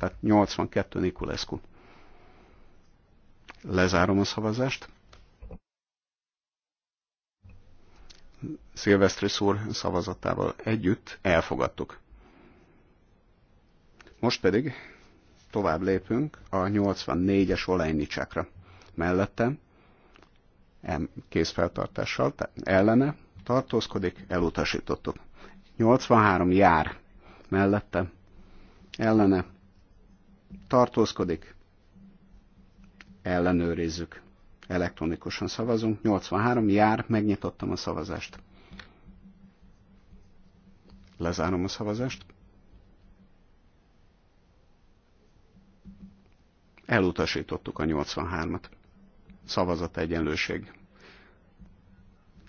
Tehát 82 Nikulescu. Lezárom a szavazást. Szilvesztri szúr szavazatával együtt elfogadtuk. Most pedig tovább lépünk a 84-es olejnicsákra. Mellette készfeltartással ellene tartózkodik, elutasítottuk. 83 jár mellette ellene tartózkodik, ellenőrizzük. Elektronikusan szavazunk. 83 jár, megnyitottam a szavazást. Lezárom a szavazást. Elutasítottuk a 83-at. Szavazat egyenlőség.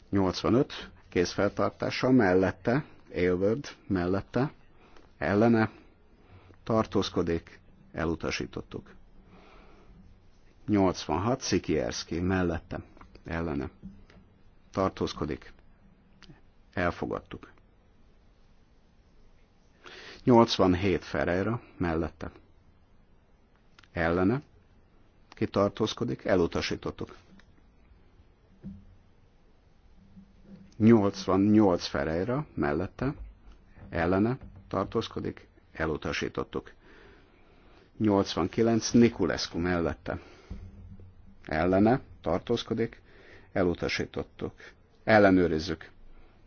85 kézfeltartása mellette, élvöd mellette, ellene tartózkodik, elutasítottuk. 86 Szikierszki mellette, ellene. Tartózkodik. Elfogadtuk. 87 Ferreira mellette. Ellene. Ki Elutasítottuk. 88 Ferreira mellette. Ellene. Tartózkodik? Elutasítottuk. 89 Nikulescu mellette. Ellene tartózkodik, elutasítottuk. Ellenőrizzük.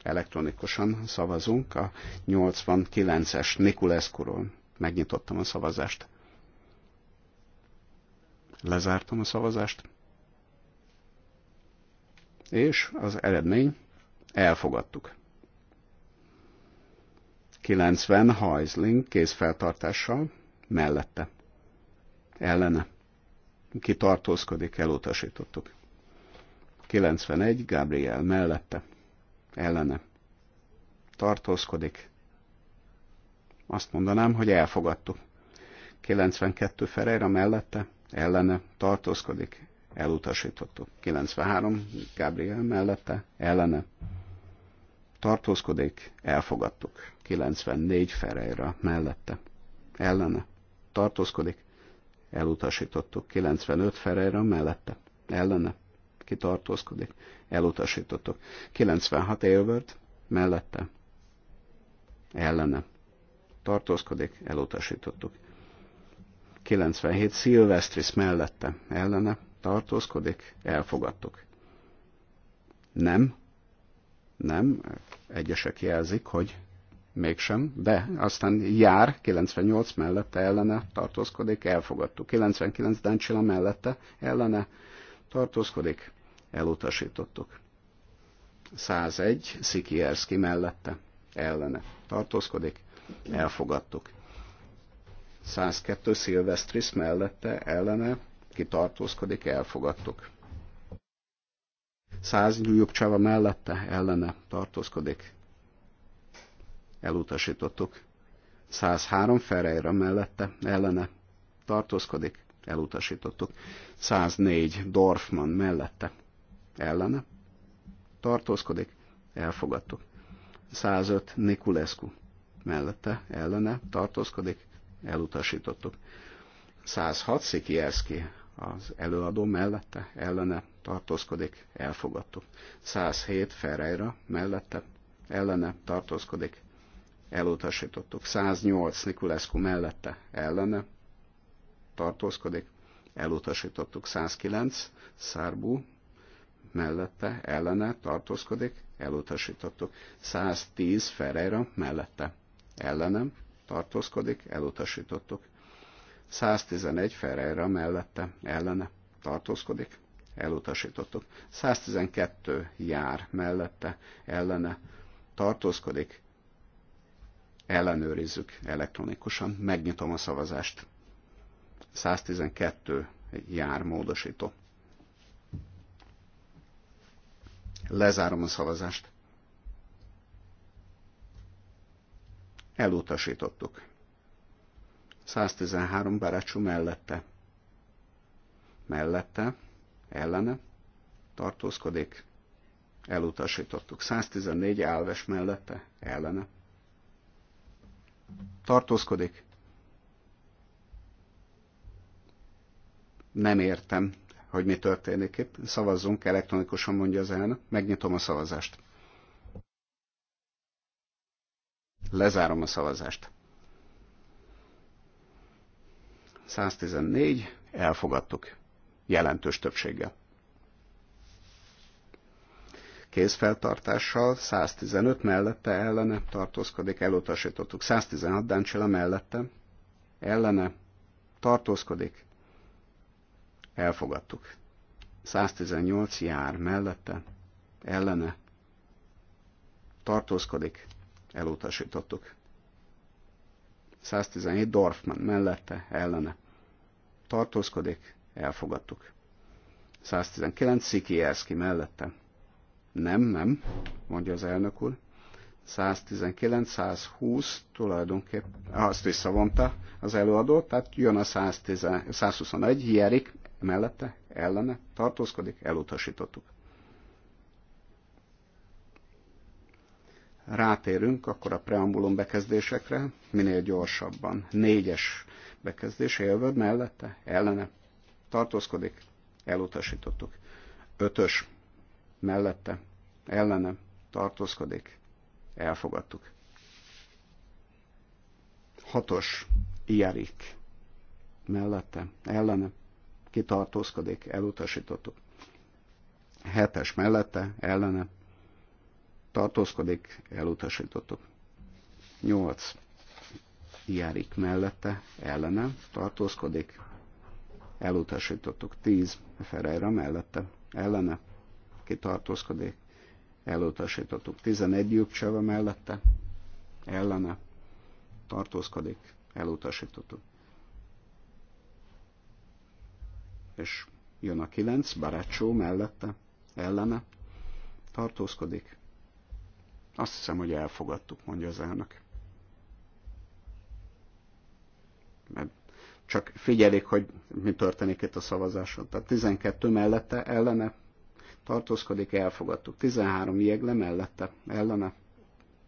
Elektronikusan szavazunk a 89-es Nikulescu-ról. Megnyitottam a szavazást. Lezártam a szavazást. És az eredmény elfogadtuk. 90 hajzling kézfeltartással mellette ellene ki tartózkodik, elutasítottuk. 91 Gabriel mellette, ellene tartózkodik. Azt mondanám, hogy elfogadtuk. 92 Ferreira mellette, ellene tartózkodik, elutasítottuk. 93 Gabriel mellette, ellene tartózkodik, elfogadtuk. 94 Ferreira mellette, ellene tartózkodik, elutasítottuk. 95 Ferreira mellette, ellene, kitartózkodik, elutasítottuk. 96 Élvört mellette, ellene, tartózkodik, elutasítottuk. 97 Szilvesztris mellette, ellene, tartózkodik, elfogadtuk. Nem, nem, egyesek jelzik, hogy mégsem, de aztán jár, 98 mellette ellene tartózkodik, elfogadtuk. 99 Dancsila mellette ellene tartózkodik, elutasítottuk. 101 Szikierszki mellette ellene tartózkodik, elfogadtuk. 102 Szilvesztris mellette ellene kitartózkodik, elfogadtuk. 100 Gyújjuk Csava mellette ellene tartózkodik, elutasítottuk. 103 Ferreira mellette, ellene tartózkodik, elutasítottuk. 104 Dorfman mellette, ellene tartózkodik, elfogadtuk. 105 Nikulescu mellette, ellene tartózkodik, elutasítottuk. 106 Szikierszki az előadó mellette, ellene tartózkodik, elfogadtuk. 107 Ferreira mellette, ellene tartózkodik, elutasítottuk. 108 Nikulescu mellette ellene tartózkodik, elutasítottuk. 109 Szárbú mellette ellene tartózkodik, elutasítottuk. 110 Ferreira mellette ellenem tartózkodik, elutasítottuk. 111 Ferreira mellette ellene tartózkodik, elutasítottuk. 112 jár mellette ellene tartózkodik, ellenőrizzük elektronikusan. Megnyitom a szavazást. 112 jár módosító. Lezárom a szavazást. Elutasítottuk. 113 barácsú mellette. Mellette, ellene, tartózkodik. Elutasítottuk. 114 álves mellette, ellene, tartózkodik. Nem értem, hogy mi történik itt. Szavazzunk elektronikusan, mondja az elnök. Megnyitom a szavazást. Lezárom a szavazást. 114, elfogadtuk. Jelentős többséggel kézfeltartással, 115 mellette ellene tartózkodik, elutasítottuk. 116 Dáncsila mellette ellene tartózkodik, elfogadtuk. 118 jár mellette ellene tartózkodik, elutasítottuk. 117 Dorfman mellette ellene tartózkodik, elfogadtuk. 119 Szikierszki mellette nem, nem, mondja az elnök úr. 119-120 tulajdonképpen, ah, azt visszavonta az előadó, tehát jön a 110, 121, hierik mellette, ellene, tartózkodik, elutasítottuk. Rátérünk akkor a preambulum bekezdésekre, minél gyorsabban. Négyes bekezdés, élvöd mellette, ellene, tartózkodik, elutasítottuk. Ötös mellette, ellene tartózkodik, elfogadtuk. Hatos, iarik, mellette, ellene, kitartózkodik, elutasítottuk. Hetes mellette, ellene, tartózkodik, elutasítottuk. Nyolc, iarik mellette, ellene, tartózkodik, elutasítottuk. Tíz, Ferreira mellette, ellene, valaki tartózkodik, elutasítottuk. 11 lyukcseve mellette, ellene tartózkodik, elutasítottuk. És jön a 9, Barácsó mellette, ellene tartózkodik. Azt hiszem, hogy elfogadtuk, mondja az elnök. Mert csak figyelik, hogy mi történik itt a szavazáson. Tehát 12 mellette ellene tartózkodik, elfogadtuk. 13 jegle mellette, ellene,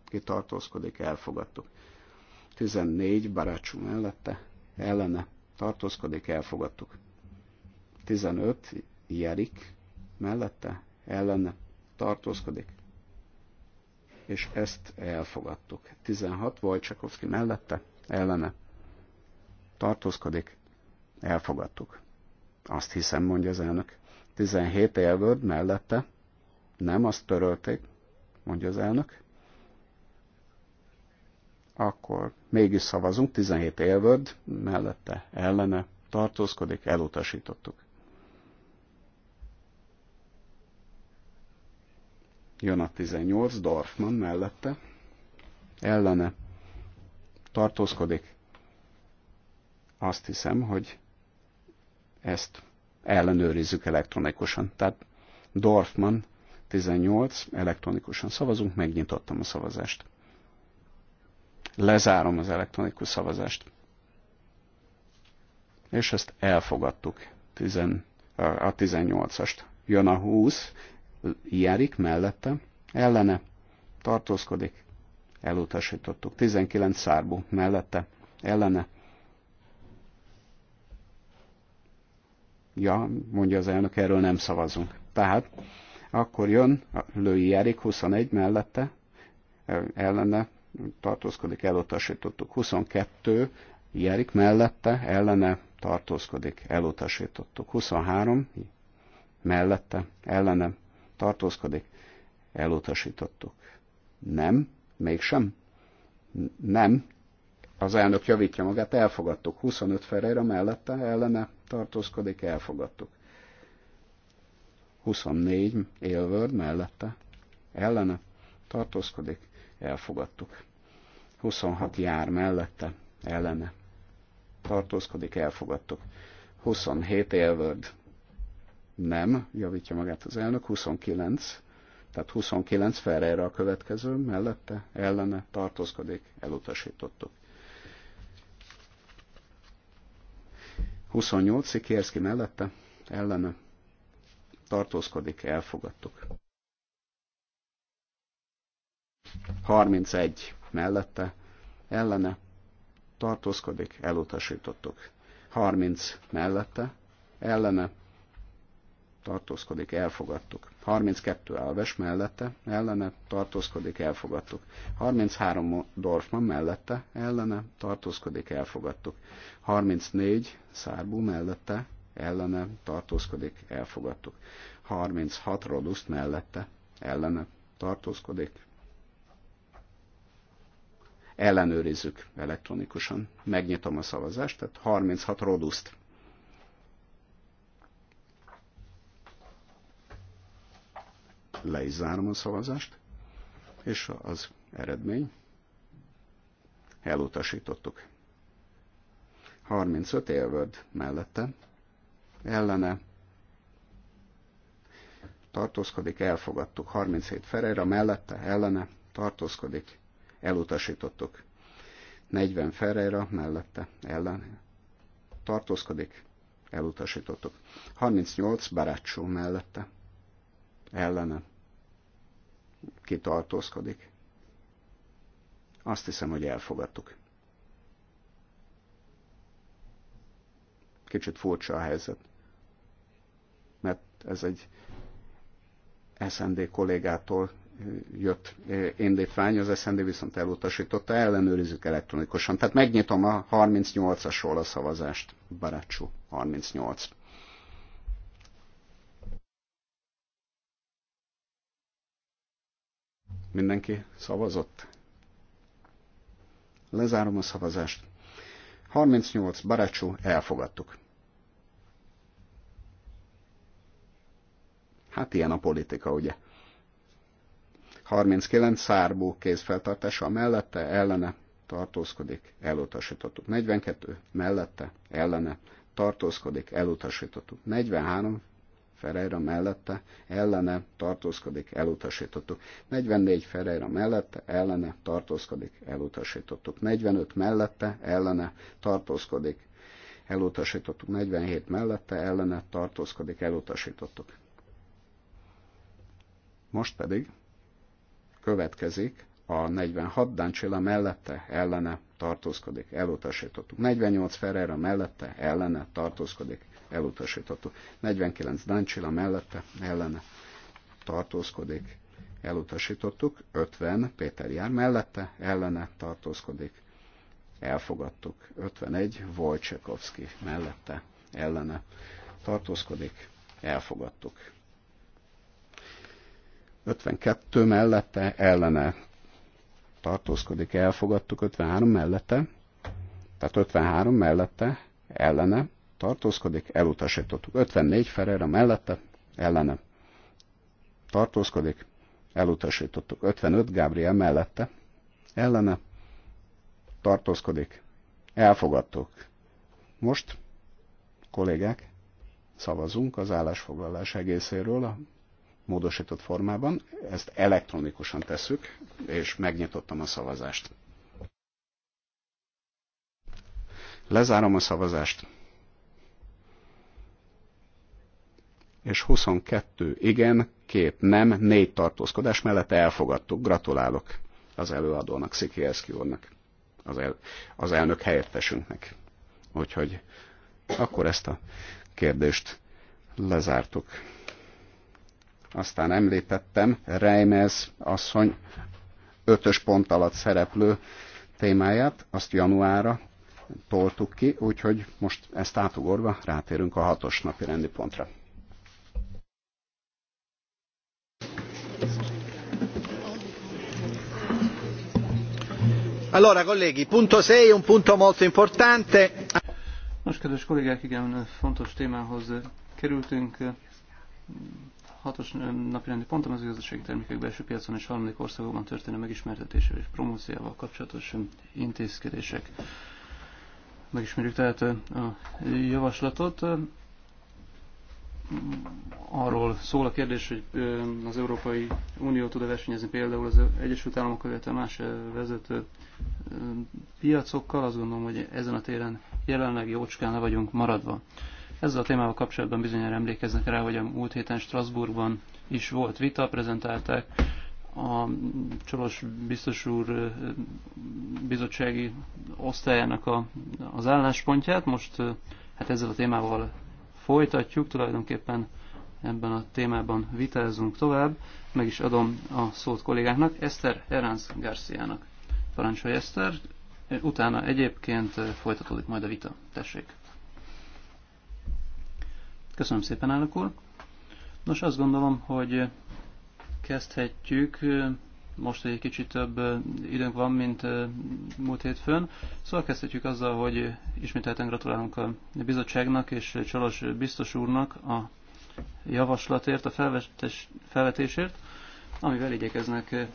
ki tartózkodik, elfogadtuk. 14 barácsú mellette, ellene, tartózkodik, elfogadtuk. 15 jerik mellette, ellene, tartózkodik, és ezt elfogadtuk. 16 Wojciechowski mellette, ellene, tartózkodik, elfogadtuk. Azt hiszem, mondja az elnök. 17 élvőd mellette. Nem, azt törölték, mondja az elnök. Akkor mégis szavazunk, 17 élvöd mellette, ellene, tartózkodik, elutasítottuk. Jön a 18, Dorfman mellette, ellene, tartózkodik. Azt hiszem, hogy ezt ellenőrizzük elektronikusan. Tehát Dorfman 18, elektronikusan szavazunk, megnyitottam a szavazást. Lezárom az elektronikus szavazást. És ezt elfogadtuk, a 18-ast. Jön a 20, járik mellette, ellene, tartózkodik, elutasítottuk. 19 szárbú mellette, ellene, Ja, mondja az elnök, erről nem szavazunk. Tehát akkor jön Lői Erik e, 21 mellette, ellene tartózkodik, elutasítottuk. 22 Jerik mellette, ellene tartózkodik, elutasítottuk. 23 mellette, ellene tartózkodik, elutasítottuk. Nem, mégsem. Nem, az elnök javítja magát, elfogadtuk. 25 Ferreira mellette ellene tartózkodik, elfogadtuk. 24 Élvörd mellette ellene tartózkodik, elfogadtuk. 26 jár mellette ellene tartózkodik, elfogadtuk. 27 Élvörd nem, javítja magát az elnök, 29 tehát 29 Ferreira a következő, mellette, ellene tartózkodik, elutasítottuk. 28 Szikérszki mellette ellene tartózkodik, elfogadtuk. 31 mellette ellene tartózkodik, elutasítottuk. 30 mellette ellene tartózkodik, elfogadtuk. 32 Alves mellette, ellene, tartózkodik, elfogadtuk. 33 Dorfman mellette, ellene, tartózkodik, elfogadtuk. 34 Szárbú mellette, ellene, tartózkodik, elfogadtuk. 36 Roduszt mellette, ellene, tartózkodik. Ellenőrizzük elektronikusan. Megnyitom a szavazást, tehát 36 Roduszt Le is zárom a szavazást, és az eredmény elutasítottuk. 35 élvöd mellette, ellene tartózkodik, elfogadtuk. 37 Ferreira mellette, ellene tartózkodik, elutasítottuk. 40 Ferreira mellette, ellene, tartózkodik, elutasítottuk. 38 Barácsó mellette, ellene kitartózkodik. Azt hiszem, hogy elfogadtuk. Kicsit furcsa a helyzet, mert ez egy SND kollégától jött indítvány, az SND viszont elutasította, ellenőrizzük elektronikusan. Tehát megnyitom a 38-asról a szavazást, Barácsú 38. Mindenki szavazott? Lezárom a szavazást. 38 Barácsó, elfogadtuk. Hát ilyen a politika, ugye? 39 szárbó kézfeltartása mellette, ellene tartózkodik, elutasítottuk. 42 mellette, ellene tartózkodik, elutasítottuk. 43 Ferreira mellette, ellene tartózkodik, elutasítottuk. 44 Ferreira mellette, ellene tartózkodik, elutasítottuk. 45 mellette, ellene tartózkodik, elutasítottuk. 47 mellette, ellene tartózkodik, elutasítottuk. Most pedig következik a 46 Dancsila mellette, ellene tartózkodik, elutasítottuk. 48 Ferreira mellette, ellene tartózkodik, elutasítottuk. 49 Dáncsila mellette ellene tartózkodik, elutasítottuk. 50 Péter jár mellette ellene tartózkodik, elfogadtuk. 51 Wojciechowski mellette ellene tartózkodik, elfogadtuk. 52 mellette ellene tartózkodik, elfogadtuk 53 mellette, tehát 53 mellette ellene tartózkodik, elutasítottuk. 54 Ferreira mellette, ellene tartózkodik, elutasítottuk. 55 Gabriel mellette, ellene tartózkodik, elfogadtuk. Most, kollégák, szavazunk az állásfoglalás egészéről a módosított formában. Ezt elektronikusan tesszük, és megnyitottam a szavazást. Lezárom a szavazást. és 22 igen, két nem, négy tartózkodás mellett elfogadtuk. Gratulálok az előadónak, Szikielszki úrnak, az, el, az elnök helyettesünknek. Úgyhogy akkor ezt a kérdést lezártuk. Aztán említettem Reimez asszony ötös pont alatt szereplő témáját, azt januárra toltuk ki, úgyhogy most ezt átugorva rátérünk a hatos napi rendi pontra. Allora, colleghi, punto 6, un punto molto importante. Most, kedves kollégák, igen, fontos témához kerültünk. Hatos napirendi pont a mezőgazdasági termékek belső piacon és harmadik országokban történő megismertetésével és promóciával kapcsolatos intézkedések. Megismerjük tehát a javaslatot arról szól a kérdés, hogy az Európai Unió tud-e versenyezni például az Egyesült Államok, illetve más vezető piacokkal. Azt gondolom, hogy ezen a téren jelenleg jócskán le vagyunk maradva. Ezzel a témával kapcsolatban bizonyára emlékeznek rá, hogy a múlt héten Strasbourgban is volt vita, prezentálták a Csolos biztos úr bizottsági osztályának a, az álláspontját. Most hát ezzel a témával folytatjuk, tulajdonképpen ebben a témában vitázunk tovább. Meg is adom a szót kollégáknak, Eszter Heránz Garciának. Parancsolj Eszter, utána egyébként eh, folytatódik majd a vita. Tessék. Köszönöm szépen, elnök úr. Nos, azt gondolom, hogy eh, kezdhetjük eh, most egy kicsit több időnk van, mint múlt hétfőn. Szóval kezdhetjük azzal, hogy ismételten gratulálunk a bizottságnak és Csalos biztos úrnak a javaslatért, a felvetésért, amivel igyekeznek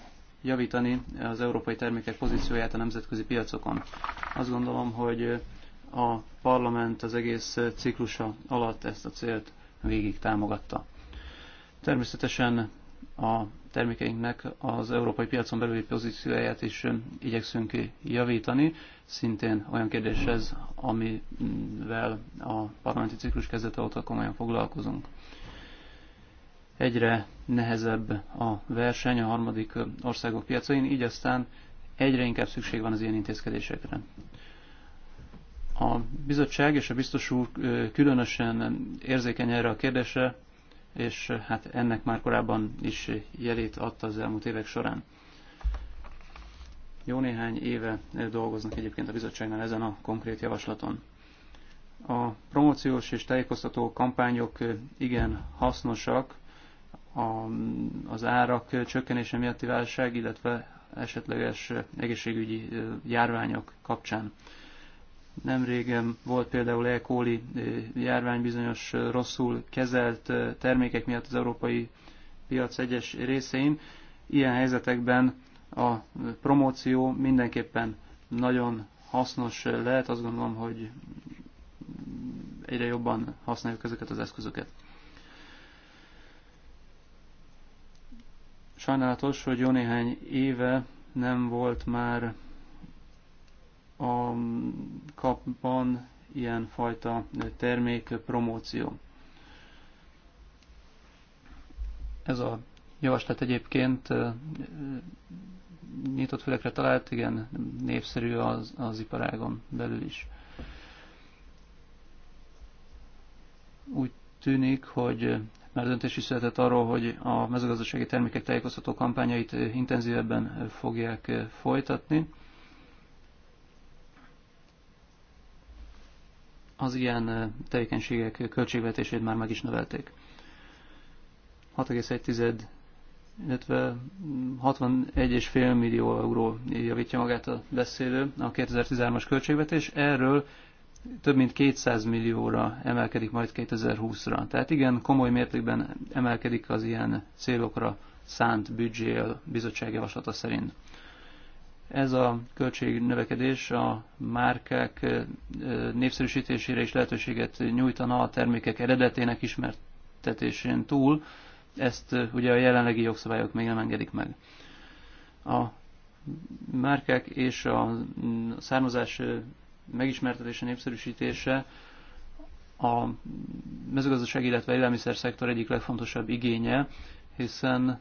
javítani az európai termékek pozícióját a nemzetközi piacokon. Azt gondolom, hogy a parlament az egész ciklusa alatt ezt a célt végig támogatta. Természetesen a termékeinknek az európai piacon belüli pozícióját is igyekszünk javítani. Szintén olyan kérdés ez, amivel a parlamenti ciklus kezdete óta komolyan foglalkozunk. Egyre nehezebb a verseny a harmadik országok piacain, így aztán egyre inkább szükség van az ilyen intézkedésekre. A bizottság és a biztos úr különösen érzékeny erre a kérdésre, és eh, hát ennek már korábban is jelét adta az elmúlt évek során. Jó néhány éve eh, dolgoznak egyébként a bizottságnál ezen a konkrét javaslaton. A promóciós és tájékoztató kampányok eh, igen hasznosak a, az árak csökkenése miatti válság, illetve esetleges egészségügyi járványok kapcsán. Nem régen volt például E. coli eh, járvány bizonyos eh, rosszul kezelt eh, termékek miatt az európai piac egyes részein. Ilyen helyzetekben a promóció mindenképpen nagyon hasznos lehet. Azt gondolom, hogy egyre jobban használjuk ezeket az eszközöket. Sajnálatos, hogy jó néhány éve nem volt már a kapban ilyenfajta termék promóció. Ez a javaslat egyébként nyitott fülekre talált, igen, népszerű az, az iparágon belül is. Úgy tűnik, hogy már döntés is született arról, hogy a mezőgazdasági termékek tájékoztató kampányait intenzívebben fogják folytatni. az ilyen tevékenységek költségvetését már meg is növelték. 6,1 illetve 61,5 millió euró javítja magát a beszélő a 2013-as költségvetés. Erről több mint 200 millióra emelkedik majd 2020-ra. Tehát igen, komoly mértékben emelkedik az ilyen célokra szánt büdzsé a bizottság javaslata szerint. Ez a költségnövekedés a márkák népszerűsítésére is lehetőséget nyújtana a termékek eredetének ismertetésén túl. Ezt ugye a jelenlegi jogszabályok még nem engedik meg. A márkák és a mm, származás megismertetése, népszerűsítése a mezőgazdaság, illetve élelmiszer szektor egyik legfontosabb igénye, hiszen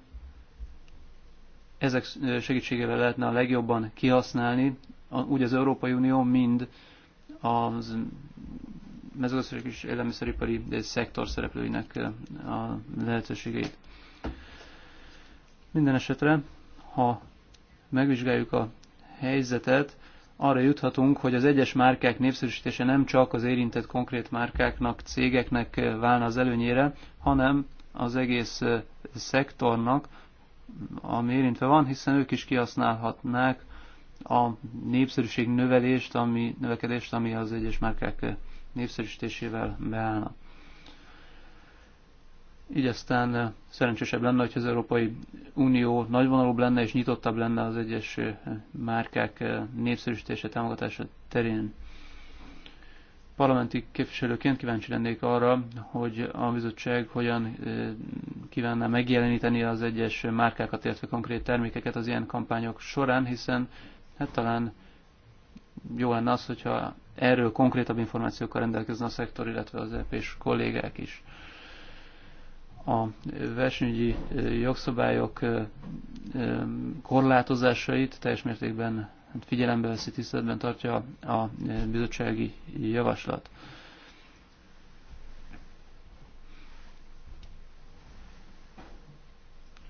ezek segítségével lehetne a legjobban kihasználni úgy az Európai Unió, mind a mezőgazdaság és élelmiszeripari szektor szereplőinek a lehetőségeit. Minden esetre, ha megvizsgáljuk a helyzetet, arra juthatunk, hogy az egyes márkák népszerűsítése nem csak az érintett konkrét márkáknak, cégeknek válna az előnyére, hanem az egész szektornak, ami érintve van, hiszen ők is kihasználhatnák a népszerűség növelést, ami, növekedést, ami az egyes márkák népszerűsítésével beállna. Így aztán eh, szerencsésebb lenne, hogy az Európai Unió nagyvonalúbb lenne és nyitottabb lenne az egyes eh, márkák eh, népszerűsítése, támogatása terén parlamenti képviselőként kíváncsi lennék arra, hogy a bizottság hogyan eh, kívánná megjeleníteni az egyes márkákat, illetve konkrét termékeket az ilyen kampányok során, hiszen hát talán jó lenne az, hogyha erről konkrétabb információkkal rendelkezne a szektor, illetve az ep kollégák is. A versenyügyi eh, jogszabályok eh, korlátozásait teljes mértékben figyelembe veszi, tiszteletben tartja a bizottsági javaslat.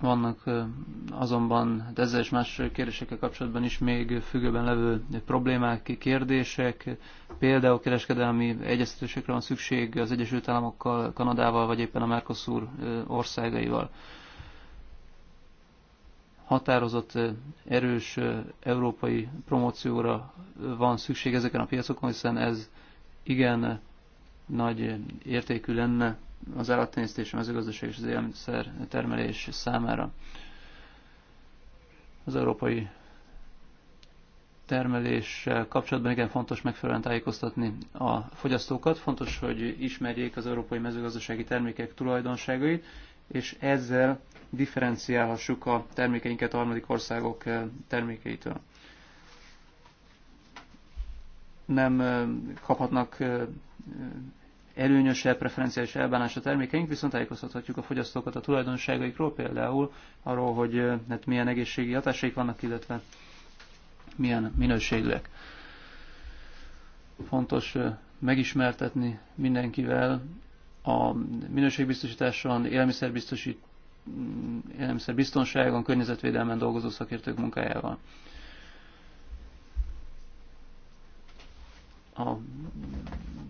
Vannak azonban hát ezzel és más kérdésekkel kapcsolatban is még függőben levő problémák, kérdések, például kereskedelmi egyeztetésekre van szükség az Egyesült Államokkal, Kanadával, vagy éppen a Mercosur országaival határozott, erős európai promócióra van szükség ezeken a piacokon, hiszen ez igen nagy értékű lenne az állattenyésztés, a mezőgazdaság és az élelmiszer termelés számára. Az európai termelés kapcsolatban igen fontos megfelelően tájékoztatni a fogyasztókat. Fontos, hogy ismerjék az európai mezőgazdasági termékek tulajdonságait, és ezzel differenciálhassuk a termékeinket a harmadik országok eh, termékeitől. Nem eh, kaphatnak eh, előnyösebb, preferenciális elbánás a termékeink, viszont tájékoztathatjuk a fogyasztókat a tulajdonságaikról, például arról, hogy hát milyen egészségi hatásaik vannak, illetve milyen minőségűek. Fontos megismertetni mindenkivel a minőségbiztosításon, élelmiszerbiztosít, élelmiszerbiztonságon, környezetvédelmen dolgozó szakértők munkájával. A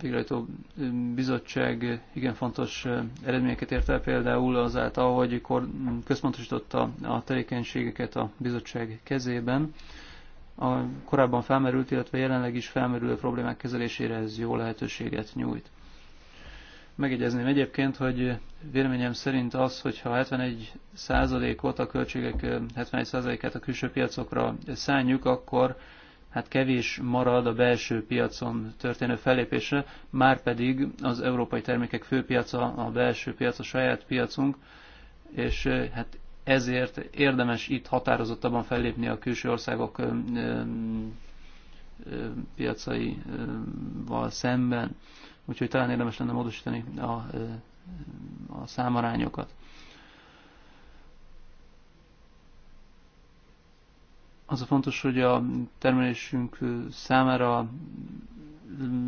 végrehajtó bizottság igen fontos eredményeket ért el például azáltal, hogy központosította a tevékenységeket a bizottság kezében. A korábban felmerült, illetve jelenleg is felmerülő problémák kezelésére ez jó lehetőséget nyújt. Megjegyezném egyébként, hogy véleményem szerint az, hogyha 71%-ot a költségek 71%-át a külső piacokra szálljuk, akkor hát kevés marad a belső piacon történő fellépésre, már pedig az európai termékek főpiaca, a belső piac, a saját piacunk, és hát ezért érdemes itt határozottabban fellépni a külső országok piacaival szemben úgyhogy talán érdemes lenne módosítani a, a számarányokat. Az a fontos, hogy a termelésünk számára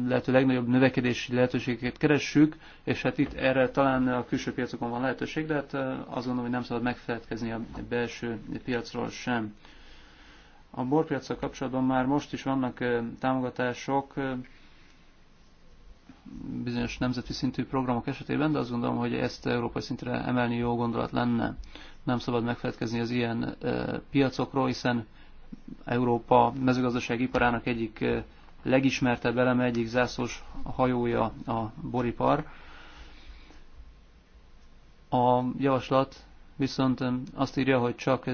lehető legnagyobb növekedési lehetőségeket keressük, és hát itt erre talán a külső piacokon van lehetőség, de hát azt gondolom, hogy nem szabad megfeledkezni a belső piacról sem. A borpiacra kapcsolatban már most is vannak támogatások, bizonyos nemzeti szintű programok esetében, de azt gondolom, hogy ezt európai szintre emelni jó gondolat lenne. Nem szabad megfelelkezni az ilyen piacokról, hiszen Európa mezőgazdasági iparának egyik legismertebb eleme, egyik zászlós hajója a boripar. A javaslat viszont azt írja, hogy csak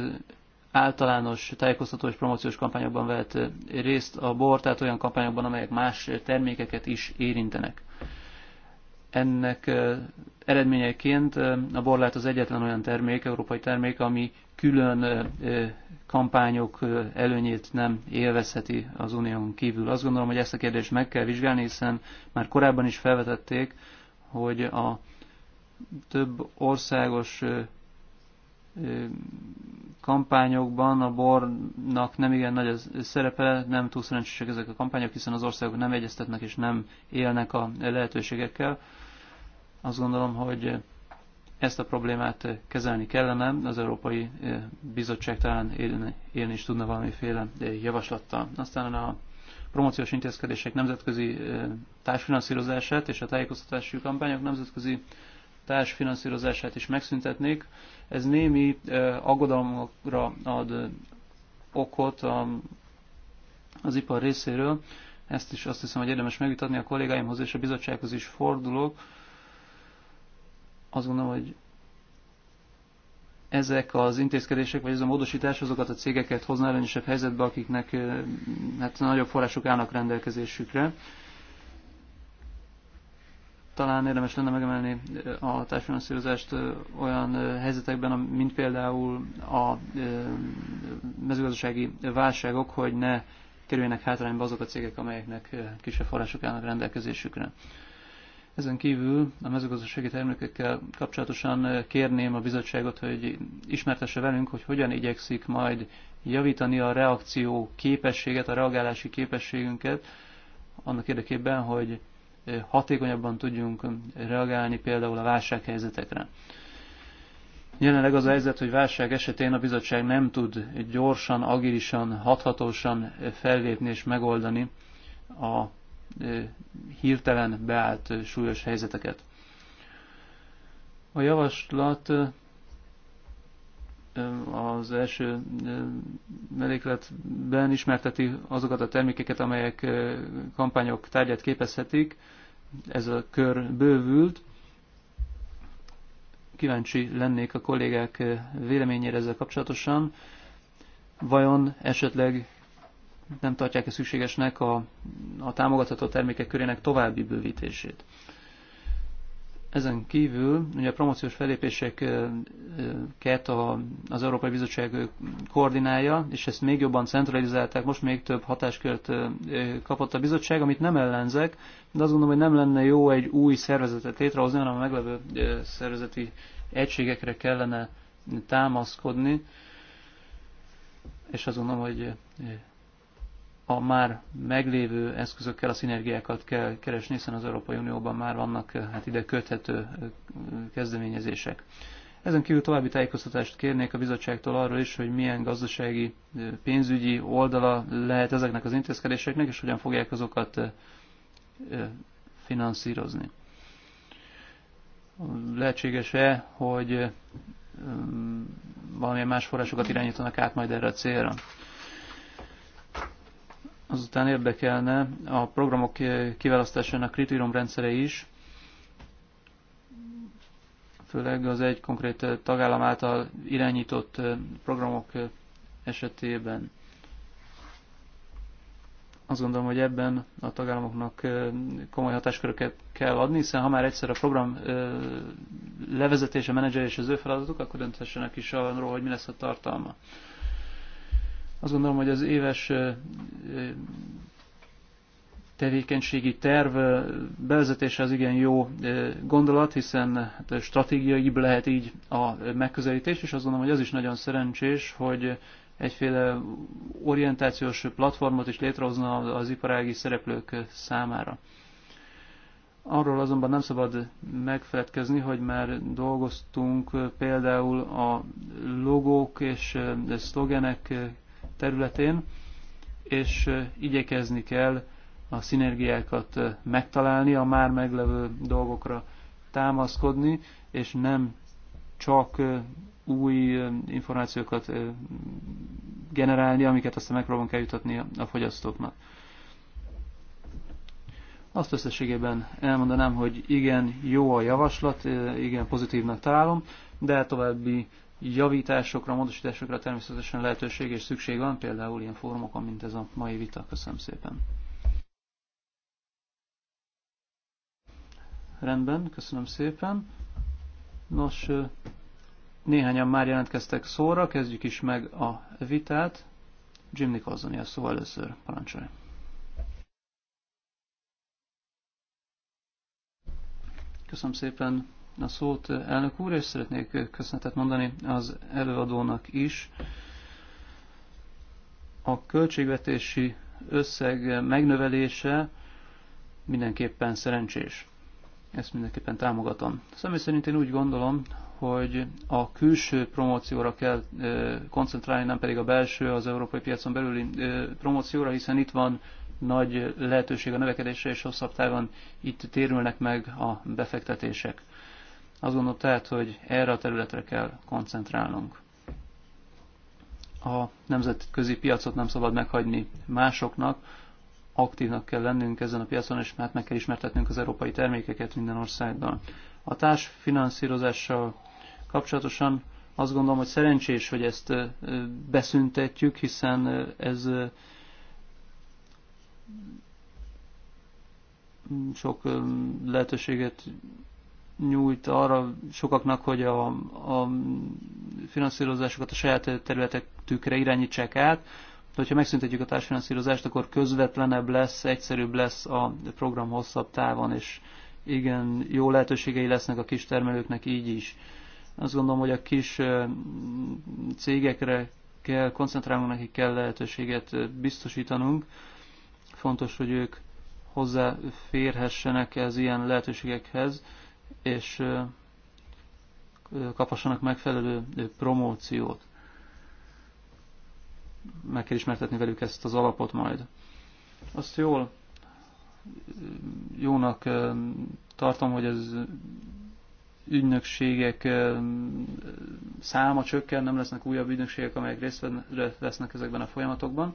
általános tájékoztató és promóciós kampányokban vehet részt a bor, tehát olyan kampányokban, amelyek más termékeket is érintenek. Ennek eredményeként a borlát az egyetlen olyan termék, európai termék, ami külön kampányok előnyét nem élvezheti az unión kívül. Azt gondolom, hogy ezt a kérdést meg kell vizsgálni, hiszen már korábban is felvetették, hogy a több országos kampányokban a bornak nem igen nagy az szerepe, nem túl szerencsések ezek a kampányok, hiszen az országok nem egyeztetnek és nem élnek a lehetőségekkel. Azt gondolom, hogy ezt a problémát kezelni kellene, az Európai Bizottság talán élni, élni is tudna valamiféle javaslattal. Aztán a promóciós intézkedések nemzetközi társfinanszírozását és a tájékoztatási kampányok nemzetközi társfinanszírozását is megszüntetnék. Ez némi aggodalmakra ad okot a, az ipar részéről. Ezt is azt hiszem, hogy érdemes megvitatni a kollégáimhoz és a bizottsághoz is fordulok. Azt gondolom, hogy ezek az intézkedések, vagy ez a módosítás azokat a cégeket hozna előnyösebb helyzetbe, akiknek hát, nagyobb források állnak rendelkezésükre talán érdemes lenne megemelni a társfinanszírozást olyan helyzetekben, mint például a mezőgazdasági válságok, hogy ne kerüljenek hátrányba azok a cégek, amelyeknek kisebb források állnak rendelkezésükre. Ezen kívül a mezőgazdasági termékekkel kapcsolatosan kérném a bizottságot, hogy ismertesse velünk, hogy hogyan igyekszik majd javítani a reakció képességet, a reagálási képességünket, annak érdekében, hogy hatékonyabban tudjunk reagálni például a válsághelyzetekre. Jelenleg az a helyzet, hogy válság esetén a bizottság nem tud gyorsan, agilisan, hathatósan fellépni és megoldani a e, hirtelen beállt súlyos helyzeteket. A javaslat az első melékletben ismerteti azokat a termékeket, amelyek kampányok tárgyát képezhetik. Ez a kör bővült. Kíváncsi lennék a kollégák véleményére ezzel kapcsolatosan. Vajon esetleg nem tartják-e szükségesnek a, a támogatható termékek körének további bővítését? Ezen kívül ugye a promóciós felépéseket az Európai Bizottság koordinálja, és ezt még jobban centralizálták, most még több hatáskört kapott a bizottság, amit nem ellenzek, de azt gondolom, hogy nem lenne jó egy új szervezetet létrehozni, hanem a meglevő szervezeti egységekre kellene támaszkodni, és azt gondolom, hogy a már meglévő eszközökkel a szinergiákat kell keresni, hiszen az Európai Unióban már vannak eh, hát ide köthető eh, kezdeményezések. Ezen kívül további tájékoztatást kérnék a bizottságtól arról is, hogy milyen gazdasági, eh, pénzügyi oldala lehet ezeknek az intézkedéseknek, és hogyan fogják azokat finanszírozni. Lehetséges-e, hogy valamilyen más forrásokat irányítanak át majd erre a célra? Azután érdekelne a programok kiválasztásának kritériumrendszere is, főleg az egy konkrét tagállam által irányított programok esetében. Azt gondolom, hogy ebben a tagállamoknak komoly hatásköröket kell adni, hiszen ha már egyszer a program levezetése, menedzser és az ő feladatuk, akkor dönthessenek is arról, hogy mi lesz a tartalma. Azt gondolom, hogy az éves tevékenységi terv bevezetése az igen jó gondolat, hiszen hát, stratégiai lehet így a megközelítés, és azt gondolom, hogy az is nagyon szerencsés, hogy egyféle orientációs platformot is létrehozna az iparági szereplők számára. Arról azonban nem szabad megfeledkezni, hogy már dolgoztunk például a logók és szlogenek területén, és igyekezni kell a szinergiákat megtalálni, a már meglevő dolgokra támaszkodni, és nem csak új információkat generálni, amiket aztán megpróbálunk eljutatni a fogyasztóknak. Azt összességében elmondanám, hogy igen, jó a javaslat, igen, pozitívnak találom, de további javításokra, módosításokra természetesen lehetőség és szükség van, például ilyen fórumokon, mint ez a mai vita. Köszönöm szépen. Rendben, köszönöm szépen. Nos, néhányan már jelentkeztek szóra, kezdjük is meg a vitát. Jim Nicholson a szó először, parancsolj. Köszönöm szépen, a szót, elnök úr, és szeretnék köszönetet mondani az előadónak is. A költségvetési összeg megnövelése mindenképpen szerencsés. Ezt mindenképpen támogatom. Személy szerint én úgy gondolom, hogy a külső promócióra kell koncentrálni, nem pedig a belső, az európai piacon belüli promócióra, hiszen itt van nagy lehetőség a növekedésre, és hosszabb távon itt térülnek meg a befektetések. Azt gondolom tehát, hogy erre a területre kell koncentrálnunk. A nemzetközi piacot nem szabad meghagyni másoknak, aktívnak kell lennünk ezen a piacon, és hát meg kell ismertetnünk az európai termékeket minden országban. A társfinanszírozással kapcsolatosan azt gondolom, hogy szerencsés, hogy ezt beszüntetjük, hiszen ez sok lehetőséget nyújt arra sokaknak, hogy a, a finanszírozásokat a saját területekre irányítsák át. De hogyha megszüntetjük a társfinanszírozást, akkor közvetlenebb lesz, egyszerűbb lesz a program hosszabb távon, és igen, jó lehetőségei lesznek a kis termelőknek így is. Azt gondolom, hogy a kis cégekre kell koncentrálnunk, nekik kell lehetőséget biztosítanunk. Fontos, hogy ők hozzáférhessenek ez ilyen lehetőségekhez és kaphassanak megfelelő promóciót. Meg kell ismertetni velük ezt az alapot majd. Azt jól jónak tartom, hogy ez ügynökségek száma csökken, nem lesznek újabb ügynökségek, amelyek részt vesznek ezekben a folyamatokban.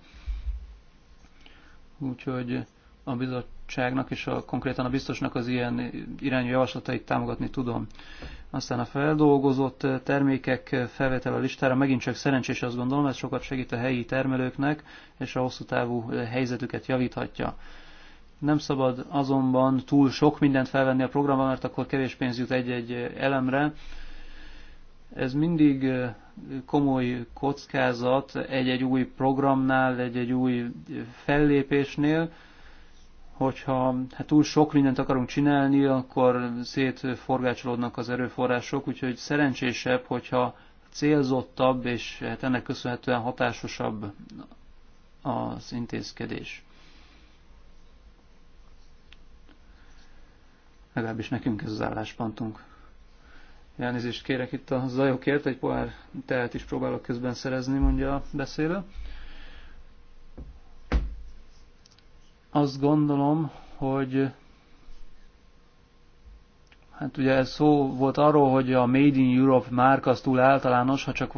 Úgyhogy a bizottságnak és a, konkrétan a biztosnak az ilyen irányú javaslatait támogatni tudom. Aztán a feldolgozott eh, termékek eh, felvétel a listára megint csak szerencsés azt gondolom, ez sokat segít a helyi termelőknek, és a hosszú távú eh, helyzetüket javíthatja. Nem szabad azonban túl sok mindent felvenni a programban mert akkor kevés pénz jut egy-egy elemre. Ez mindig komoly kockázat egy-egy új programnál, egy-egy új fellépésnél, hogyha hát túl sok mindent akarunk csinálni, akkor szétforgácsolódnak az erőforrások, úgyhogy szerencsésebb, hogyha célzottabb és hát ennek köszönhetően hatásosabb az intézkedés. Legalábbis nekünk ez az álláspontunk. Elnézést kérek itt a zajokért, egy pohár teát is próbálok közben szerezni, mondja a beszélő. Azt gondolom, hogy Hát ugye ez szó volt arról, hogy a Made in Europe márka az túl általános, ha csak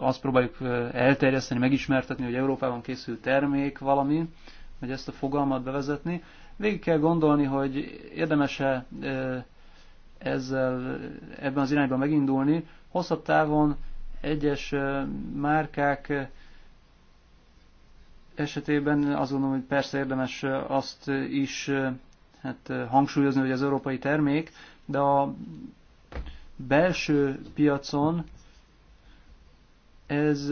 azt próbáljuk elterjeszteni, megismertetni, hogy Európában készül termék valami, vagy ezt a fogalmat bevezetni. Végig kell gondolni, hogy érdemese ezzel, ebben az irányban megindulni. Hosszabb távon egyes márkák esetében azt gondolom, hogy persze érdemes azt is hát, hangsúlyozni, hogy az európai termék, de a belső piacon ez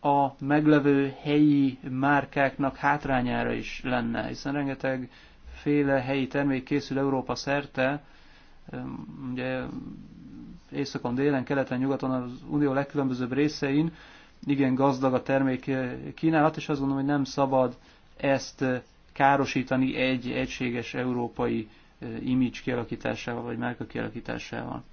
a meglevő helyi márkáknak hátrányára is lenne, hiszen rengeteg féle helyi termék készül Európa szerte, ugye északon, délen, keleten, nyugaton az unió legkülönbözőbb részein, igen gazdag a termék eh, kínálat, és azt gondolom, hogy nem szabad ezt eh, károsítani egy egységes európai eh, image kialakításával, vagy márka kialakításával.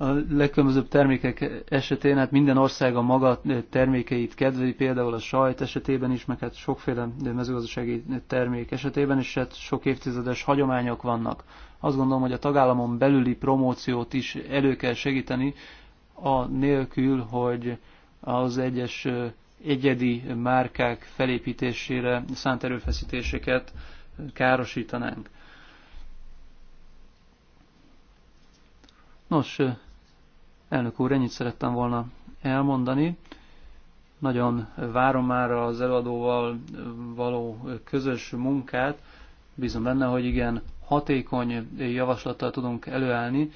a legkülönbözőbb termékek esetén, hát minden ország a maga termékeit kedveli, például a sajt esetében is, meg hát sokféle mezőgazdasági termék esetében is, hát sok évtizedes hagyományok vannak. Azt gondolom, hogy a tagállamon belüli promóciót is elő kell segíteni, a nélkül, hogy az egyes egyedi márkák felépítésére szánt erőfeszítéseket károsítanánk. Nos, Elnök úr, ennyit szerettem volna elmondani. Nagyon várom már az előadóval való közös munkát. Bízom benne, hogy igen, hatékony javaslattal tudunk előállni,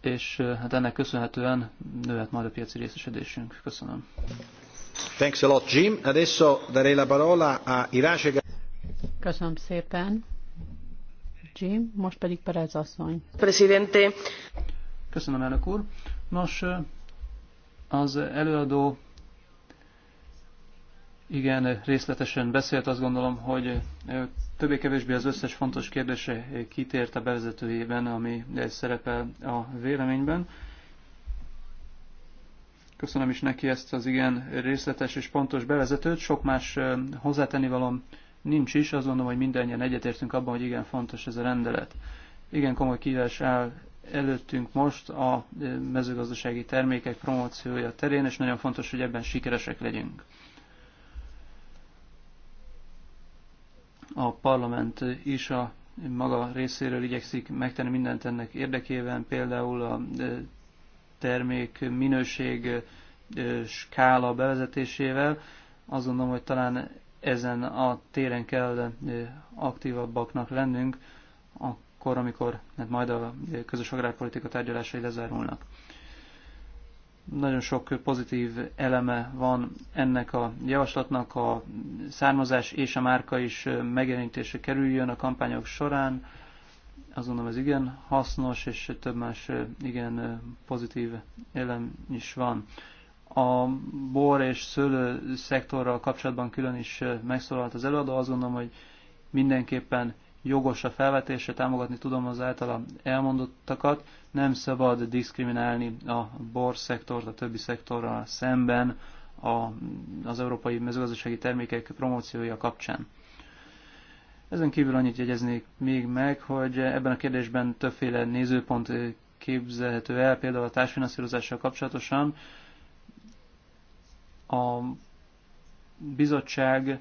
és hát ennek köszönhetően nőhet majd a piaci részesedésünk. Köszönöm. Thanks a lot, Jim. Adesso darei la parola a Irace. Köszönöm szépen. Jim, most pedig Perez asszony. Presidente. Köszönöm, elnök úr. Nos, az előadó igen, részletesen beszélt, azt gondolom, hogy többé-kevésbé az összes fontos kérdése kitért a bevezetőjében, ami szerepel a véleményben. Köszönöm is neki ezt az igen részletes és pontos bevezetőt. Sok más hozzátennivalom nincs is, azt gondolom, hogy mindannyian egyetértünk abban, hogy igen fontos ez a rendelet. Igen komoly kívás áll előttünk most a e, mezőgazdasági termékek promóciója terén, és nagyon fontos, hogy ebben sikeresek legyünk. A parlament is a maga részéről igyekszik megtenni mindent ennek érdekében, például a e, termék minőség e, skála bevezetésével. Azt gondolom, hogy talán ezen a téren kell aktívabbaknak lennünk, akkor, amikor hát majd a közös agrárpolitika tárgyalásai lezárulnak. Nagyon sok pozitív eleme van ennek a javaslatnak, a származás és a márka is megjelenítése kerüljön a kampányok során. Azt gondolom ez igen hasznos, és több más igen pozitív elem is van a bor és szőlő szektorral kapcsolatban külön is megszólalt az előadó, azt gondolom, hogy mindenképpen jogos a felvetése, támogatni tudom az általa elmondottakat, nem szabad diszkriminálni a borszektort a többi szektorral szemben a, az európai mezőgazdasági termékek promóciója kapcsán. Ezen kívül annyit jegyeznék még meg, hogy ebben a kérdésben többféle nézőpont képzelhető el, például a társfinanszírozással kapcsolatosan. A bizottság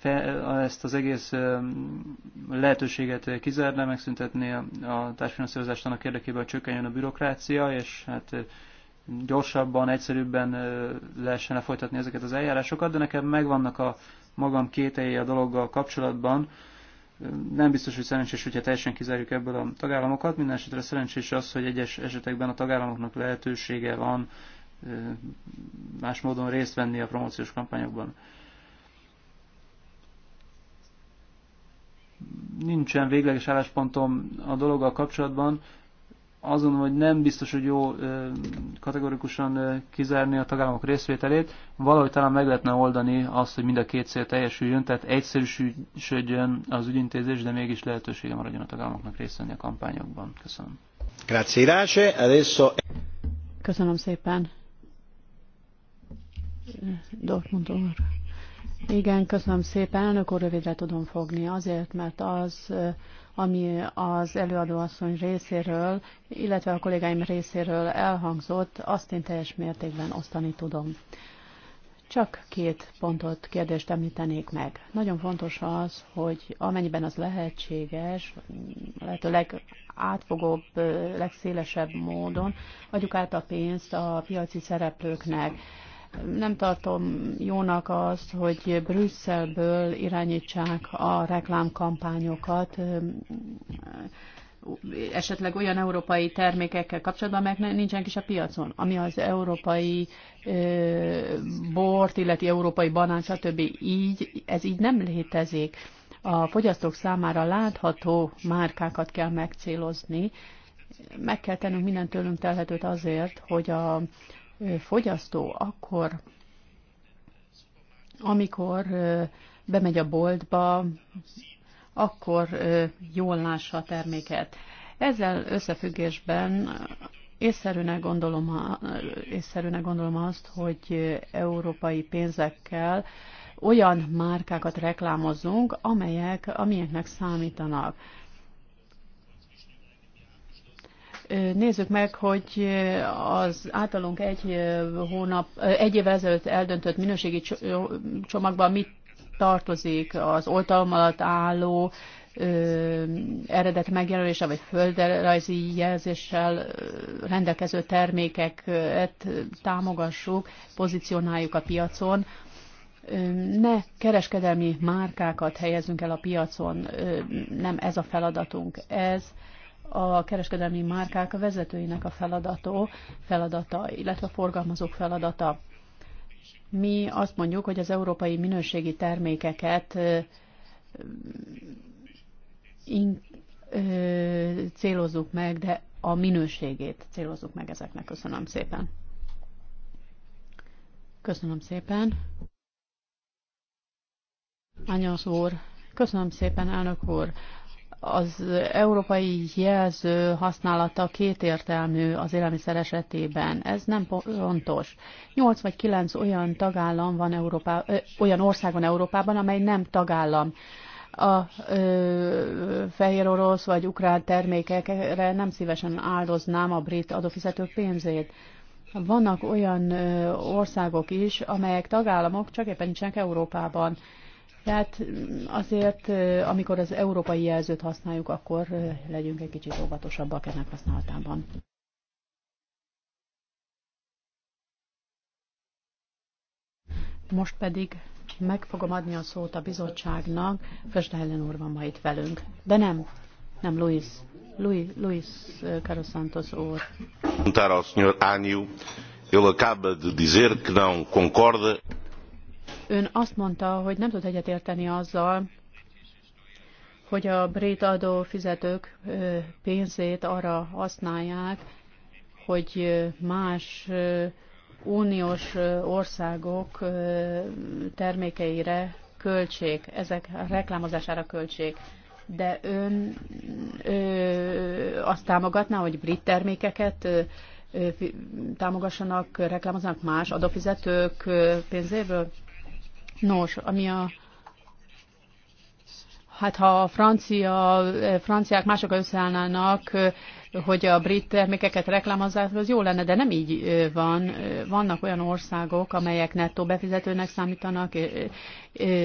fe, ezt az egész lehetőséget kizárná, megszüntetné a társfinanszírozást annak érdekében, hogy csökkenjen a bürokrácia, és hát gyorsabban, egyszerűbben lehessen lefolytatni ezeket az eljárásokat, de nekem megvannak a magam kételjei a dologgal kapcsolatban. Nem biztos, hogy szerencsés, hogyha teljesen kizárjuk ebből a tagállamokat. Minden esetre szerencsés az, hogy egyes esetekben a tagállamoknak lehetősége van más módon részt venni a promóciós kampányokban. nincsen végleges álláspontom a dologgal kapcsolatban, azon, hogy nem biztos, hogy jó kategorikusan kizárni a tagállamok részvételét, valahogy talán meg lehetne oldani azt, hogy mind a két cél teljesüljön, tehát egyszerűsödjön az ügyintézés, de mégis lehetősége maradjon a tagállamoknak részt venni a kampányokban. Köszönöm. Köszönöm szépen. Dortmund úr. Igen, köszönöm szépen. Elnök úr, rövidre tudom fogni azért, mert az, eh, ami az előadóasszony részéről, illetve a kollégáim részéről elhangzott, azt én teljes mértékben osztani tudom. Csak két pontot, kérdést említenék meg. Nagyon fontos az, hogy amennyiben az lehetséges, lehetőleg átfogóbb, eh, legszélesebb módon adjuk át a pénzt a piaci szereplőknek nem tartom jónak azt, hogy Brüsszelből irányítsák a reklámkampányokat esetleg olyan európai termékekkel kapcsolatban, amelyek nincsen kis a piacon, ami az európai e, bort, illeti európai banán, stb. Így, ez így nem létezik. A fogyasztók számára látható márkákat kell megcélozni, meg kell tennünk minden tőlünk telhetőt azért, hogy a fogyasztó akkor, amikor bemegy a boltba, akkor jól lássa a terméket. Ezzel összefüggésben észszerűnek gondolom, észszerűnek gondolom azt, hogy európai pénzekkel olyan márkákat reklámozzunk, amelyek, amilyeknek számítanak. Nézzük meg, hogy az általunk egy hónap, egy évvel ezelőtt eldöntött minőségi csomagban mit tartozik az oltalom alatt álló eredet megjelölése vagy földrajzi jelzéssel rendelkező termékeket támogassuk, pozícionáljuk a piacon. Ne kereskedelmi márkákat helyezünk el a piacon, nem ez a feladatunk. Ez a kereskedelmi márkák vezetőinek a feladató, feladata, illetve a forgalmazók feladata. Mi azt mondjuk, hogy az európai minőségi termékeket célozzuk meg, de a minőségét célozzuk meg ezeknek. Köszönöm szépen. Köszönöm szépen. Anyasz úr, köszönöm szépen, elnök úr. Az európai jelző használata kétértelmű az élelmiszer esetében. Ez nem pontos. Nyolc vagy kilenc olyan tagállam van Európá, ö, olyan ország van Európában, amely nem tagállam. A ö, fehér orosz vagy ukrán termékekre nem szívesen áldoznám a brit adófizetők pénzét. Vannak olyan országok is, amelyek tagállamok, csak éppen nincsenek Európában. Tehát mm, azért, amikor az európai jelzőt használjuk, akkor legyünk egy kicsit óvatosabbak ennek használatában. Most pedig meg fogom adni a szót a bizottságnak. Fesdájlen úr van ma itt velünk. De nem, nem Luis. Luis, Luis Carosantos úr. Perguntar a Sr. Ánio, ele acaba de dizer que não concorda Ön azt mondta, hogy nem tud egyetérteni azzal, hogy a brit adófizetők pénzét arra használják, hogy más uniós országok termékeire költség, ezek reklámozására költség. De ön ö, azt támogatná, hogy brit termékeket ö, támogassanak, reklámoznak más adófizetők pénzéből? Nos, ami a Hát ha a francia, eh, franciák mások összeállnának, eh, hogy a brit termékeket reklámozzák, az jó lenne, de nem így eh, van. Vannak olyan országok, amelyek nettó befizetőnek számítanak,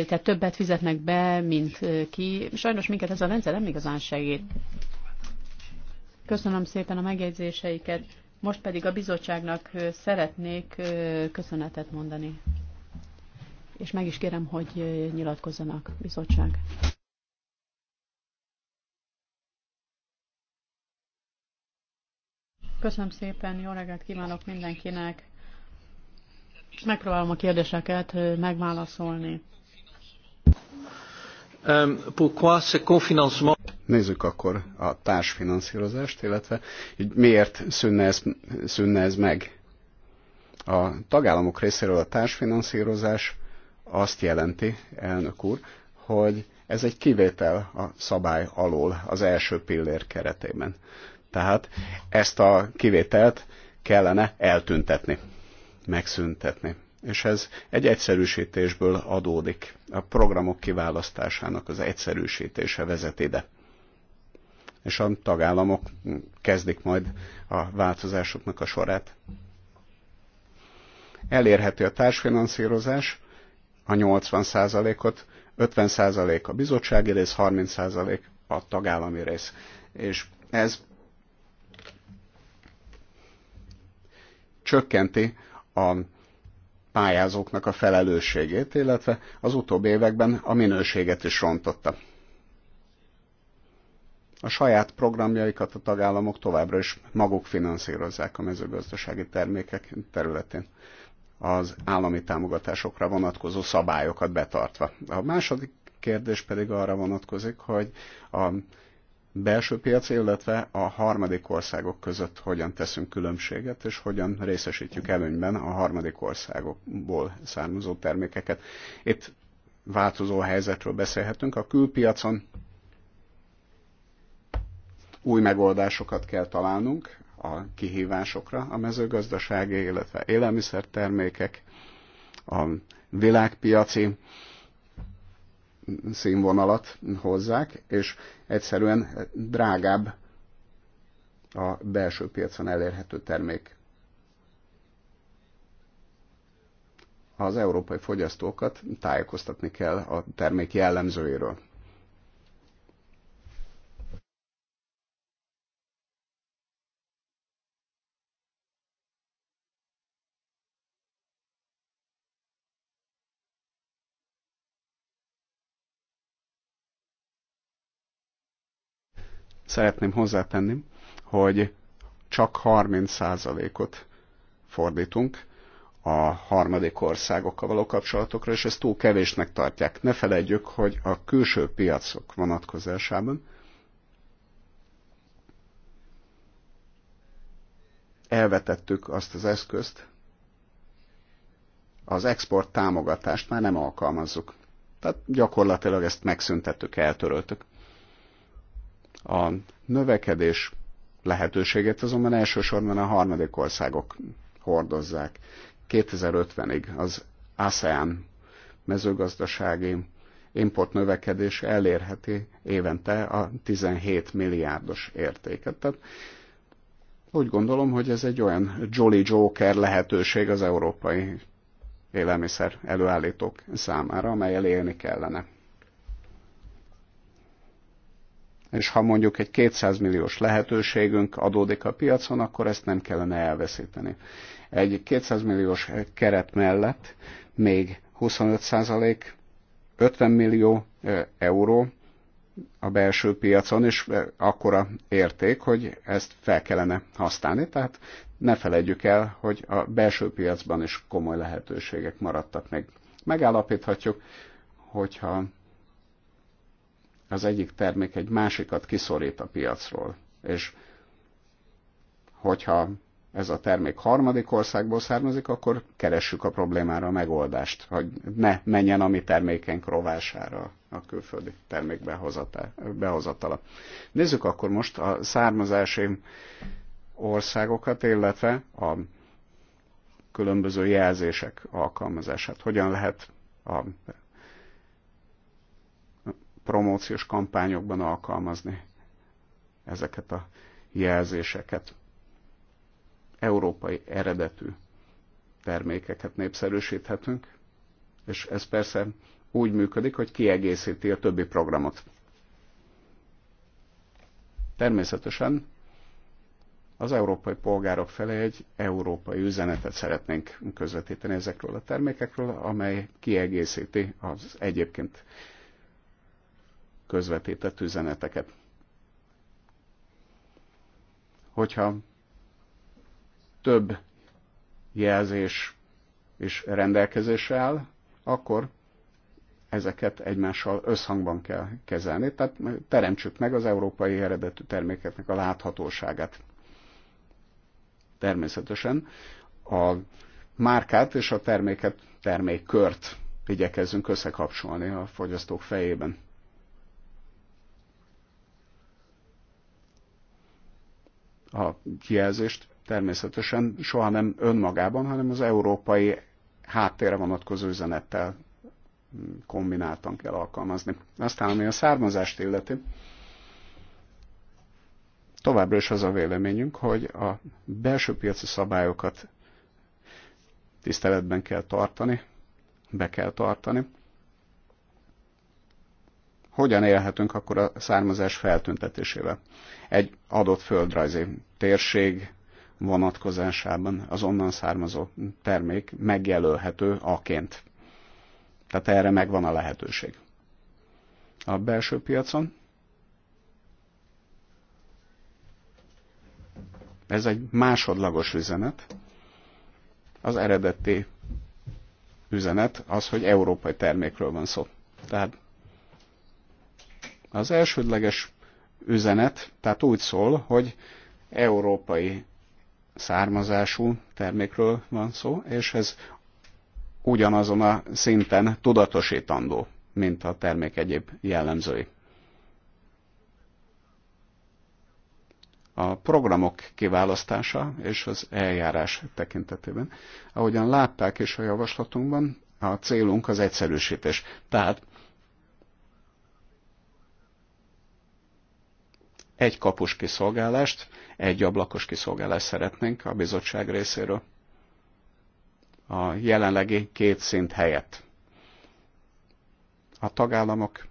tehát többet fizetnek be, mint ki. Sajnos minket ez a rendszer nem igazán segít. Köszönöm szépen a megjegyzéseiket. Most pedig a bizottságnak szeretnék köszönetet mondani és meg is kérem, hogy nyilatkozzanak bizottság. Köszönöm szépen, jó reggelt kívánok mindenkinek. Megpróbálom a kérdéseket megválaszolni. Um, Nézzük akkor a társfinanszírozást, illetve hogy miért szűnne ez, szűnne ez meg. A tagállamok részéről a társfinanszírozás azt jelenti, elnök úr, hogy ez egy kivétel a szabály alól az első pillér keretében. Tehát ezt a kivételt kellene eltüntetni, megszüntetni. És ez egy egyszerűsítésből adódik. A programok kiválasztásának az egyszerűsítése vezet ide. És a tagállamok kezdik majd a változásoknak a sorát. Elérhető a társfinanszírozás, a 80%-ot, 50% a bizottsági rész, 30% a tagállami rész. És ez csökkenti a pályázóknak a felelősségét, illetve az utóbbi években a minőséget is rontotta. A saját programjaikat a tagállamok továbbra is maguk finanszírozzák a mezőgazdasági termékek területén az állami támogatásokra vonatkozó szabályokat betartva. A második kérdés pedig arra vonatkozik, hogy a belső piac, illetve a harmadik országok között hogyan teszünk különbséget, és hogyan részesítjük előnyben a harmadik országokból származó termékeket. Itt változó helyzetről beszélhetünk. A külpiacon új megoldásokat kell találnunk, a kihívásokra a mezőgazdasági, illetve élelmiszertermékek, a világpiaci színvonalat hozzák, és egyszerűen drágább a belső piacon elérhető termék. Az európai fogyasztókat tájékoztatni kell a termék jellemzőiről. Szeretném hozzátenni, hogy csak 30%-ot fordítunk a harmadik országokkal való kapcsolatokra, és ezt túl kevésnek tartják. Ne felejtjük, hogy a külső piacok vonatkozásában elvetettük azt az eszközt, az export támogatást már nem alkalmazzuk. Tehát gyakorlatilag ezt megszüntettük, eltöröltük. A növekedés lehetőségét azonban elsősorban a harmadik országok hordozzák. 2050-ig az ASEAN mezőgazdasági import növekedés elérheti évente a 17 milliárdos értéket. Tehát úgy gondolom, hogy ez egy olyan Jolly Joker lehetőség az európai élelmiszer előállítók számára, amelyel élni kellene. és ha mondjuk egy 200 milliós lehetőségünk adódik a piacon, akkor ezt nem kellene elveszíteni. Egy 200 milliós keret mellett még 25 százalék, 50 millió euró a belső piacon, és akkora érték, hogy ezt fel kellene használni. Tehát ne felejtjük el, hogy a belső piacban is komoly lehetőségek maradtak meg. Megállapíthatjuk, hogyha az egyik termék egy másikat kiszorít a piacról, és hogyha ez a termék harmadik országból származik, akkor keressük a problémára a megoldást, hogy ne menjen a mi termékenk rovására a külföldi termék behozatala. Nézzük akkor most a származási országokat, illetve a különböző jelzések alkalmazását. Hogyan lehet a promóciós kampányokban alkalmazni ezeket a jelzéseket. Európai eredetű termékeket népszerűsíthetünk, és ez persze úgy működik, hogy kiegészíti a többi programot. Természetesen az európai polgárok felé egy európai üzenetet szeretnénk közvetíteni ezekről a termékekről, amely kiegészíti az egyébként közvetített üzeneteket. Hogyha több jelzés és rendelkezésre áll, akkor ezeket egymással összhangban kell kezelni, tehát teremtsük meg az európai eredetű termékeknek a láthatóságát. Természetesen a márkát és a terméket, termékkört igyekezzünk összekapcsolni a fogyasztók fejében. a kijelzést természetesen soha nem önmagában, hanem az európai háttérre vonatkozó üzenettel mm, kombináltan kell alkalmazni. Aztán, ami a származást illeti, továbbra is az a véleményünk, hogy a belső piaci szabályokat tiszteletben kell tartani, be kell tartani, hogyan élhetünk akkor a származás feltüntetésével. Egy adott földrajzi térség vonatkozásában az onnan származó termék megjelölhető aként. Tehát erre megvan a lehetőség. A belső piacon ez egy másodlagos üzenet. Az eredeti üzenet az, hogy európai termékről van szó. Tehát az elsődleges üzenet, tehát úgy szól, hogy európai származású termékről van szó, és ez ugyanazon a szinten tudatosítandó, mint a termék egyéb jellemzői. A programok kiválasztása és az eljárás tekintetében. Ahogyan látták is a javaslatunkban, a célunk az egyszerűsítés. Tehát egy kapus kiszolgálást, egy ablakos kiszolgálást szeretnénk a bizottság részéről. A jelenlegi két szint helyett. A tagállamok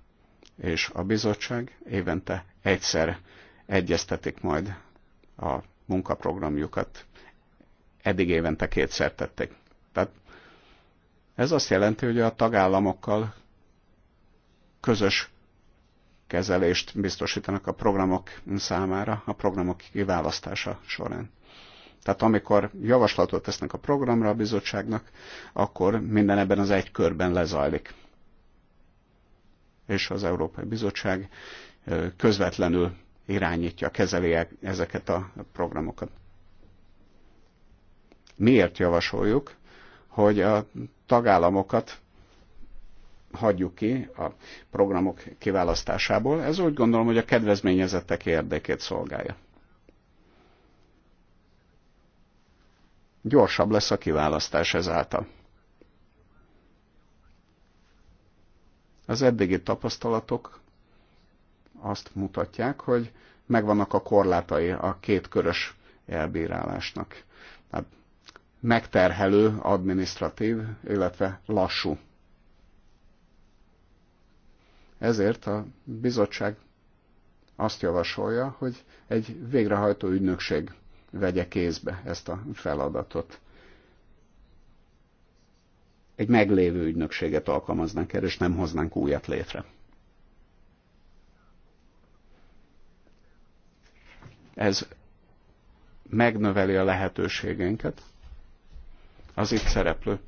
és a bizottság évente egyszer egyeztetik majd a munkaprogramjukat. Eddig évente kétszer tették. Tehát ez azt jelenti, hogy a tagállamokkal közös kezelést biztosítanak a programok számára, a programok kiválasztása során. Tehát amikor javaslatot tesznek a programra a bizottságnak, akkor minden ebben az egy körben lezajlik. És az Európai Bizottság közvetlenül irányítja, kezeli e- ezeket a programokat. Miért javasoljuk, hogy a tagállamokat hagyjuk ki a programok kiválasztásából. Ez úgy gondolom, hogy a kedvezményezettek érdekét szolgálja. Gyorsabb lesz a kiválasztás ezáltal. Az eddigi tapasztalatok azt mutatják, hogy megvannak a korlátai a kétkörös elbírálásnak. Hát megterhelő, administratív, illetve lassú ezért a bizottság azt javasolja, hogy egy végrehajtó ügynökség vegye kézbe ezt a feladatot. Egy meglévő ügynökséget alkalmaznánk erre, és nem hoznánk újat létre. Ez megnöveli a lehetőségeinket az itt szereplő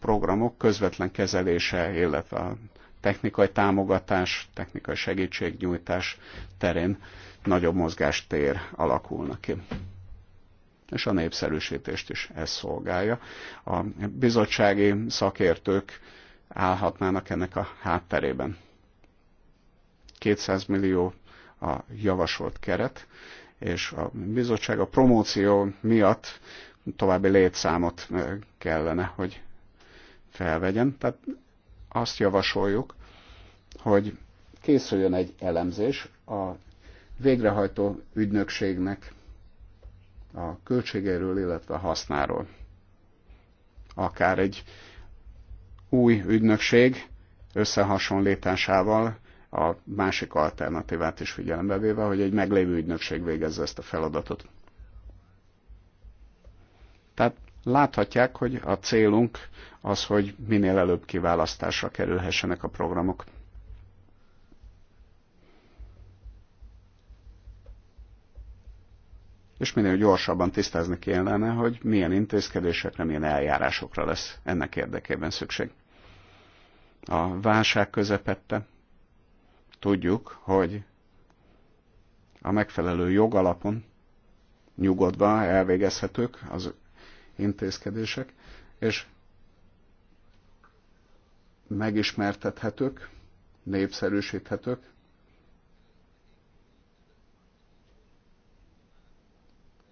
programok közvetlen kezelése, illetve a technikai támogatás, technikai segítségnyújtás terén nagyobb mozgástér alakulna ki és a népszerűsítést is ez szolgálja. A bizottsági szakértők állhatnának ennek a hátterében. 200 millió a javasolt keret, és a bizottság a promóció miatt további létszámot kellene, hogy felvegyen. Tehát azt javasoljuk, hogy készüljön egy elemzés a végrehajtó ügynökségnek a költségeiről, illetve a hasznáról. Akár egy új ügynökség összehasonlításával a másik alternatívát is figyelembe véve, hogy egy meglévő ügynökség végezze ezt a feladatot. Tehát láthatják, hogy a célunk az, hogy minél előbb kiválasztásra kerülhessenek a programok. és minél gyorsabban tisztázni kellene, hogy milyen intézkedésekre, milyen eljárásokra lesz ennek érdekében szükség. A válság közepette tudjuk, hogy a megfelelő jogalapon nyugodva elvégezhetők az intézkedések, és megismertethetők, népszerűsíthetők,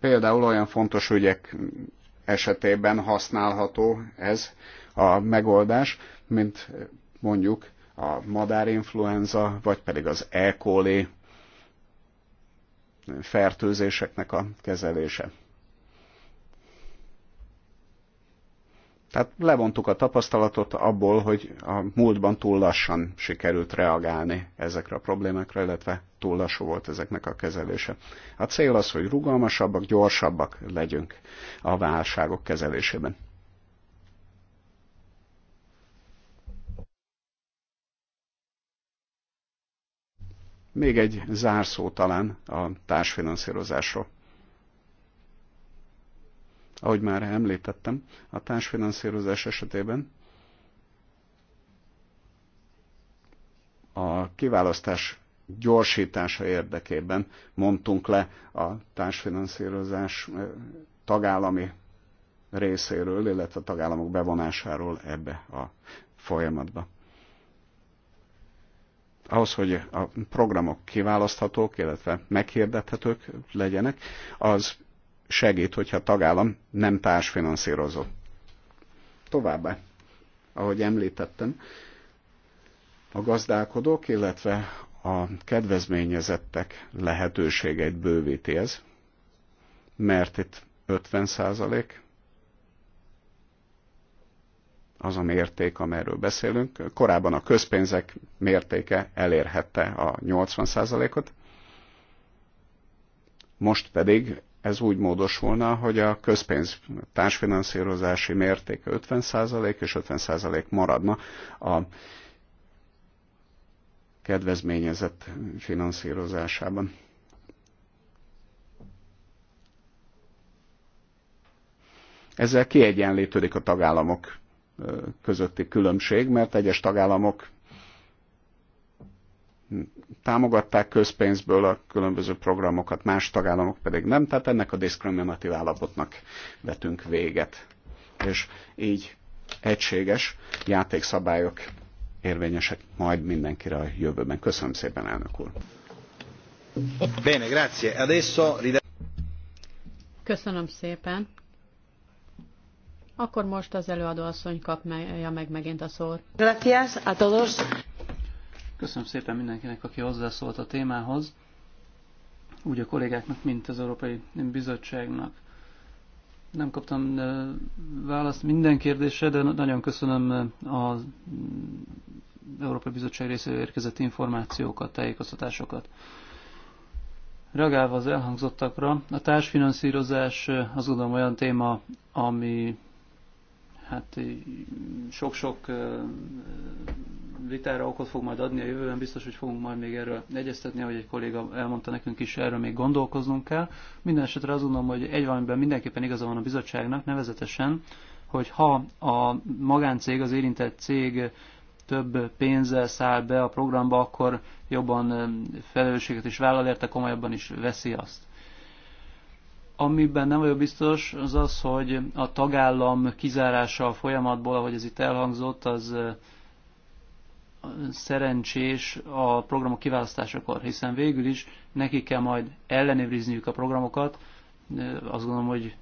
például olyan fontos ügyek esetében használható ez a megoldás, mint mondjuk a madárinfluenza, vagy pedig az E. coli fertőzéseknek a kezelése. Tehát levontuk a tapasztalatot abból, hogy a múltban túl lassan sikerült reagálni ezekre a problémákra, illetve túl lassú volt ezeknek a kezelése. A cél az, hogy rugalmasabbak, gyorsabbak legyünk a válságok kezelésében. Még egy zárszó talán a társfinanszírozásról. Ahogy már említettem, a társfinanszírozás esetében a kiválasztás gyorsítása érdekében mondtunk le a társfinanszírozás tagállami részéről, illetve a tagállamok bevonásáról ebbe a folyamatba. Ahhoz, hogy a programok kiválaszthatók, illetve meghirdethetők legyenek, az segít, hogyha a tagállam nem társfinanszírozó. Továbbá, ahogy említettem, a gazdálkodók, illetve a kedvezményezettek lehetőségeit bővíti ez, mert itt 50 százalék az a mérték, amelyről beszélünk. Korábban a közpénzek mértéke elérhette a 80 százalékot, most pedig ez úgy módosulna, hogy a közpénz társfinanszírozási mértéke 50% és 50% maradna a kedvezményezett finanszírozásában. Ezzel kiegyenlítődik a tagállamok közötti különbség, mert egyes tagállamok támogatták közpénzből a különböző programokat, más tagállamok pedig nem, tehát ennek a diszkriminatív állapotnak vetünk véget. És így egységes játékszabályok érvényesek majd mindenkire a jövőben. Köszönöm szépen, elnök úr! Bene, grazie. Adesso... Köszönöm szépen. Akkor most az előadó asszony kapja meg megint a szót. Gracias a todos. Köszönöm szépen mindenkinek, aki hozzászólt a témához, úgy a kollégáknak, mint az Európai Bizottságnak. Nem kaptam választ minden kérdésre, de nagyon köszönöm az Európai Bizottság részéről érkezett információkat, tájékoztatásokat. Reagálva az elhangzottakra, a társfinanszírozás az gondolom olyan téma, ami hát sok-sok vitára okot fog majd adni a jövőben, biztos, hogy fogunk majd még erről egyeztetni, ahogy egy kolléga elmondta nekünk is, erről még gondolkoznunk kell. Minden esetre azt gondolom, hogy egy valamiben mindenképpen igaza van a bizottságnak, nevezetesen, hogy ha a magáncég, az érintett cég több pénzzel száll be a programba, akkor jobban felelősséget is vállal érte, komolyabban is veszi azt. Amiben nem vagyok biztos, az az, hogy a tagállam kizárása a folyamatból, ahogy ez itt elhangzott, az szerencsés a programok kiválasztásakor, hiszen végül is neki kell majd ellenőrizniük a programokat, azt gondolom, hogy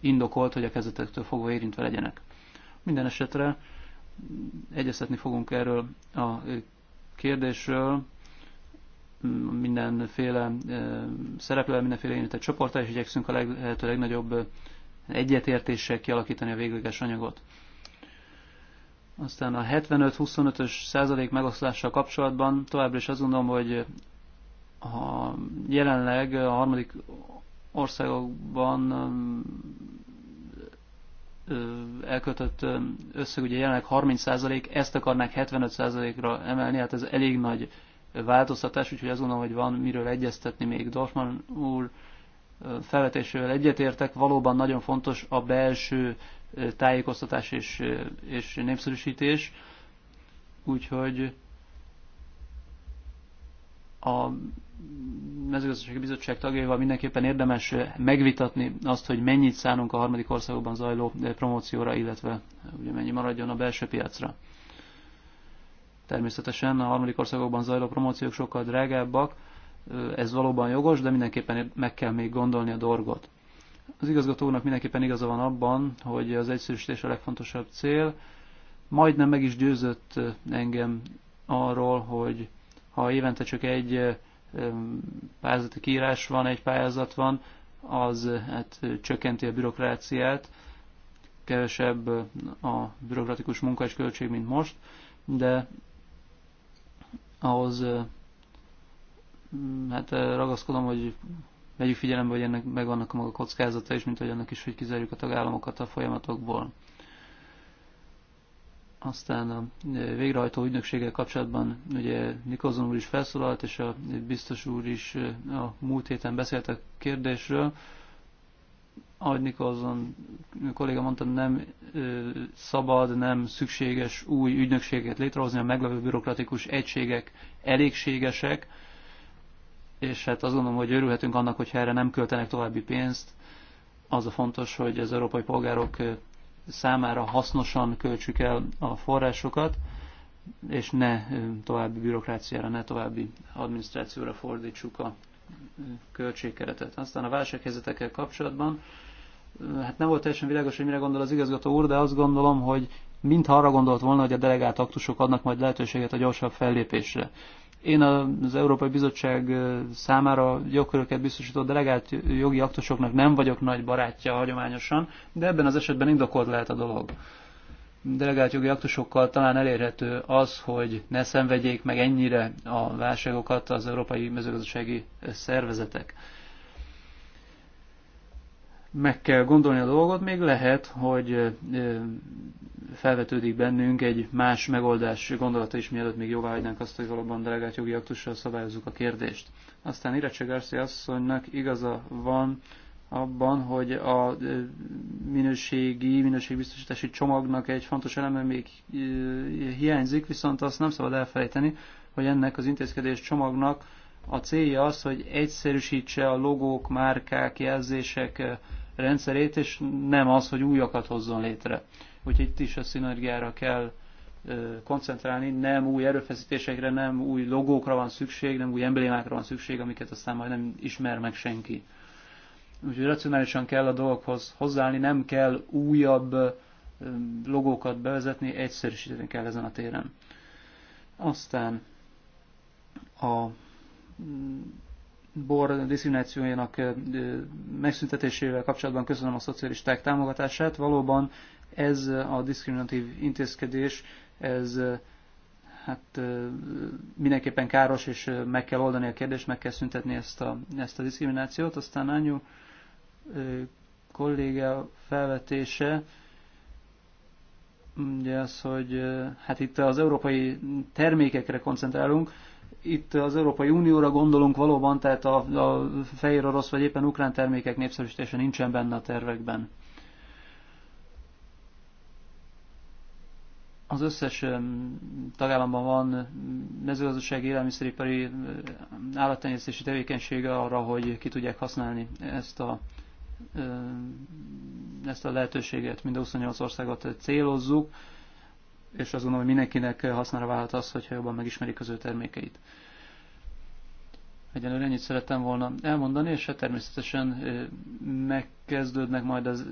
indokolt, hogy a kezdetektől fogva érintve legyenek. Minden esetre egyeztetni fogunk erről a kérdésről, mindenféle szereplővel, mindenféle érintett csoporttal, és igyekszünk a lehető legnagyobb egyetértéssel kialakítani a végleges anyagot. Aztán a 75-25-ös százalék megoszlással kapcsolatban továbbra is azt gondolom, hogy ha jelenleg a harmadik országokban elköltött összeg ugye jelenleg 30 százalék, ezt akarnák 75 százalékra emelni, hát ez elég nagy változtatás, úgyhogy azt gondolom, hogy van miről egyeztetni még Dorfman úr felvetésével egyetértek. Valóban nagyon fontos a belső tájékoztatás és, és népszerűsítés, úgyhogy a mezőgazdasági bizottság tagjaival mindenképpen érdemes megvitatni azt, hogy mennyit szánunk a harmadik országokban zajló promócióra, illetve ugye mennyi maradjon a belső piacra. Természetesen a harmadik országokban zajló promóciók sokkal drágábbak, ez valóban jogos, de mindenképpen meg kell még gondolni a dolgot. Az igazgatónak mindenképpen igaza van abban, hogy az egyszerűsítés a legfontosabb cél. Majdnem meg is győzött engem arról, hogy ha évente csak egy pályázati kiírás van, egy pályázat van, az hát, csökkenti a bürokráciát, kevesebb a bürokratikus munka és költség, mint most, de ahhoz mm, hát ragaszkodom, hogy vegyük figyelembe, hogy ennek megvannak a maga kockázata is, mint hogy annak is, hogy kizárjuk a tagállamokat a folyamatokból. Aztán a végrehajtó ügynökséggel kapcsolatban ugye Nikozon úr is felszólalt, és a biztos úr is a múlt héten beszélt a kérdésről ahogy Nikolson kolléga mondta, nem szabad, nem szükséges új ügynökséget létrehozni, a meglevő bürokratikus egységek elégségesek, és hát azt gondolom, hogy örülhetünk annak, hogyha erre nem költenek további pénzt. Az a fontos, hogy az európai polgárok számára hasznosan költsük el a forrásokat, és ne további bürokráciára, ne további adminisztrációra fordítsuk a költségkeretet. Aztán a válsághelyzetekkel kapcsolatban hát nem volt teljesen világos, hogy mire gondol az igazgató úr, de azt gondolom, hogy mintha arra gondolt volna, hogy a delegált aktusok adnak majd lehetőséget a gyorsabb fellépésre. Én az Európai Bizottság számára jogköröket biztosító delegált jogi aktusoknak nem vagyok nagy barátja hagyományosan, de ebben az esetben indokolt lehet a dolog. Delegált jogi aktusokkal talán elérhető az, hogy ne szenvedjék meg ennyire a válságokat az európai mezőgazdasági szervezetek meg kell gondolni a dolgot, még lehet, hogy felvetődik bennünk egy más megoldás gondolata is, mielőtt még hagynánk azt, hogy valóban delegált jogi aktussal szabályozzuk a kérdést. Aztán Irecse Garcia asszonynak igaza van abban, hogy a minőségi, minőségbiztosítási csomagnak egy fontos eleme még hiányzik, viszont azt nem szabad elfelejteni, hogy ennek az intézkedés csomagnak a célja az, hogy egyszerűsítse a logók, márkák, jelzések rendszerét, és nem az, hogy újakat hozzon létre. Úgyhogy itt is a szinergiára kell koncentrálni, nem új erőfeszítésekre, nem új logókra van szükség, nem új emblémákra van szükség, amiket aztán majd nem ismer meg senki. Úgyhogy racionálisan kell a dolgokhoz hozzáállni, nem kell újabb logókat bevezetni, egyszerűsíteni kell ezen a téren. Aztán a mm, bor disziminációjának megszüntetésével kapcsolatban köszönöm a szocialisták támogatását. Valóban ez a diszkriminatív intézkedés, ez hát mindenképpen káros, és meg kell oldani a kérdést, meg kell szüntetni ezt a, ezt a diszkriminációt. Aztán Anyu kolléga felvetése, ugye az, hogy hát itt az európai termékekre koncentrálunk, itt az Európai Unióra gondolunk valóban, tehát a, a fehér orosz vagy éppen ukrán termékek népszerűsítése nincsen benne a tervekben. Az összes tagállamban van mezőgazdasági, élelmiszeripari állattenyésztési tevékenysége arra, hogy ki tudják használni ezt a, ezt a lehetőséget. Mind a 28 országot célozzuk és azt gondolom, hogy mindenkinek hasznára válhat az, hogyha jobban megismerik az ő termékeit. Egyelőre ennyit szerettem volna elmondani, és hát természetesen megkezdődnek majd az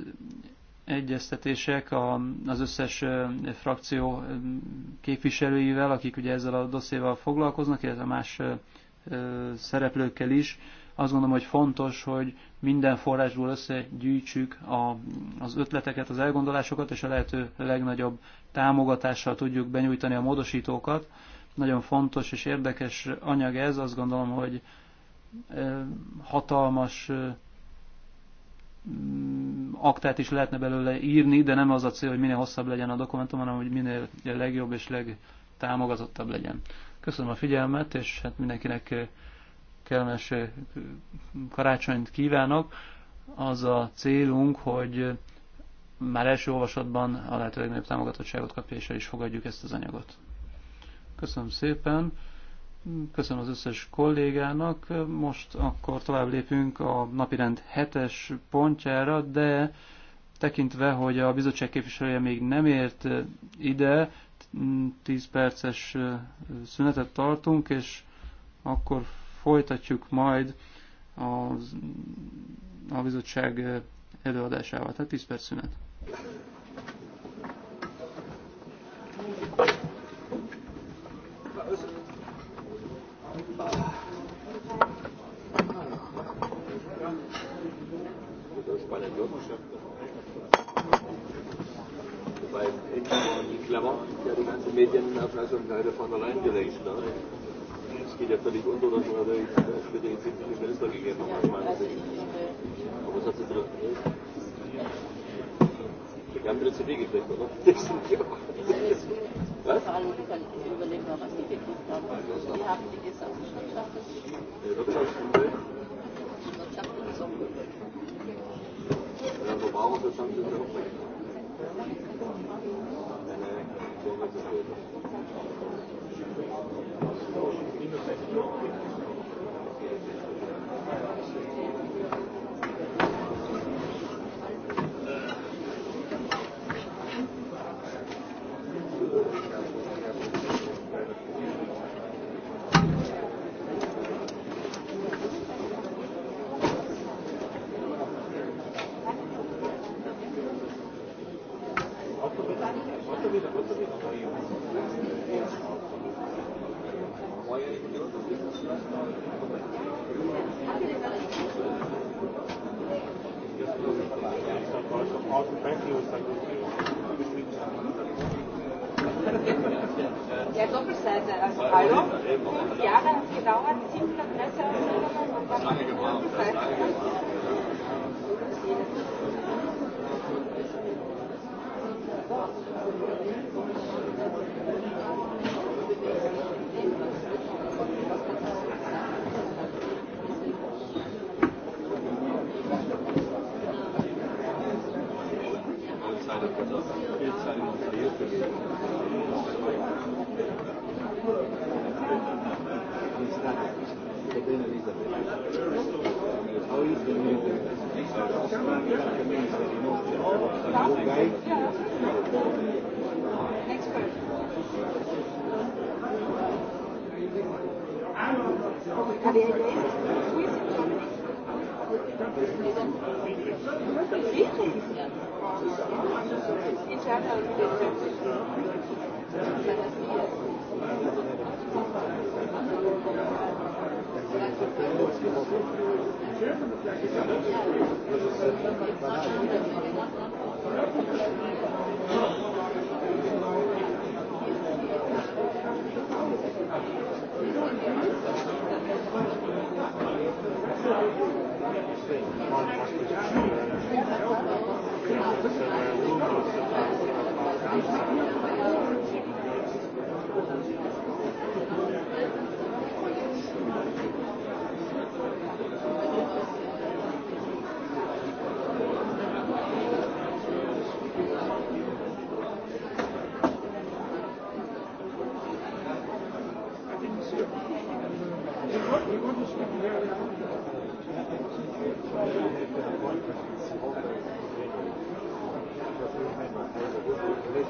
egyeztetések az összes frakció képviselőivel, akik ugye ezzel a dosszéval foglalkoznak, illetve más szereplőkkel is. Azt gondolom, hogy fontos, hogy minden forrásból összegyűjtsük a, az ötleteket, az elgondolásokat, és a lehető legnagyobb támogatással tudjuk benyújtani a módosítókat. Nagyon fontos és érdekes anyag ez, azt gondolom, hogy hatalmas mm, aktát is lehetne belőle írni, de nem az a cél, hogy minél hosszabb legyen a dokumentum, hanem hogy minél legjobb és legtámogatottabb legyen. Köszönöm a figyelmet, és hát mindenkinek kellemes karácsonyt kívánok. Az a célunk, hogy már első olvasatban a lehető legnagyobb támogatottságot kapja, és el is fogadjuk ezt az anyagot. Köszönöm szépen, köszönöm az összes kollégának. Most akkor tovább lépünk a napirend hetes pontjára, de tekintve, hogy a bizottság képviselője még nem ért ide, 10 perces szünetet tartunk, és akkor folytatjuk majd az, a bizottság előadásával. Tehát 10 perc szünet. Weil Edmund Klammer, der die ganze Medienauflassung leider von allein gelesen hat geht a völlig unter, dass man natürlich mit den zitierten Minister gegeben hat, aus meiner Sicht. Aber es hat sich drin. Wir haben wieder CD gekriegt, oder? Was? Vor allem überlegen Köszönöm,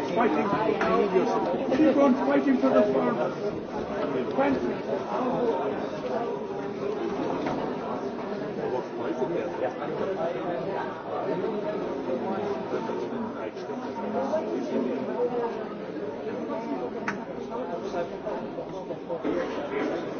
on fighting. Keep on fighting for the farmers. Thank you.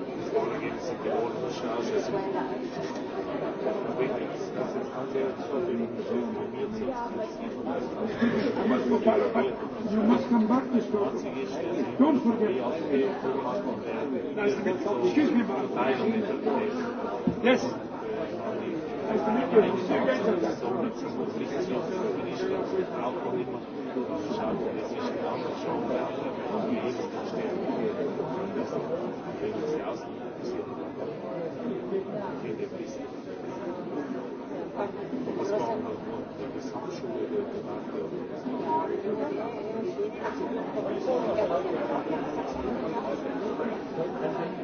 You must come back, You must come back this Mr. Don't forget. Excuse me, madam. Yes. Thank you. Thank you.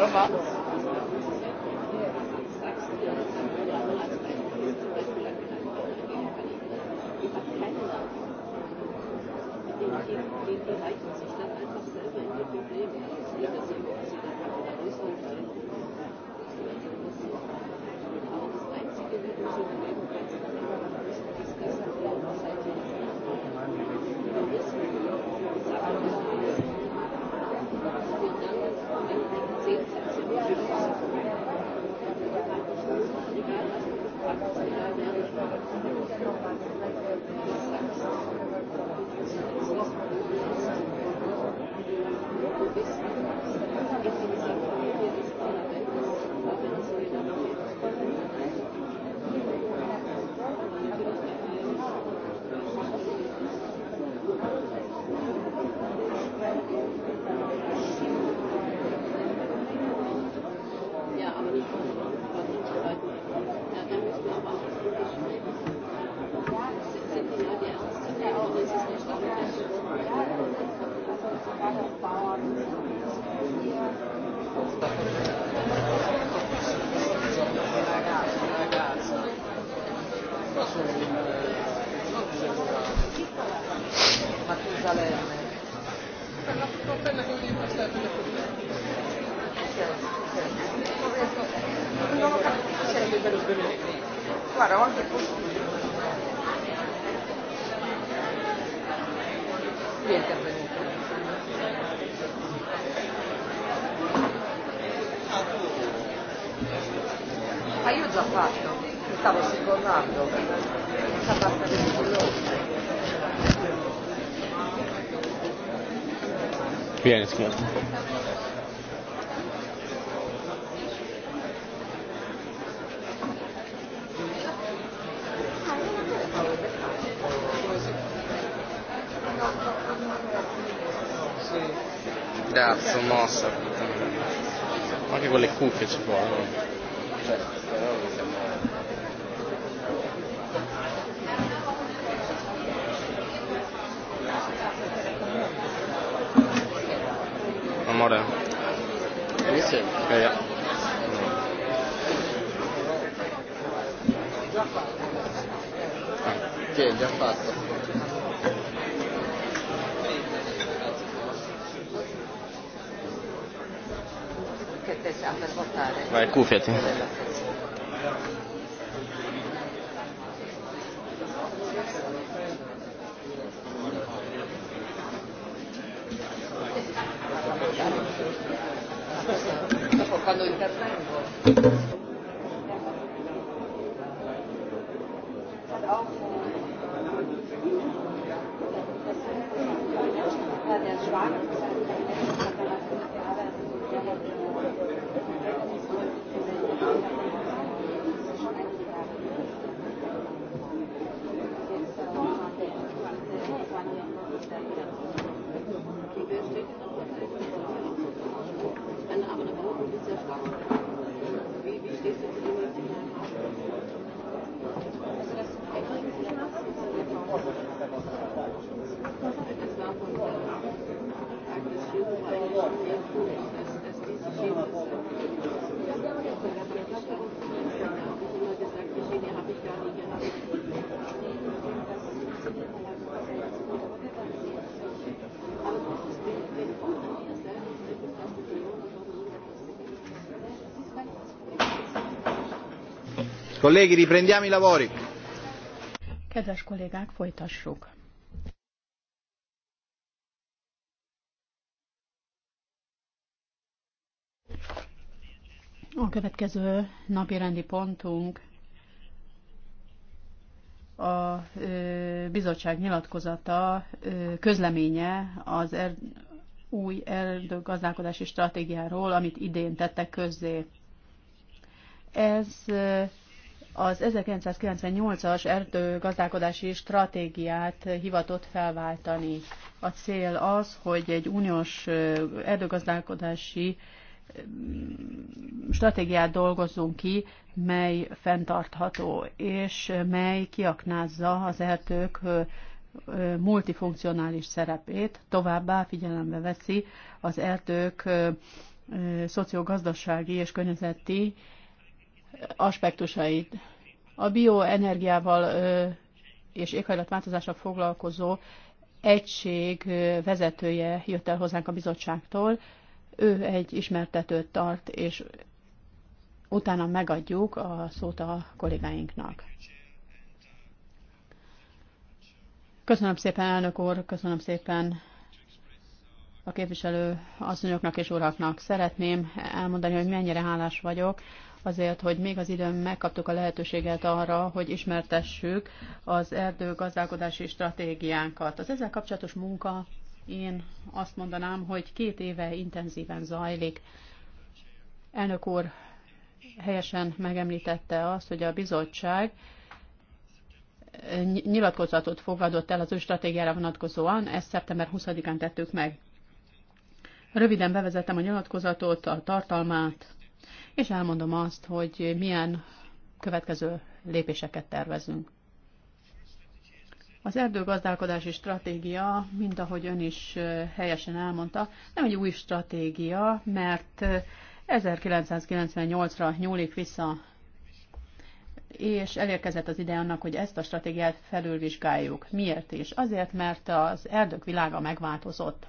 Roma. Pienez, claro. Cazzo, mossa. Anche con cuffie ci può. Okay. Thank you. Colleghi, riprendiamo i lavori. Kedves kollégák, folytassuk. A következő napi rendi pontunk a bizottság nyilatkozata, közleménye az er, új erdőgazdálkodási stratégiáról, amit idén tettek közzé. Ez az 1998-as erdőgazdálkodási stratégiát hivatott felváltani. A cél az, hogy egy uniós erdőgazdálkodási stratégiát dolgozzunk ki, mely fenntartható, és mely kiaknázza az erdők multifunkcionális szerepét, továbbá figyelembe veszi az erdők szociogazdasági és környezeti aspektusait. A bioenergiával és éghajlatváltozással foglalkozó egység vezetője jött el hozzánk a bizottságtól. Ő egy ismertetőt tart, és utána megadjuk a szót a kollégáinknak. Köszönöm szépen, elnök úr, köszönöm szépen a képviselő asszonyoknak és uraknak. Szeretném elmondani, hogy mennyire hálás vagyok azért, hogy még az időn megkaptuk a lehetőséget arra, hogy ismertessük az erdőgazdálkodási stratégiánkat. Az ezzel kapcsolatos munka, én azt mondanám, hogy két éve intenzíven zajlik. Elnök úr helyesen megemlítette azt, hogy a bizottság nyilatkozatot fogadott el az ő stratégiára vonatkozóan, ezt szeptember 20-án tettük meg. Röviden bevezettem a nyilatkozatot, a tartalmát, és elmondom azt, hogy milyen következő lépéseket tervezünk. Az erdőgazdálkodási stratégia, mint ahogy ön is helyesen elmondta, nem egy új stratégia, mert 1998-ra nyúlik vissza, és elérkezett az ide annak, hogy ezt a stratégiát felülvizsgáljuk. Miért is? Azért, mert az erdők világa megváltozott.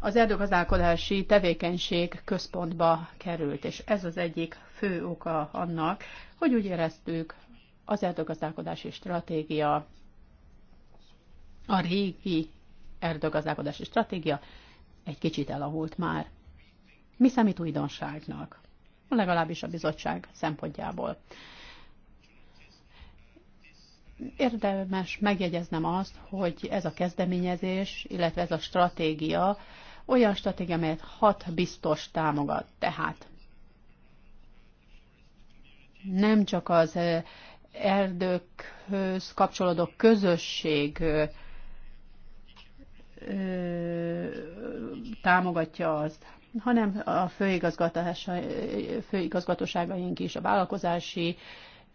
az erdőgazdálkodási tevékenység központba került, és ez az egyik fő oka annak, hogy úgy éreztük, az erdőgazdálkodási stratégia, a régi erdőgazdálkodási stratégia egy kicsit elavult már. Mi számít újdonságnak? Legalábbis a bizottság szempontjából. Érdemes megjegyeznem azt, hogy ez a kezdeményezés, illetve ez a stratégia olyan stratégia, amelyet hat biztos támogat. Tehát nem csak az erdőkhöz kapcsolódó közösség támogatja azt, hanem a főigazgatóságaink is, a vállalkozási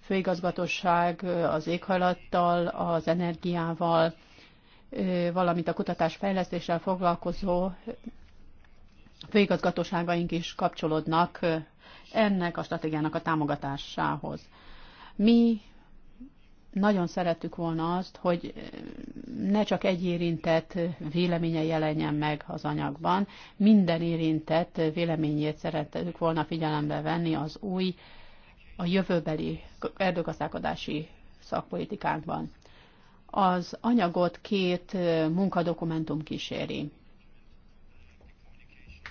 főigazgatóság az éghajlattal, az energiával, valamint a kutatásfejlesztéssel foglalkozó főigazgatóságaink is kapcsolódnak ennek a stratégiának a támogatásához. Mi nagyon szerettük volna azt, hogy ne csak egy érintett véleménye jelenjen meg az anyagban, minden érintett véleményét szerettük volna figyelembe venni az új, a jövőbeli erdőgazdálkodási szakpolitikánkban. Az anyagot két munkadokumentum kíséri.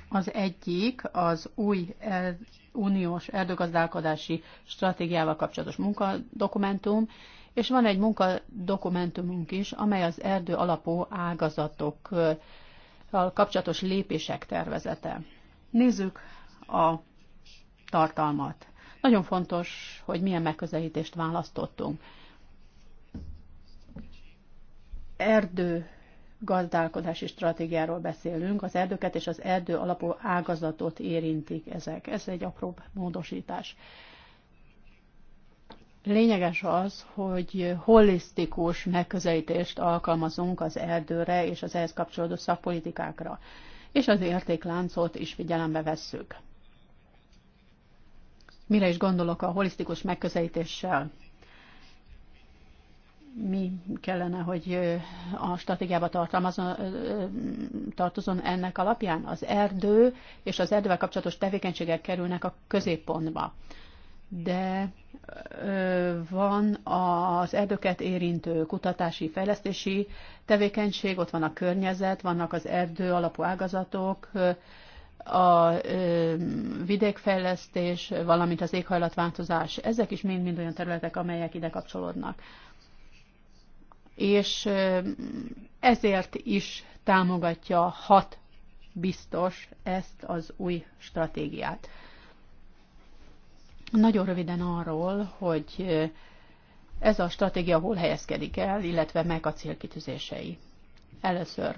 Az egyik az új el, uniós erdőgazdálkodási stratégiával kapcsolatos munkadokumentum, és van egy munkadokumentumunk is, amely az erdő alapú ágazatokkal kapcsolatos lépések tervezete. Nézzük a tartalmat. Nagyon fontos, hogy milyen megközelítést választottunk erdő gazdálkodási stratégiáról beszélünk, az erdőket és az erdő alapú ágazatot érintik ezek. Ez egy apró módosítás. Lényeges az, hogy holisztikus megközelítést alkalmazunk az erdőre és az ehhez kapcsolódó szakpolitikákra, és az értékláncot is figyelembe vesszük. Mire is gondolok a holisztikus megközelítéssel? mi kellene, hogy a stratégiába tartozon ennek alapján? Az erdő és az erdővel kapcsolatos tevékenységek kerülnek a középpontba. De van az erdőket érintő kutatási, fejlesztési tevékenység, ott van a környezet, vannak az erdő alapú ágazatok, a vidékfejlesztés, valamint az éghajlatváltozás, ezek is mind-mind olyan területek, amelyek ide kapcsolódnak és ezért is támogatja hat biztos ezt az új stratégiát. Nagyon röviden arról, hogy ez a stratégia hol helyezkedik el, illetve meg a célkitűzései. Először.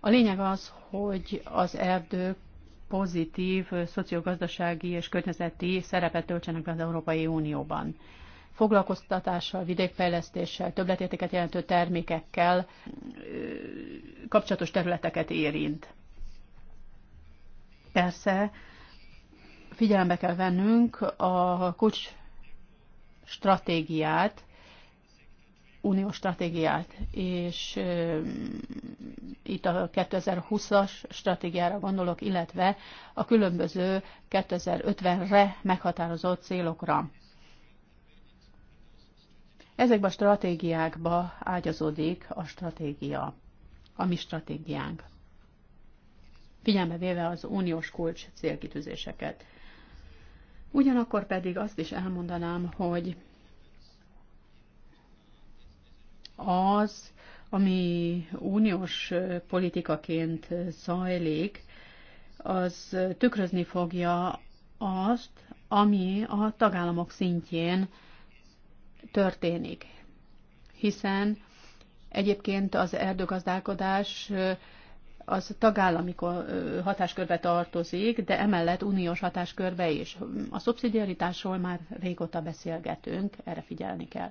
A lényeg az, hogy az erdők pozitív szociogazdasági és környezeti szerepet töltsenek be az Európai Unióban foglalkoztatással, vidékfejlesztéssel, többletértéket jelentő termékekkel kapcsolatos területeket érint. Persze figyelembe kell vennünk a kocs stratégiát, uniós stratégiát, és itt a 2020-as stratégiára gondolok, illetve a különböző 2050-re meghatározott célokra. Ezekben a stratégiákba ágyazódik a stratégia, a mi stratégiánk. Figyelme véve az uniós kulcs célkitűzéseket. Ugyanakkor pedig azt is elmondanám, hogy az, ami uniós politikaként zajlik, az tükrözni fogja azt, ami a tagállamok szintjén történik. Hiszen egyébként az erdőgazdálkodás az tagállami hatáskörbe tartozik, de emellett uniós hatáskörbe is. A szubszidiaritásról már régóta beszélgetünk, erre figyelni kell.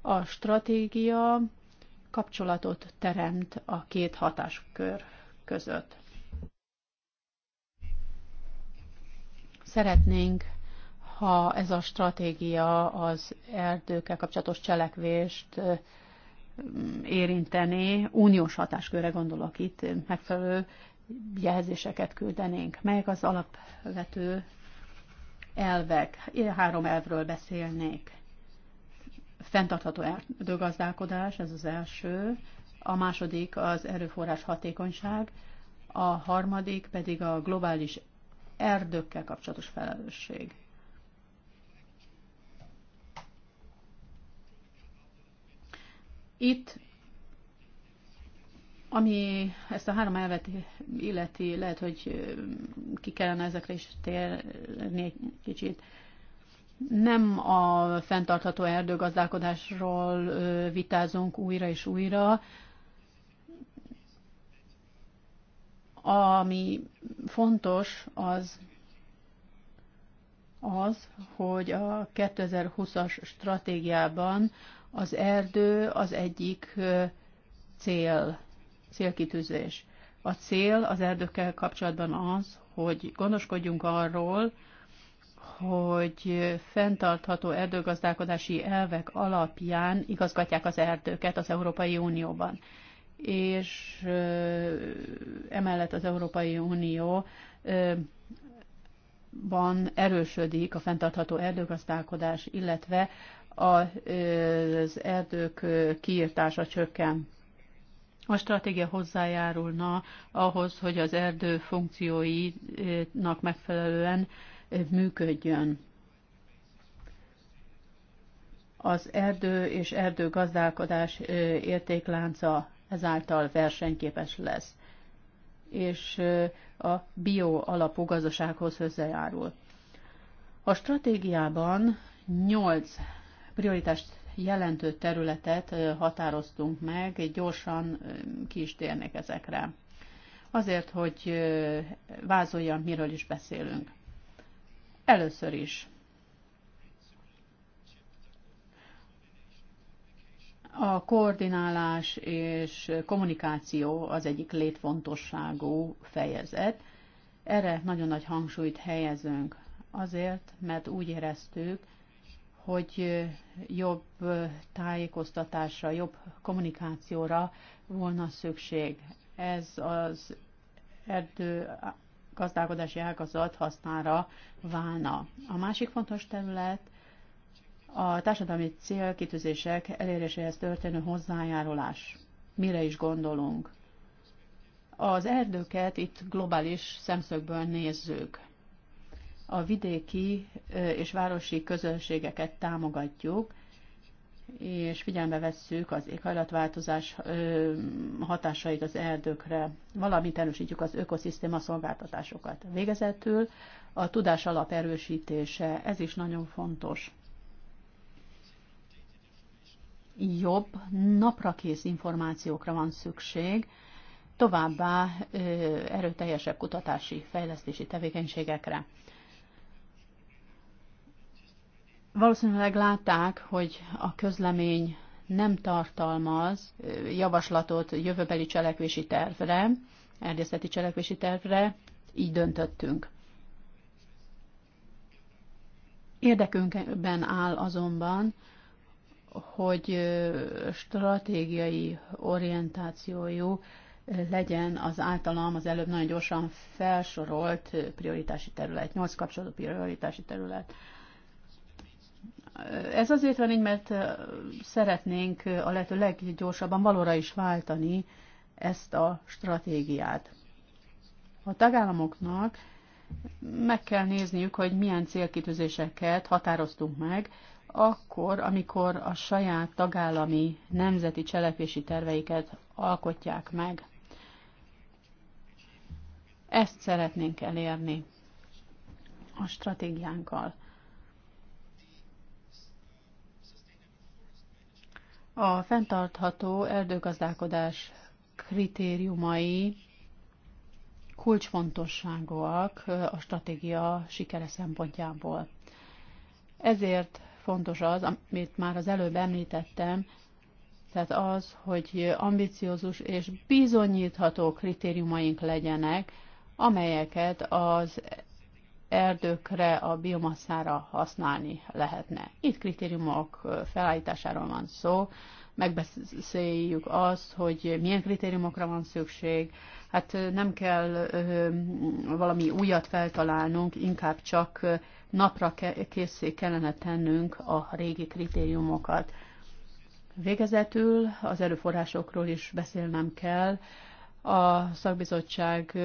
A stratégia kapcsolatot teremt a két hatáskör között. Szeretnénk ha ez a stratégia az erdőkkel kapcsolatos cselekvést érinteni, uniós hatáskörre gondolok itt, megfelelő jelzéseket küldenénk. Melyek az alapvető elvek? Én három elvről beszélnék. Fentartható erdőgazdálkodás, ez az első. A második az erőforrás hatékonyság. A harmadik pedig a globális erdőkkel kapcsolatos felelősség. Itt, ami ezt a három elvet illeti, lehet, hogy ki kellene ezekre is térni egy kicsit. Nem a fenntartható erdőgazdálkodásról vitázunk újra és újra, ami fontos, az az, hogy a 2020-as stratégiában az erdő az egyik cél, célkitűzés. A cél az erdőkkel kapcsolatban az, hogy gondoskodjunk arról, hogy fenntartható erdőgazdálkodási elvek alapján igazgatják az erdőket az Európai Unióban. És emellett az Európai Unió van erősödik a fenntartható erdőgazdálkodás, illetve az erdők kiirtása csökken. A stratégia hozzájárulna ahhoz, hogy az erdő funkcióinak megfelelően működjön. Az erdő és erdőgazdálkodás értéklánca ezáltal versenyképes lesz, és a bio alapú gazdasághoz hozzájárul. A stratégiában nyolc prioritást jelentő területet határoztunk meg, gyorsan ki is térnek ezekre. Azért, hogy vázoljam, miről is beszélünk. Először is A koordinálás és kommunikáció az egyik létfontosságú fejezet. Erre nagyon nagy hangsúlyt helyezünk, azért, mert úgy éreztük, hogy jobb tájékoztatásra, jobb kommunikációra volna szükség. Ez az erdő gazdálkodási ágazat hasznára válna. A másik fontos terület a társadalmi célkitűzések eléréséhez történő hozzájárulás. Mire is gondolunk? Az erdőket itt globális szemszögből nézzük a vidéki és városi közönségeket támogatjuk, és figyelembe vesszük az éghajlatváltozás hatásait az erdőkre, valamint erősítjük az ökoszisztéma szolgáltatásokat. Végezetül a tudás alap erősítése, ez is nagyon fontos. Jobb, naprakész információkra van szükség, továbbá erőteljesebb kutatási, fejlesztési tevékenységekre. Valószínűleg látták, hogy a közlemény nem tartalmaz javaslatot jövőbeli cselekvési tervre, erdészeti cselekvési tervre, így döntöttünk. Érdekünkben áll azonban, hogy stratégiai orientációjú legyen az általam az előbb nagyon gyorsan felsorolt prioritási terület, nyolc kapcsolódó prioritási terület. Ez azért van így, mert szeretnénk a lehető leggyorsabban valóra is váltani ezt a stratégiát. A tagállamoknak meg kell nézniük, hogy milyen célkitűzéseket határoztunk meg, akkor, amikor a saját tagállami nemzeti cselekvési terveiket alkotják meg. Ezt szeretnénk elérni a stratégiánkkal. A fenntartható erdőgazdálkodás kritériumai kulcsfontosságúak a stratégia sikere szempontjából. Ezért fontos az, amit már az előbb említettem, tehát az, hogy ambiciózus és bizonyítható kritériumaink legyenek, amelyeket az erdőkre, a biomaszára használni lehetne. Itt kritériumok felállításáról van szó, megbeszéljük azt, hogy milyen kritériumokra van szükség. Hát nem kell valami újat feltalálnunk, inkább csak napra készé kellene tennünk a régi kritériumokat. Végezetül az erőforrásokról is beszélnem kell. A szakbizottság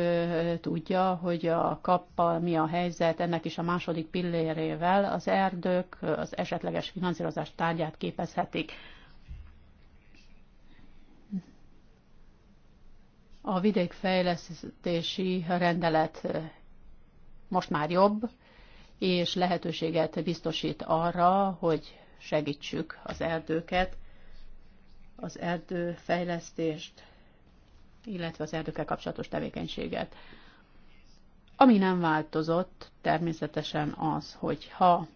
tudja, hogy a kappal mi a helyzet, ennek is a második pillérével az erdők az esetleges finanszírozás tárgyát képezhetik. A vidékfejlesztési rendelet most már jobb, és lehetőséget biztosít arra, hogy segítsük az erdőket, az erdőfejlesztést illetve az erdőkkel kapcsolatos tevékenységet. Ami nem változott, természetesen az, hogy ha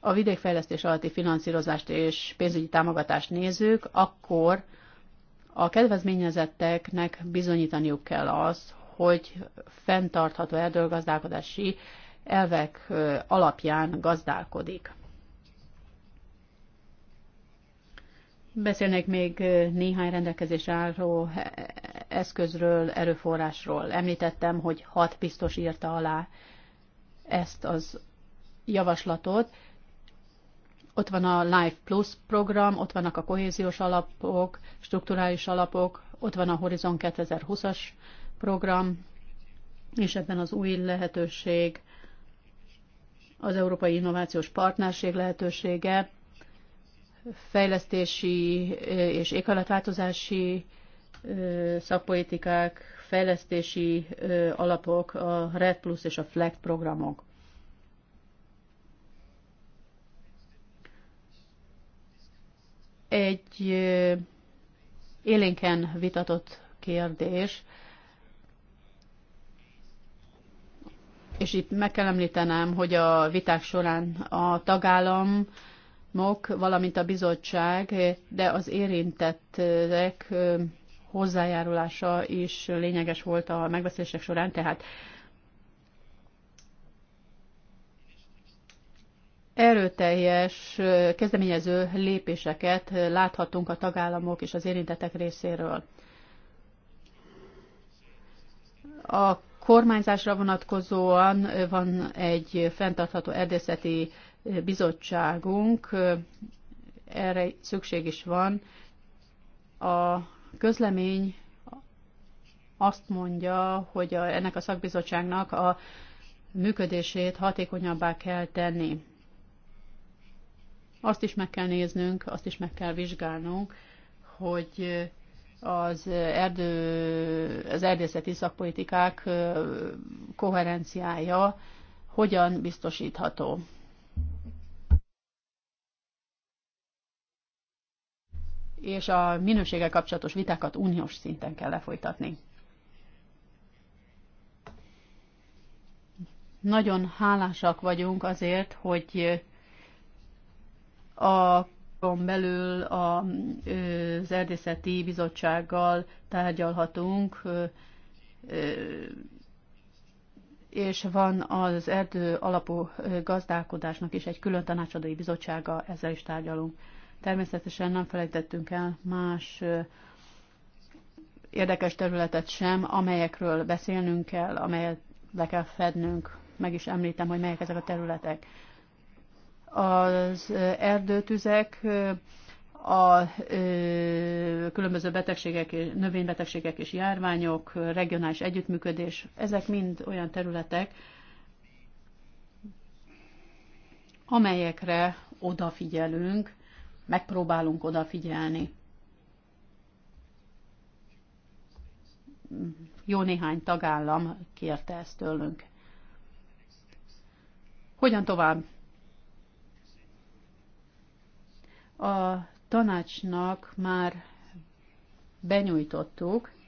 a vidékfejlesztés alatti finanszírozást és pénzügyi támogatást nézzük, akkor a kedvezményezetteknek bizonyítaniuk kell az, hogy fenntartható erdőgazdálkodási elvek alapján gazdálkodik. Beszélnék még néhány rendelkezés álló e, eszközről, erőforrásról. Említettem, hogy hat biztos írta alá ezt az javaslatot. Ott van a Life Plus program, ott vannak a kohéziós alapok, strukturális alapok, ott van a Horizon 2020-as program, és ebben az új lehetőség, az Európai Innovációs Partnerség lehetősége, fejlesztési és éghajlatváltozási szakpolitikák, fejlesztési alapok, a Red Plus és a FLEG programok. Egy élénken vitatott kérdés, és itt meg kell említenem, hogy a viták során a tagállam mok valamint a bizottság, de az érintettek hozzájárulása is lényeges volt a megbeszélések során, tehát erőteljes kezdeményező lépéseket láthatunk a tagállamok és az érintettek részéről. A kormányzásra vonatkozóan van egy fenntartható erdészeti bizottságunk, erre szükség is van. A közlemény azt mondja, hogy a, ennek a szakbizottságnak a működését hatékonyabbá kell tenni. Azt is meg kell néznünk, azt is meg kell vizsgálnunk, hogy az, erdő, az erdészeti szakpolitikák koherenciája hogyan biztosítható. és a minősége kapcsolatos vitákat uniós szinten kell lefolytatni. Nagyon hálásak vagyunk azért, hogy a belül az erdészeti bizottsággal tárgyalhatunk, és van az erdő alapú gazdálkodásnak is egy külön tanácsadói bizottsága, ezzel is tárgyalunk. Természetesen nem felejtettünk el más érdekes területet sem, amelyekről beszélnünk kell, amelyet le kell fednünk. Meg is említem, hogy melyek ezek a területek. Az erdőtüzek, a különböző betegségek, növénybetegségek és járványok, regionális együttműködés, ezek mind olyan területek, amelyekre odafigyelünk, megpróbálunk odafigyelni. Jó néhány tagállam kérte ezt tőlünk. Hogyan tovább? A tanácsnak már benyújtottuk,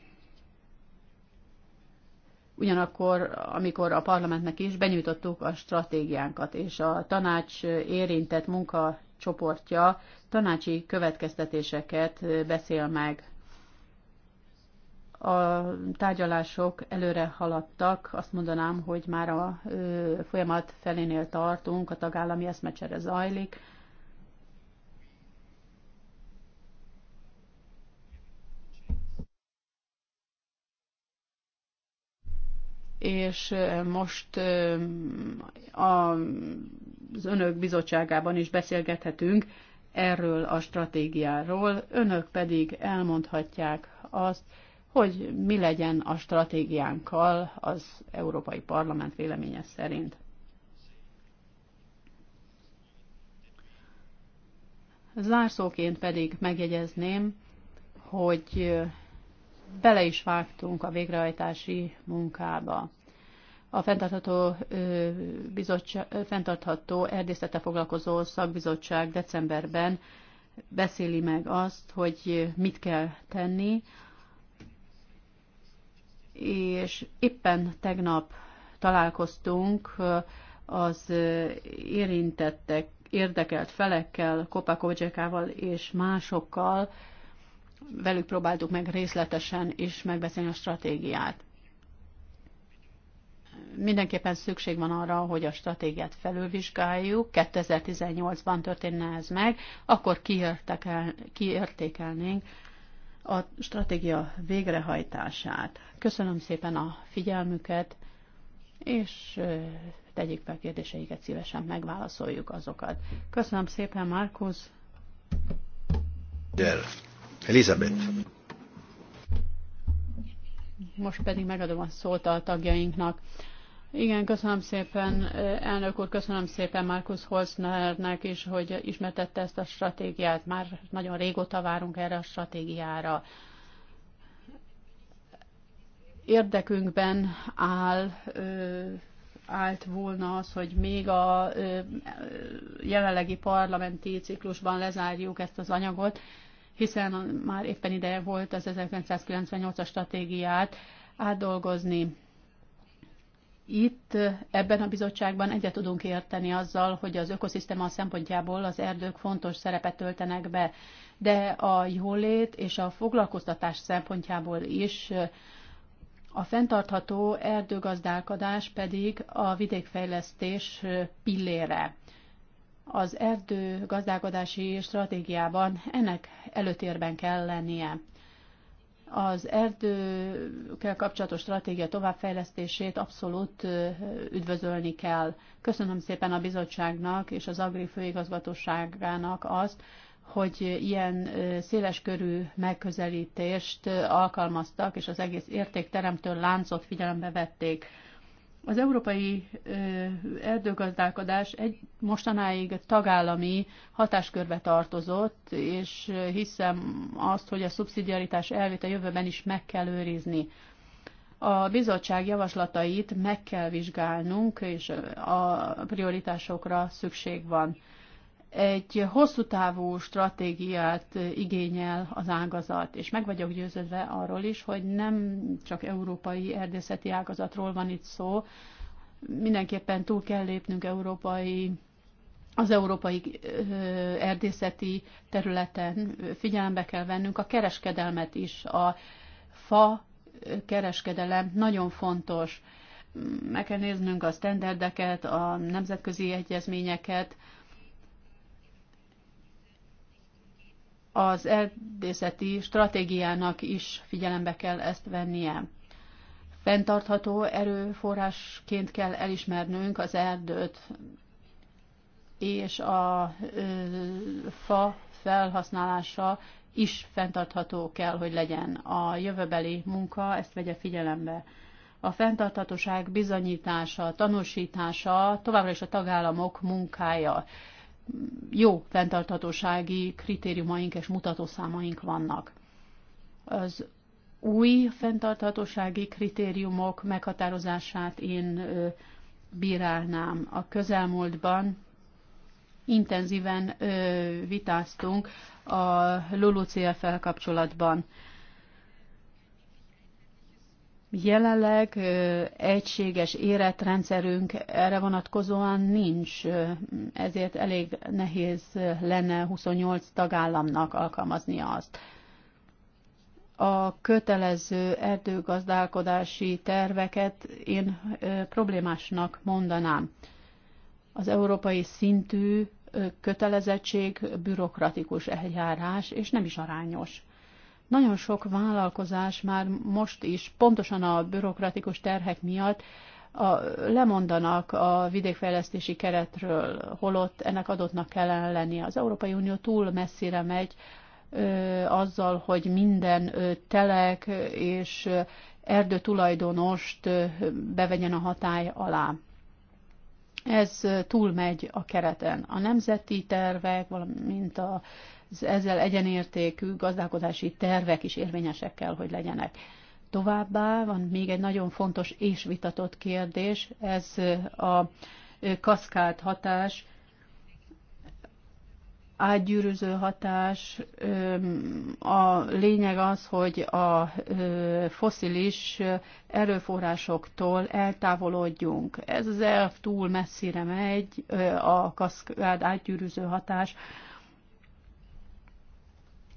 Ugyanakkor, amikor a parlamentnek is benyújtottuk a stratégiánkat, és a tanács érintett munka csoportja tanácsi következtetéseket beszél meg. A tárgyalások előre haladtak, azt mondanám, hogy már a folyamat felénél tartunk, a tagállami eszmecsere zajlik. és most a az önök bizottságában is beszélgethetünk erről a stratégiáról, önök pedig elmondhatják azt, hogy mi legyen a stratégiánkkal az Európai Parlament véleménye szerint. Zárszóként pedig megjegyezném, hogy bele is vágtunk a végrehajtási munkába a fenntartható, bizottság, fenntartható erdészete foglalkozó szakbizottság decemberben beszéli meg azt, hogy mit kell tenni, és éppen tegnap találkoztunk az érintettek, érdekelt felekkel, Kopakovcsekával és másokkal, velük próbáltuk meg részletesen is megbeszélni a stratégiát mindenképpen szükség van arra, hogy a stratégiát felülvizsgáljuk, 2018-ban történne ez meg, akkor kiértékelnénk a stratégia végrehajtását. Köszönöm szépen a figyelmüket, és tegyék fel kérdéseiket, szívesen megválaszoljuk azokat. Köszönöm szépen, Markus. Elizabeth. Most pedig megadom a szót a tagjainknak. Igen, köszönöm szépen, elnök úr, köszönöm szépen Markus Holznernek is, hogy ismertette ezt a stratégiát. Már nagyon régóta várunk erre a stratégiára. Érdekünkben áll, állt volna az, hogy még a jelenlegi parlamenti ciklusban lezárjuk ezt az anyagot, hiszen már éppen ideje volt az 1998-as stratégiát átdolgozni itt ebben a bizottságban egyet tudunk érteni azzal, hogy az ökoszisztéma szempontjából az erdők fontos szerepet töltenek be, de a jólét és a foglalkoztatás szempontjából is a fenntartható erdőgazdálkodás pedig a vidékfejlesztés pillére. Az erdőgazdálkodási stratégiában ennek előtérben kell lennie az erdőkkel kapcsolatos stratégia továbbfejlesztését abszolút üdvözölni kell. Köszönöm szépen a bizottságnak és az Agri főigazgatóságának azt, hogy ilyen széleskörű megközelítést alkalmaztak, és az egész értékteremtő láncot figyelembe vették. Az európai erdőgazdálkodás egy mostanáig tagállami hatáskörbe tartozott, és hiszem azt, hogy a szubszidiaritás elvét a jövőben is meg kell őrizni. A bizottság javaslatait meg kell vizsgálnunk, és a prioritásokra szükség van egy hosszú távú stratégiát igényel az ágazat, és meg vagyok győződve arról is, hogy nem csak európai erdészeti ágazatról van itt szó, mindenképpen túl kell lépnünk európai az európai erdészeti területen figyelembe kell vennünk a kereskedelmet is. A fa kereskedelem nagyon fontos. Meg kell néznünk a standardeket, a nemzetközi egyezményeket, az erdészeti stratégiának is figyelembe kell ezt vennie. Fentartható erőforrásként kell elismernünk az erdőt és a ö, fa felhasználása is fenntartható kell, hogy legyen. A jövőbeli munka ezt vegye figyelembe. A fenntarthatóság bizonyítása, tanúsítása továbbra is a tagállamok munkája jó fenntarthatósági kritériumaink és mutatószámaink vannak. Az új fenntarthatósági kritériumok meghatározását én bírálnám. A közelmúltban intenzíven vitáztunk a LULUCF-fel kapcsolatban. Jelenleg egységes életrendszerünk erre vonatkozóan nincs, ezért elég nehéz lenne 28 tagállamnak alkalmazni azt. A kötelező erdőgazdálkodási terveket én problémásnak mondanám. Az európai szintű kötelezettség bürokratikus eljárás, és nem is arányos. Nagyon sok vállalkozás már most is, pontosan a bürokratikus terhek miatt, a, lemondanak a vidékfejlesztési keretről, holott ennek adottnak kellene lennie. Az Európai Unió túl messzire megy ö, azzal, hogy minden ö, telek és erdőtulajdonost bevegyen a hatály alá. Ez túlmegy a kereten. A nemzeti tervek, valamint a ezzel egyenértékű gazdálkodási tervek is érvényesek kell, hogy legyenek. Továbbá van még egy nagyon fontos és vitatott kérdés, ez a kaszkált hatás, átgyűrűző hatás. A lényeg az, hogy a foszilis erőforrásoktól eltávolodjunk. Ez az elv túl messzire megy, a kaszkád átgyűrűző hatás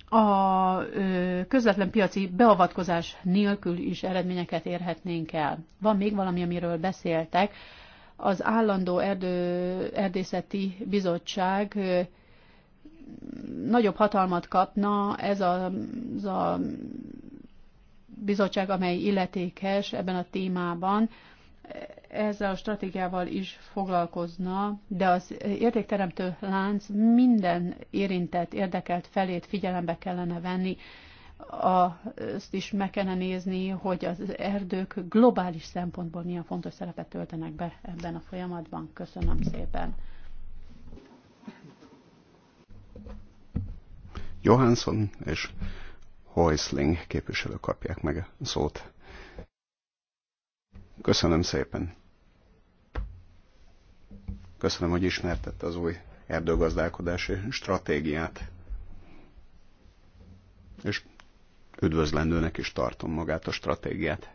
a közvetlen piaci beavatkozás nélkül is eredményeket érhetnénk el. Van még valami, amiről beszéltek. Az állandó erdő, erdészeti bizottság nagyobb hatalmat kapna ez a, az a bizottság, amely illetékes ebben a témában ezzel a stratégiával is foglalkozna, de az értékteremtő lánc minden érintett, érdekelt felét figyelembe kellene venni. Azt is meg kellene nézni, hogy az erdők globális szempontból milyen fontos szerepet töltenek be ebben a folyamatban. Köszönöm szépen. Johansson és Heusling képviselők kapják meg a szót. Köszönöm szépen. Köszönöm, hogy ismertette az új erdőgazdálkodási stratégiát. És üdvözlendőnek is tartom magát a stratégiát.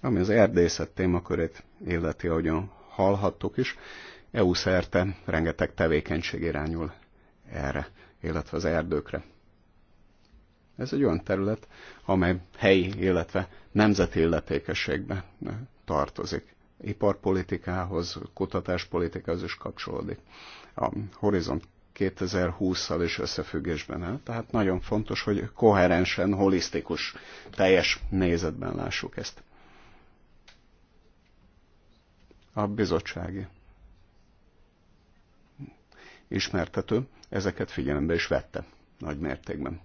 Ami az erdészet témakörét illeti, ahogyan hallhattuk is, EU szerte rengeteg tevékenység irányul erre, illetve az erdőkre. Ez egy olyan terület, amely helyi, illetve nemzeti illetékességben tartozik. Iparpolitikához, kutatáspolitikához is kapcsolódik. A Horizont 2020-szal is összefüggésben áll. Tehát nagyon fontos, hogy koherensen, holisztikus, teljes nézetben lássuk ezt. A bizottsági ismertető ezeket figyelembe is vette nagy mértékben.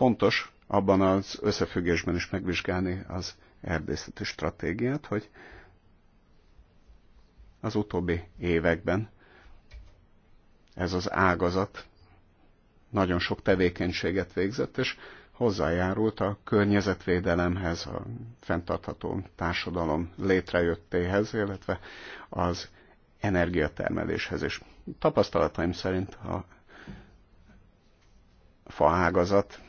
Fontos abban az összefüggésben is megvizsgálni az erdészeti stratégiát, hogy az utóbbi években ez az ágazat nagyon sok tevékenységet végzett, és hozzájárult a környezetvédelemhez, a fenntartható társadalom létrejöttéhez, illetve az energiatermeléshez is. Tapasztalataim szerint a faágazat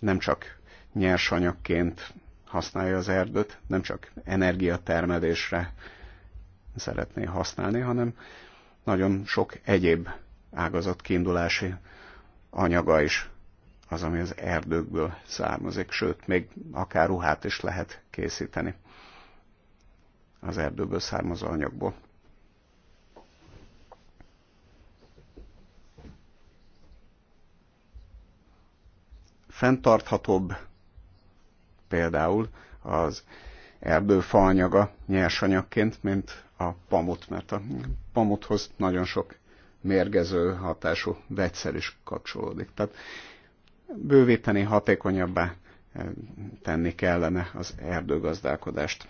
nem csak nyersanyagként használja az erdőt, nem csak energiatermelésre szeretné használni, hanem nagyon sok egyéb ágazat kiindulási anyaga is az, ami az erdőkből származik, sőt, még akár ruhát is lehet készíteni az erdőből származó anyagból. fenntarthatóbb, például az erdő faanyaga nyersanyagként, mint a pamut, mert a pamuthoz nagyon sok mérgező hatású vegyszer is kapcsolódik. Tehát bővíteni, hatékonyabbá eh, tenni kellene az erdőgazdálkodást.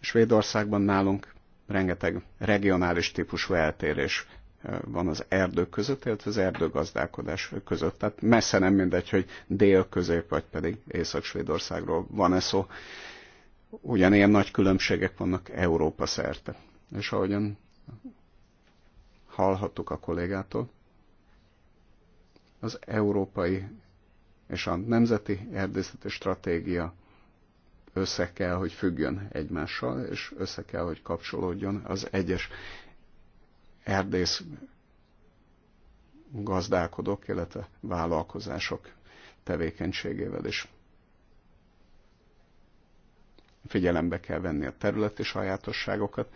Svédországban nálunk rengeteg regionális típusú eltérés van az erdők között, illetve az erdőgazdálkodás között. Tehát messze nem mindegy, hogy dél-közép vagy pedig Észak-Svédországról van-e szó. Ugyanilyen nagy különbségek vannak Európa szerte. És ahogyan hallhattuk a kollégától, az európai és a nemzeti erdészeti stratégia össze kell, hogy függjön egymással, és össze kell, hogy kapcsolódjon az egyes erdész gazdálkodók, illetve vállalkozások tevékenységével is. Figyelembe kell venni a területi sajátosságokat,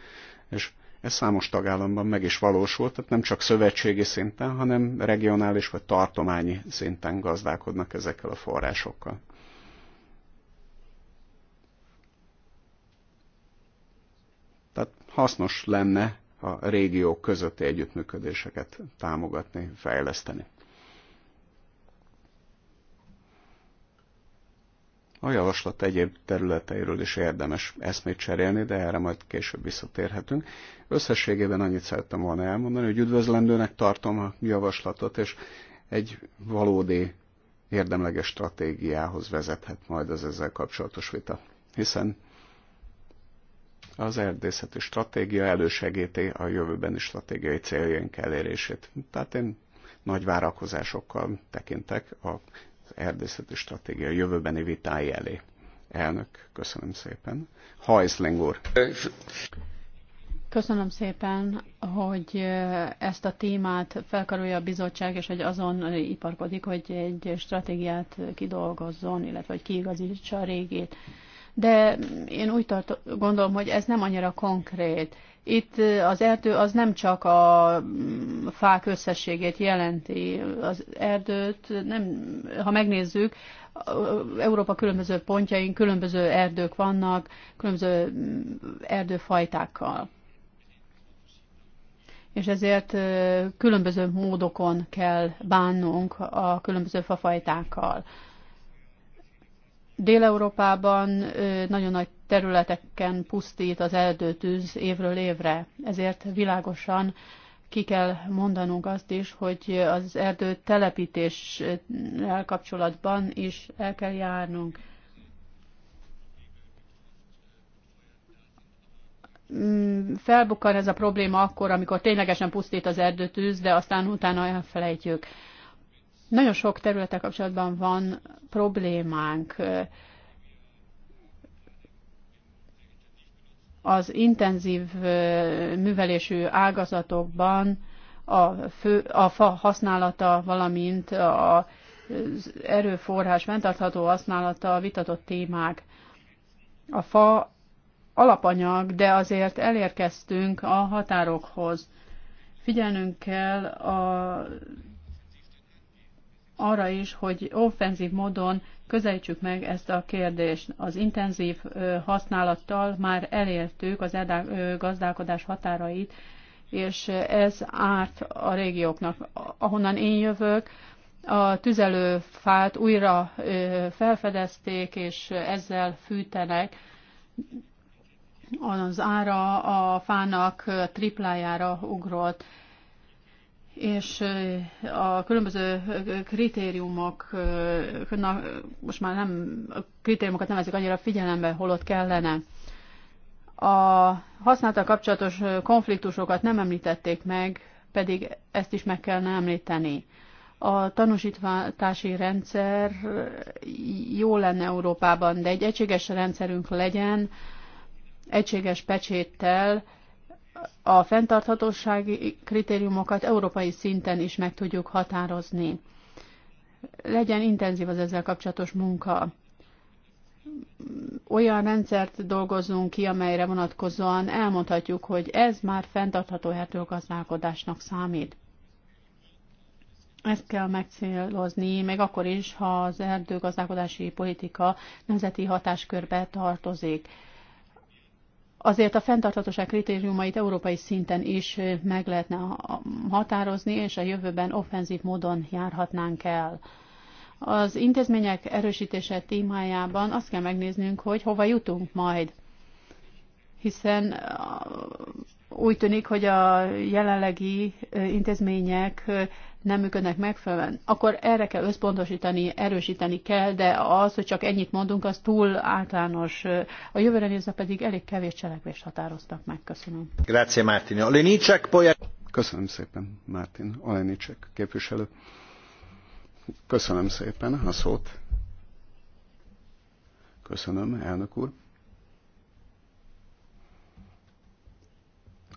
és ez számos tagállamban meg is valósult, tehát nem csak szövetségi szinten, hanem regionális vagy tartományi szinten gazdálkodnak ezekkel a forrásokkal. Tehát hasznos lenne a régiók közötti együttműködéseket támogatni, fejleszteni. A javaslat egyéb területeiről is érdemes eszmét cserélni, de erre majd később visszatérhetünk. Összességében annyit szerettem volna elmondani, hogy üdvözlendőnek tartom a javaslatot, és egy valódi érdemleges stratégiához vezethet majd az ezzel kapcsolatos vita. Hiszen az erdészeti stratégia elősegíti a jövőbeni stratégiai céljaink elérését. Tehát én nagy várakozásokkal tekintek az erdészeti stratégia jövőbeni vitái elé. Elnök, köszönöm szépen. Hajszling úr. Köszönöm szépen, hogy ezt a témát felkarolja a bizottság, és hogy azon iparkodik, hogy egy stratégiát kidolgozzon, illetve hogy kiigazítsa a régét de én úgy tart, gondolom, hogy ez nem annyira konkrét. Itt az erdő az nem csak a fák összességét jelenti, az erdőt nem, ha megnézzük, Európa különböző pontjain különböző erdők vannak, különböző erdőfajtákkal. És ezért különböző módokon kell bánnunk a különböző fafajtákkal. Dél-Európában nagyon nagy területeken pusztít az erdőtűz évről évre, ezért világosan ki kell mondanunk azt is, hogy az erdő telepítéssel kapcsolatban is el kell járnunk. Mm, felbukkan ez a probléma akkor, amikor ténylegesen pusztít az erdőtűz, de aztán utána elfelejtjük. Nagyon sok területek kapcsolatban van problémánk. Az intenzív művelésű ágazatokban a, fő, a fa használata, valamint a erőforrás fenntartható használata vitatott témák. A fa alapanyag, de azért elérkeztünk a határokhoz. Figyelnünk kell a arra is, hogy offenzív módon közelítsük meg ezt a kérdést. Az intenzív használattal már elértük az erdá, gazdálkodás határait, és ez árt a régióknak. Ahonnan én jövök, a tüzelőfát újra felfedezték, és ezzel fűtenek. Az ára a fának triplájára ugrott és a különböző kritériumok, na, most már nem, a kritériumokat nem veszik annyira figyelembe, holott kellene. A használtal kapcsolatos konfliktusokat nem említették meg, pedig ezt is meg kellene említeni. A tanúsítási rendszer jó lenne Európában, de egy egységes rendszerünk legyen, egységes pecséttel, a fenntarthatósági kritériumokat európai szinten is meg tudjuk határozni. Legyen intenzív az ezzel kapcsolatos munka. Olyan rendszert dolgozzunk ki, amelyre vonatkozóan elmondhatjuk, hogy ez már fenntartható erdőgazdálkodásnak számít. Ezt kell megcélozni, még akkor is, ha az erdőgazdálkodási politika nemzeti hatáskörbe tartozik azért a fenntarthatóság kritériumait európai szinten is meg lehetne határozni, és a jövőben offenzív módon járhatnánk el. Az intézmények erősítése témájában azt kell megnéznünk, hogy hova jutunk majd hiszen úgy tűnik, hogy a jelenlegi intézmények nem működnek megfelelően, akkor erre kell összpontosítani, erősíteni kell, de az, hogy csak ennyit mondunk, az túl általános. A jövőre nézve pedig elég kevés cselekvést határoztak meg. Köszönöm. Grazie, Martin. Olenicek, poja... Köszönöm szépen, Martin. Olenicek, képviselő. Köszönöm szépen a szót. Köszönöm, elnök úr.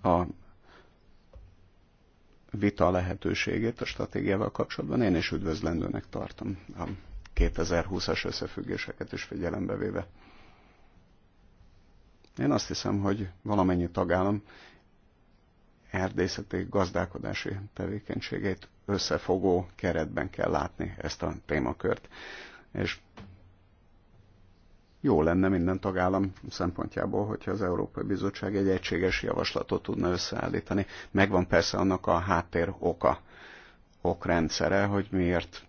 A vita lehetőségét a stratégiával kapcsolatban én is üdvözlendőnek tartom a 2020-as összefüggéseket is figyelembe véve. Én azt hiszem, hogy valamennyi tagállam erdészeti gazdálkodási tevékenységét összefogó keretben kell látni ezt a témakört. És jó lenne minden tagállam szempontjából, hogyha az Európai Bizottság egy egységes javaslatot tudna összeállítani. Megvan persze annak a háttér oka, okrendszere, hogy miért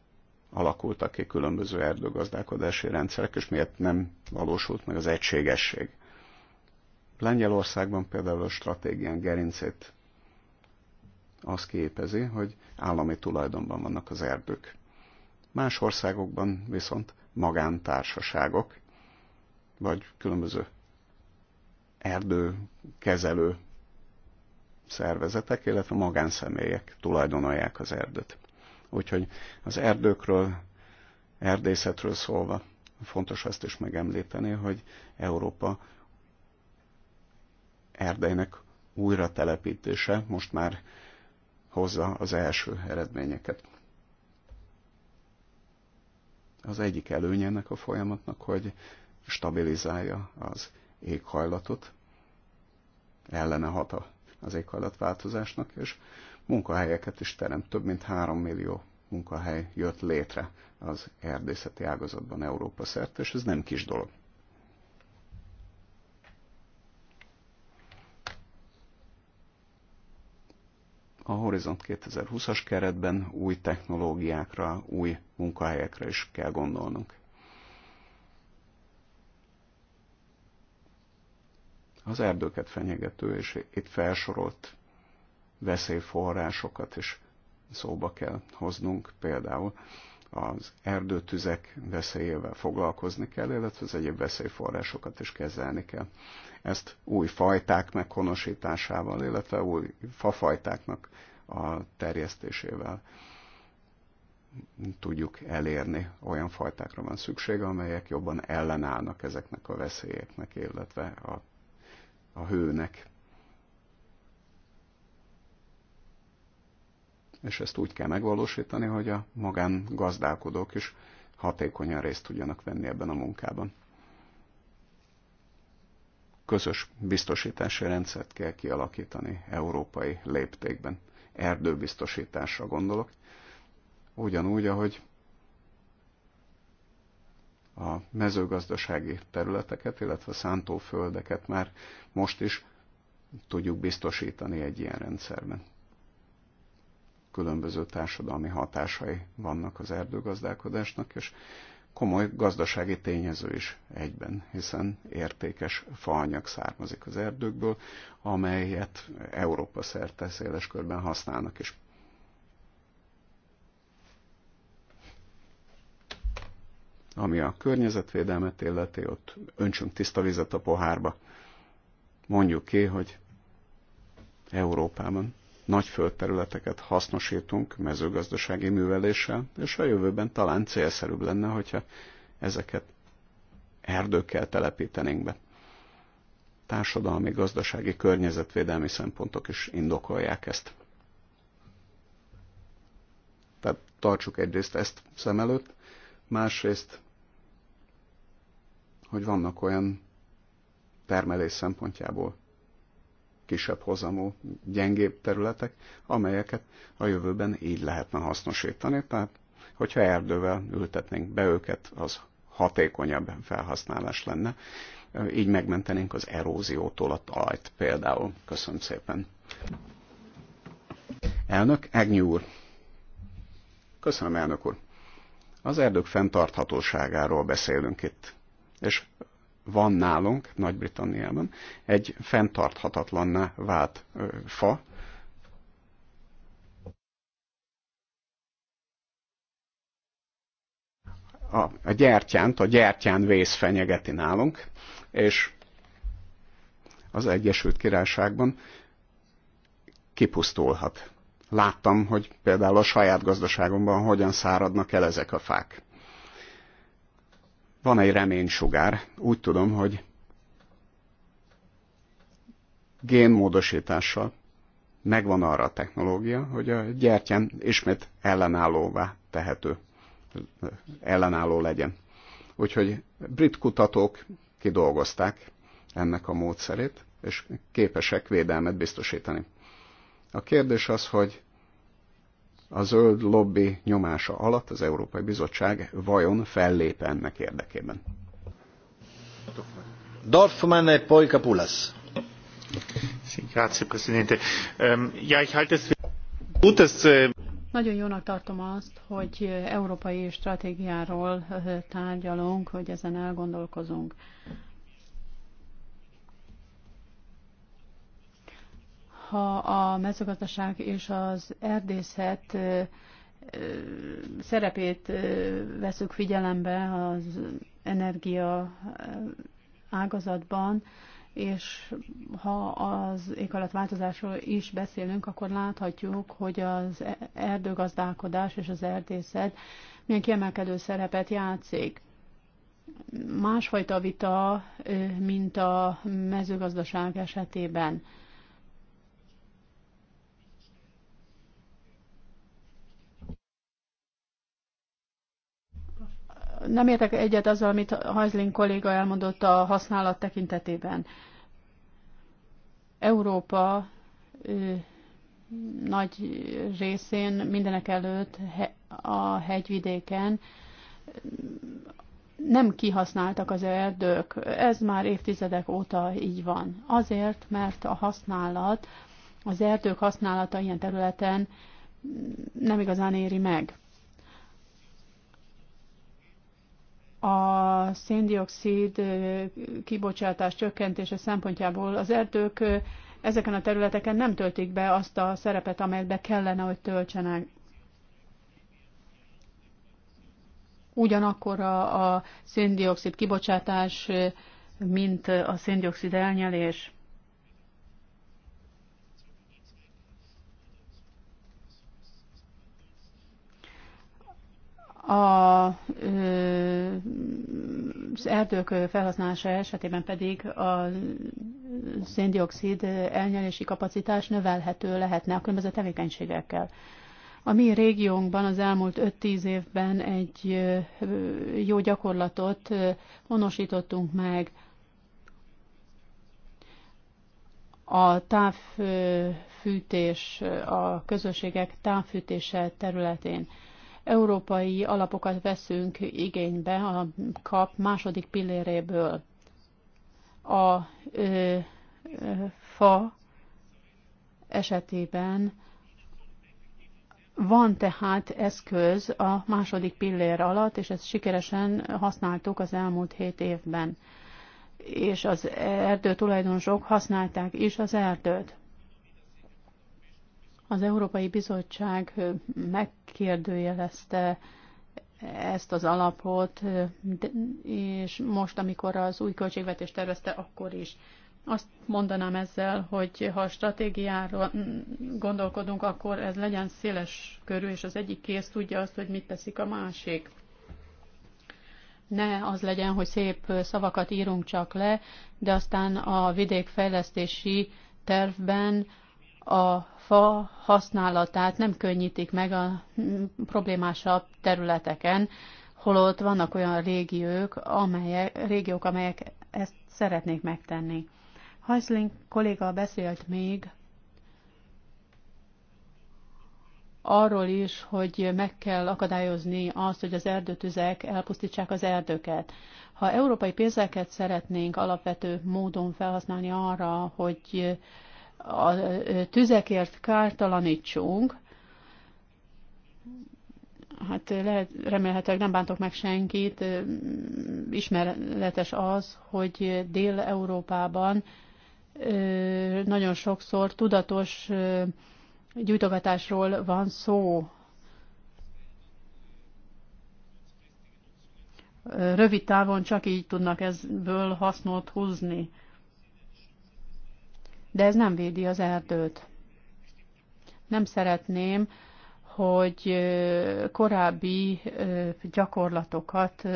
alakultak ki különböző erdőgazdálkodási rendszerek, és miért nem valósult meg az egységesség. Lengyelországban például a stratégián gerincét az képezi, hogy állami tulajdonban vannak az erdők. Más országokban viszont magántársaságok vagy különböző erdőkezelő szervezetek, illetve magánszemélyek tulajdonolják az erdőt. Úgyhogy az erdőkről, erdészetről szólva fontos azt is megemlíteni, hogy Európa erdeinek újra telepítése most már hozza az első eredményeket. Az egyik előnye ennek a folyamatnak, hogy stabilizálja az éghajlatot, ellene hat az éghajlatváltozásnak, és munkahelyeket is teremt. Több mint három millió munkahely jött létre az erdészeti ágazatban Európa szerte, és ez nem kis dolog. a Horizont 2020-as keretben új technológiákra, új munkahelyekre is kell gondolnunk. az erdőket fenyegető és itt felsorolt veszélyforrásokat is szóba kell hoznunk, például az erdőtüzek veszélyével foglalkozni kell, illetve az egyéb veszélyforrásokat is kezelni kell. Ezt új fajták meghonosításával, illetve új fafajtáknak a terjesztésével tudjuk elérni. Olyan fajtákra van szükség, amelyek jobban ellenállnak ezeknek a veszélyeknek, illetve a a hőnek. És ezt úgy kell megvalósítani, hogy a magán gazdálkodók is hatékonyan részt tudjanak venni ebben a munkában. Közös biztosítási rendszert kell kialakítani európai léptékben. Erdőbiztosításra gondolok. Ugyanúgy, ahogy a mezőgazdasági területeket, illetve a szántóföldeket már most is tudjuk biztosítani egy ilyen rendszerben. Különböző társadalmi hatásai vannak az erdőgazdálkodásnak, és komoly gazdasági tényező is egyben, hiszen értékes faanyag származik az erdőkből, amelyet Európa szerte széles körben használnak, és Ami a környezetvédelmet illeti, ott öntsünk tiszta vizet a pohárba. Mondjuk ki, hogy Európában nagy földterületeket hasznosítunk mezőgazdasági műveléssel, és a jövőben talán célszerűbb lenne, hogyha ezeket erdőkkel telepítenénk be. Társadalmi, gazdasági, környezetvédelmi szempontok is indokolják ezt. Tehát tartsuk egyrészt ezt szem előtt, másrészt, hogy vannak olyan termelés szempontjából kisebb hozamú, gyengébb területek, amelyeket a jövőben így lehetne hasznosítani. Tehát, hogyha erdővel ültetnénk be őket, az hatékonyabb felhasználás lenne. Így megmentenénk az eróziótól a talajt például. Köszönöm szépen. Elnök, Egnyú úr. Köszönöm, elnök úr. Az erdők fenntarthatóságáról beszélünk itt. És van nálunk, Nagy-Britanniában, egy fenntarthatatlanná vált ö, fa, a, a gyertyánt, a gyertyán vész fenyegeti nálunk, és az Egyesült Királyságban kipusztulhat láttam, hogy például a saját gazdaságomban hogyan száradnak el ezek a fák. Van egy reménysugár. Úgy tudom, hogy génmódosítással megvan arra a technológia, hogy a gyertyen ismét ellenállóvá tehető, ellenálló legyen. Úgyhogy brit kutatók kidolgozták ennek a módszerét, és képesek védelmet biztosítani. A kérdés az, hogy a zöld lobby nyomása alatt az Európai Bizottság vajon fellép ennek érdekében. Dorfman e Grazie, Presidente. Ehm, ja, ich halte es gut, dass äh, nagyon jónak tartom azt, hogy európai stratégiáról äh, tárgyalunk, hogy ezen elgondolkozunk. ha a mezőgazdaság és az erdészet szerepét veszük figyelembe az energia ágazatban, és ha az éghajlatváltozásról is beszélünk, akkor láthatjuk, hogy az erdőgazdálkodás és az erdészet milyen kiemelkedő szerepet játszik. Másfajta vita, mint a mezőgazdaság esetében. nem értek egyet azzal, amit Hajzlin kolléga elmondott a használat tekintetében. Európa ö, nagy részén, mindenek előtt a hegyvidéken nem kihasználtak az erdők. Ez már évtizedek óta így van. Azért, mert a használat, az erdők használata ilyen területen nem igazán éri meg. a széndiokszid kibocsátás csökkentése szempontjából az erdők ezeken a területeken nem töltik be azt a szerepet, amelyet be kellene, hogy töltsenek. Ugyanakkor a, a széndiokszid kibocsátás, mint a széndiokszid elnyelés. A, az erdők felhasználása esetében pedig a széndiokszid elnyelési kapacitás növelhető lehetne a különböző tevékenységekkel. A mi régiónkban az elmúlt 5-10 évben egy jó gyakorlatot honosítottunk meg. A távfűtés, a közösségek távfűtése területén európai alapokat veszünk igénybe a kap második pilléréből. A ö, ö, fa esetében van tehát eszköz a második pillér alatt, és ezt sikeresen használtuk az elmúlt hét évben. És az erdő tulajdonosok használták is az erdőt. Az Európai Bizottság megkérdőjelezte ezt az alapot, és most, amikor az új költségvetést tervezte, akkor is. Azt mondanám ezzel, hogy ha a stratégiáról mm, gondolkodunk, akkor ez legyen széles körű, és az egyik kész tudja azt, hogy mit teszik a másik. Ne az legyen, hogy szép szavakat írunk csak le, de aztán a vidékfejlesztési tervben a fa használatát nem könnyítik meg a problémásabb területeken, holott vannak olyan régiók, amelyek, régiók, amelyek ezt szeretnék megtenni. Heisling kolléga beszélt még arról is, hogy meg kell akadályozni azt, hogy az erdőtüzek elpusztítsák az erdőket. Ha európai pénzeket szeretnénk alapvető módon felhasználni arra, hogy a tüzekért kártalanítsunk, hát lehet, remélhetőleg nem bántok meg senkit, ismeretes az, hogy Dél-Európában nagyon sokszor tudatos gyújtogatásról van szó. Rövid távon csak így tudnak ezből hasznot húzni de ez nem védi az erdőt. Nem szeretném, hogy korábbi gyakorlatokat,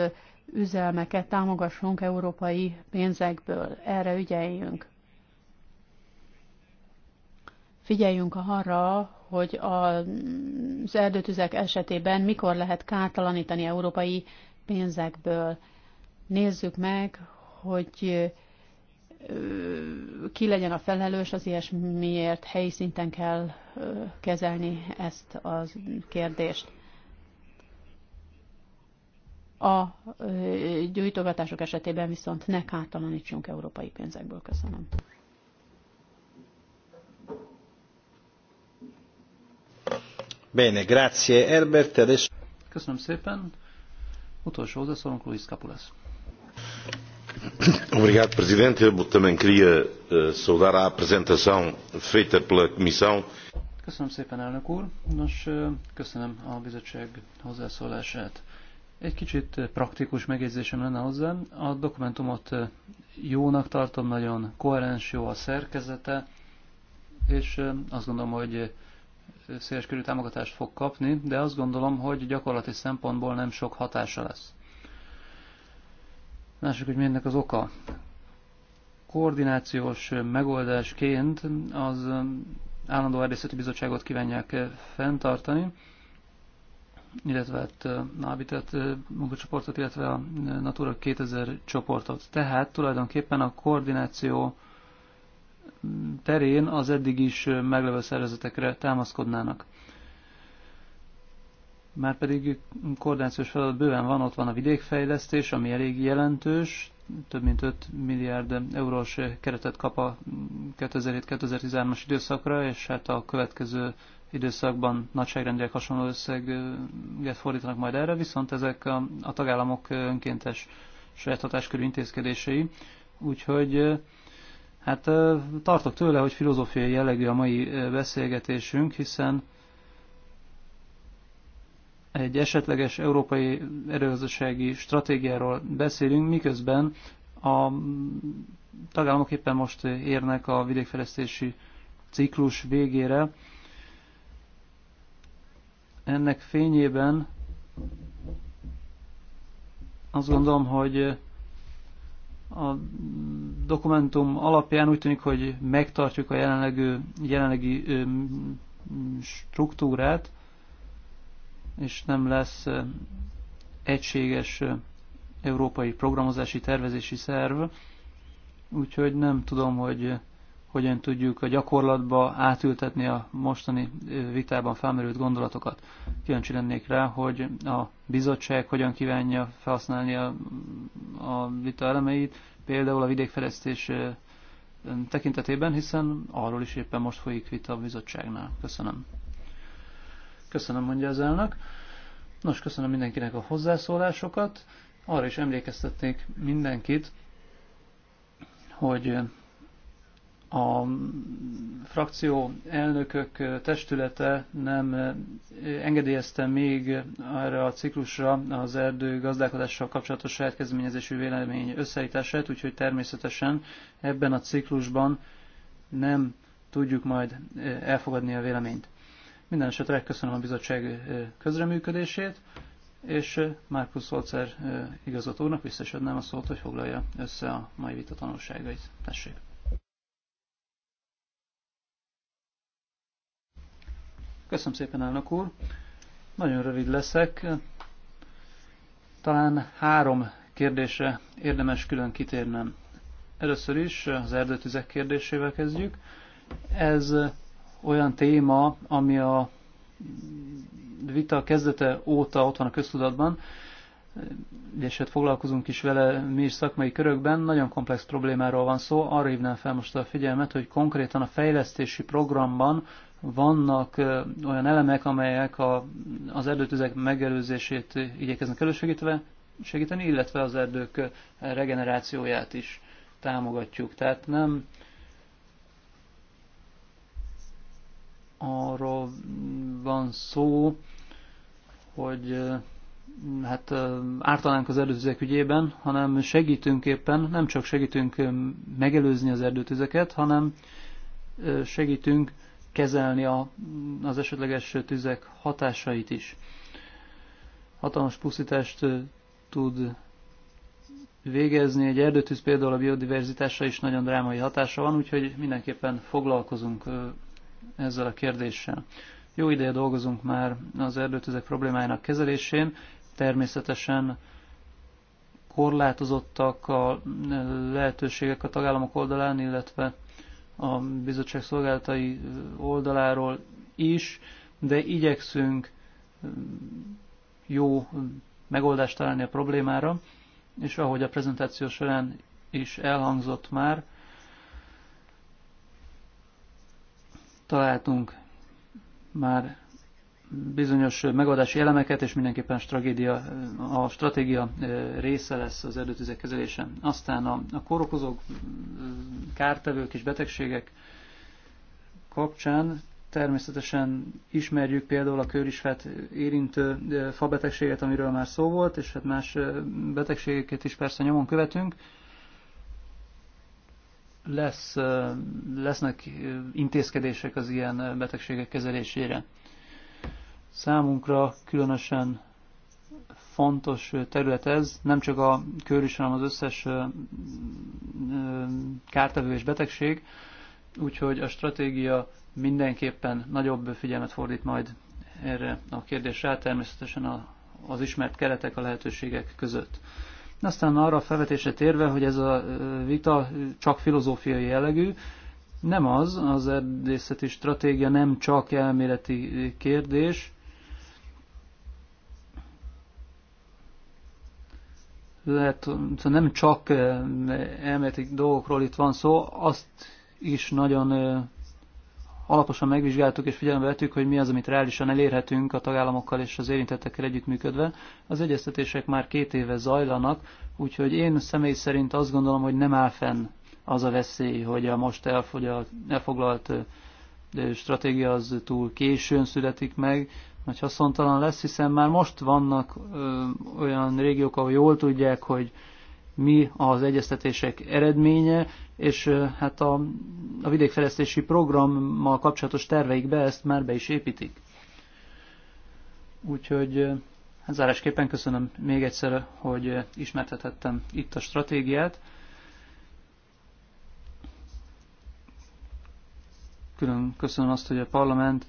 üzelmeket támogassunk európai pénzekből. Erre ügyeljünk. Figyeljünk arra, hogy az erdőtüzek esetében mikor lehet kártalanítani európai pénzekből. Nézzük meg, hogy ki legyen a felelős, az ilyesmiért helyi szinten kell kezelni ezt a kérdést. A gyújtogatások esetében viszont ne kártalanítsunk európai pénzekből. Köszönöm. Bene, grazie Herbert. Adesso... Köszönöm szépen. Utolsó hozzászólunk Luis Capulas. Obrigado, Presidente. Eu também queria eh, saudar a apresentação feita pela Comissão. Köszönöm szépen, elnök úr. Nos, eh, köszönöm a bizottság hozzászólását. Egy kicsit eh, praktikus megjegyzésem lenne hozzá. A dokumentumot jónak tartom, nagyon koherens, jó a szerkezete, és azt gondolom, hogy széleskörű támogatást fog kapni, de azt gondolom, hogy gyakorlati szempontból nem sok hatása lesz. Lássuk, hogy mi ennek az oka. Koordinációs megoldásként az állandó erdészeti bizottságot kívánják fenntartani, illetve hát a munkacsoportot, illetve a Natura 2000 csoportot. Tehát tulajdonképpen a koordináció terén az eddig is meglevő szervezetekre támaszkodnának. Márpedig koordinációs feladat bőven van, ott van a vidékfejlesztés, ami elég jelentős, több mint 5 milliárd eurós keretet kap a 2007-2013-as időszakra, és hát a következő időszakban nagyságrendileg hasonló összeget fordítanak majd erre, viszont ezek a, a tagállamok önkéntes saját hatáskörű intézkedései, úgyhogy hát tartok tőle, hogy filozófiai jellegű a mai beszélgetésünk, hiszen egy esetleges európai erőgazdasági stratégiáról beszélünk, miközben a tagállamok éppen most érnek a vidékfejlesztési ciklus végére. Ennek fényében azt gondolom, hogy a dokumentum alapján úgy tűnik, hogy megtartjuk a jelenlegi, jelenlegi struktúrát, és nem lesz egységes európai programozási tervezési szerv, úgyhogy nem tudom, hogy hogyan tudjuk a gyakorlatba átültetni a mostani vitában felmerült gondolatokat. Kíváncsi lennék rá, hogy a bizottság hogyan kívánja felhasználni a, a vita elemeit, például a vidékfejlesztés tekintetében, hiszen arról is éppen most folyik vita a bizottságnál. Köszönöm. Köszönöm, mondja az elnök. Nos, köszönöm mindenkinek a hozzászólásokat. Arra is emlékeztetnék mindenkit, hogy a frakció elnökök testülete nem engedélyezte még erre a ciklusra az erdő gazdálkodással kapcsolatos saját kezdeményezésű vélemény összeítását, úgyhogy természetesen ebben a ciklusban nem tudjuk majd elfogadni a véleményt. Minden esetre köszönöm a bizottság közreműködését, és Márkusz Szolcer igazgatónak visszasadnám a szót, hogy foglalja össze a mai vita tanulságait. Tessék! Köszönöm szépen, elnök úr! Nagyon rövid leszek. Talán három kérdésre érdemes külön kitérnem. Először is az erdőtüzek kérdésével kezdjük. Ez olyan téma, ami a vita kezdete óta ott van a köztudatban, és hát foglalkozunk is vele mi is szakmai körökben, nagyon komplex problémáról van szó, arra hívnám fel most a figyelmet, hogy konkrétan a fejlesztési programban vannak olyan elemek, amelyek a, az erdőtüzek megelőzését igyekeznek elősegítve, segíteni, illetve az erdők regenerációját is támogatjuk. Tehát nem arról van szó, hogy eh, hát eh, ártanánk az erdőtüzek ügyében, hanem segítünk éppen, nem csak segítünk eh, megelőzni az erdőtüzeket, hanem segítünk kezelni a, az esetleges tüzek hatásait is. Hatalmas pusztítást tud végezni. Egy erdőtűz például a biodiverzitásra is nagyon drámai hatása van, úgyhogy mindenképpen foglalkozunk ezzel a kérdéssel. Jó ideje dolgozunk már az erdőtüzek problémájának kezelésén, természetesen korlátozottak a e, lehetőségek a tagállamok oldalán, illetve a bizottság szolgálatai e, oldaláról is, de igyekszünk e, jó megoldást találni a problémára, és ahogy a prezentáció során is elhangzott már, találtunk már bizonyos megoldási elemeket, és mindenképpen stratégia, a stratégia e, része lesz az erdőtüzek kezelése. Aztán a, a kórokozók, e, kártevők és betegségek kapcsán természetesen ismerjük például a körisfet hát érintő e, fabetegséget, amiről már szó volt, és hát más betegségeket is persze nyomon követünk lesz, lesznek intézkedések az ilyen betegségek kezelésére. Számunkra különösen fontos terület ez, nem csak a kőrűs, hanem az összes kártevő és betegség, úgyhogy a stratégia mindenképpen nagyobb figyelmet fordít majd erre a kérdésre, természetesen az ismert keretek a lehetőségek között. Aztán arra a felvetésre térve, hogy ez a vita csak filozófiai jellegű, nem az, az erdészeti stratégia nem csak elméleti kérdés. Lehet, szóval nem csak elméleti dolgokról itt van szó, azt is nagyon alaposan megvizsgáltuk és figyelembe vettük, hogy mi az, amit reálisan elérhetünk a tagállamokkal és az érintettekkel együttműködve. Az egyeztetések már két éve zajlanak, úgyhogy én személy szerint azt gondolom, hogy nem áll fenn az a veszély, hogy a most elfoglalt stratégia az túl későn születik meg, vagy haszontalan lesz, hiszen már most vannak ö, olyan régiók, ahol jól tudják, hogy mi az egyeztetések eredménye, és hát a, a vidékfejlesztési programmal kapcsolatos terveikbe ezt már be is építik. Úgyhogy hát zárásképpen köszönöm még egyszer, hogy ismertethettem itt a stratégiát. Külön köszönöm azt, hogy a parlament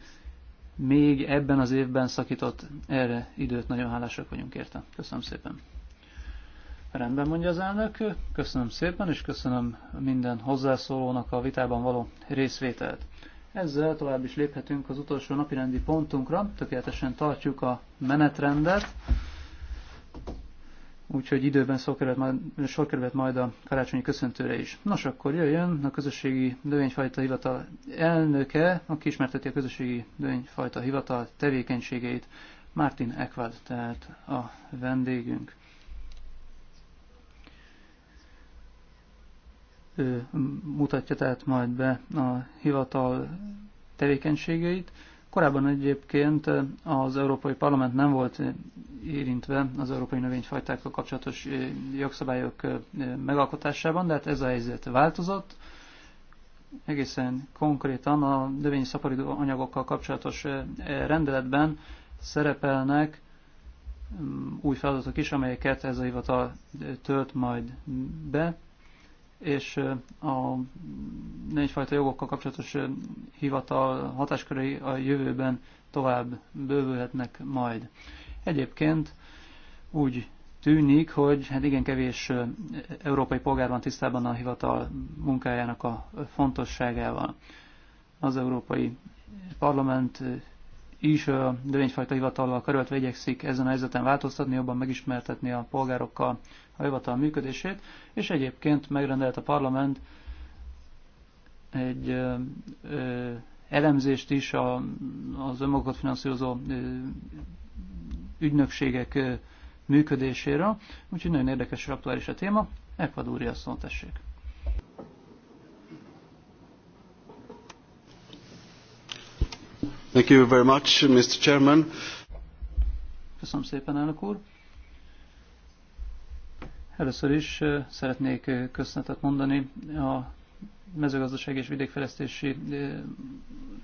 még ebben az évben szakított erre időt, nagyon hálásak vagyunk érte. Köszönöm szépen! Rendben mondja az elnök. Köszönöm szépen, és köszönöm minden hozzászólónak a vitában való részvételt. Ezzel tovább is léphetünk az utolsó napirendi pontunkra. Tökéletesen tartjuk a menetrendet, úgyhogy időben sor kerülhet majd, majd a karácsonyi köszöntőre is. Nos, akkor jöjjön a közösségi növényfajta hivatal elnöke, aki ismerteti a közösségi növényfajta hivatal tevékenységeit. Martin Ekvad, tehát a vendégünk. ő mutatja tehát majd be a hivatal tevékenységeit. Korábban egyébként az Európai Parlament nem volt érintve az európai növényfajtákkal kapcsolatos jogszabályok megalkotásában, de hát ez a helyzet változott. Egészen konkrétan a növényi szaporító anyagokkal kapcsolatos rendeletben szerepelnek mm, új feladatok is, amelyeket ez a hivatal tölt majd be és a négyfajta jogokkal kapcsolatos hivatal hatáskörei a jövőben tovább bővülhetnek majd. Egyébként úgy tűnik, hogy hát igen kevés európai polgár van tisztában a hivatal munkájának a fontosságával. Az Európai Parlament is a növényfajta hivatallal karöltve igyekszik ezen a helyzeten változtatni, jobban megismertetni a polgárokkal a hivatal működését, és egyébként megrendelt a parlament egy ö, ö, elemzést is a, az önmagukat finanszírozó ö, ügynökségek ö, működéséről, úgyhogy nagyon érdekes és aktuális a téma. Ecuadoria a szó, tessék. Thank you very much, Mr. Chairman. Köszönöm szépen, elnök úr. Először is szeretnék köszönetet mondani a mezőgazdaság és vidékfejlesztési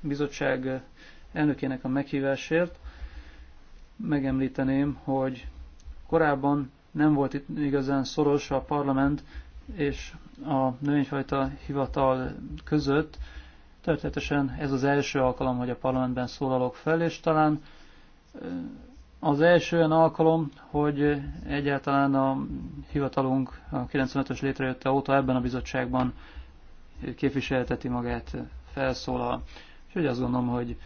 bizottság elnökének a meghívásért. Megemlíteném, hogy korábban nem volt itt igazán szoros a parlament és a növényfajta hivatal között, Történetesen ez az első alkalom, hogy a parlamentben szólalok fel, és talán az első olyan alkalom, hogy egyáltalán a hivatalunk a 95-ös létrejötte óta ebben a bizottságban képviselteti magát, felszólal. Úgyhogy azt gondolom, hogy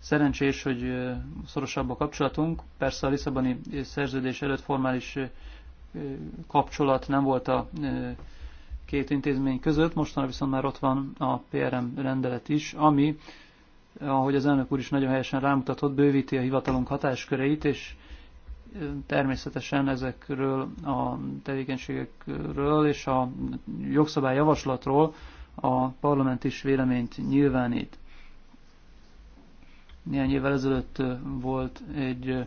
szerencsés, hogy szorosabb a kapcsolatunk. Persze a Lisszaboni szerződés előtt formális kapcsolat nem volt a két intézmény között, mostanában viszont már ott van a PRM rendelet is, ami, ahogy az elnök úr is nagyon helyesen rámutatott, bővíti a hivatalunk hatásköreit, és természetesen ezekről a tevékenységekről és a jogszabályjavaslatról a parlament is véleményt nyilvánít. Néhány évvel ezelőtt volt egy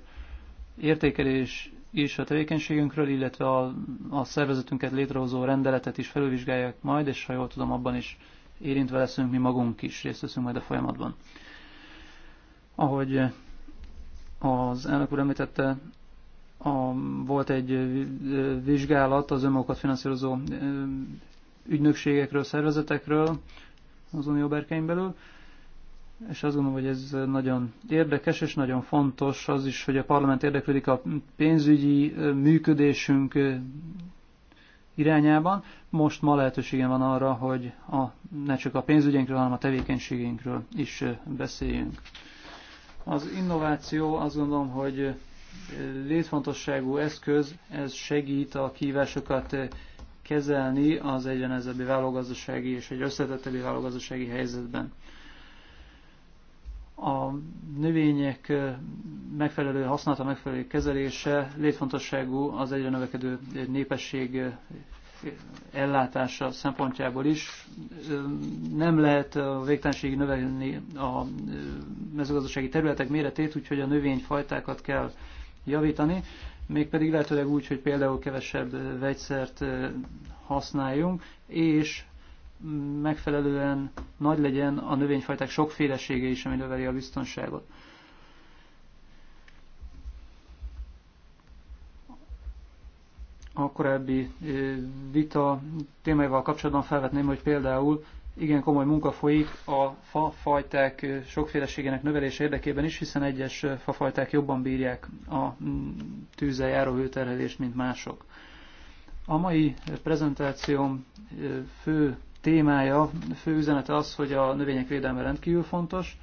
értékelés is a tevékenységünkről, illetve a, a szervezetünket létrehozó rendeletet is felülvizsgálják majd, és ha jól tudom, abban is érintve leszünk mi magunk is, részt veszünk majd a folyamatban. Ahogy az elnök úr említette, a, volt egy vizsgálat az önmagukat finanszírozó ügynökségekről, szervezetekről az unió berkein belül, és azt gondolom, hogy ez nagyon érdekes és nagyon fontos az is, hogy a parlament érdeklődik a pénzügyi működésünk irányában. Most ma lehetőségem van arra, hogy a, ne csak a pénzügyeinkről, hanem a tevékenységünkről is beszéljünk. Az innováció azt gondolom, hogy létfontosságú eszköz, ez segít a kívásokat kezelni az egyenezebbi nehezebbé vállalgazdasági és egy összetettebbi vállalgazdasági helyzetben a növények megfelelő használata, megfelelő kezelése létfontosságú az egyre növekedő népesség ellátása szempontjából is. Nem lehet végtelenségig növelni a mezőgazdasági területek méretét, úgyhogy a növényfajtákat kell javítani, mégpedig lehetőleg úgy, hogy például kevesebb vegyszert használjunk, és megfelelően nagy legyen a növényfajták sokfélesége is, ami növeli a biztonságot. A korábbi vita témáival kapcsolatban felvetném, hogy például igen komoly munka folyik a fafajták sokféleségének növelése érdekében is, hiszen egyes fafajták jobban bírják a mm, tűzzel járó hőterhelést, mint mások. A mai prezentációm fő témája, fő üzenete az, hogy a növények védelme rendkívül fontos,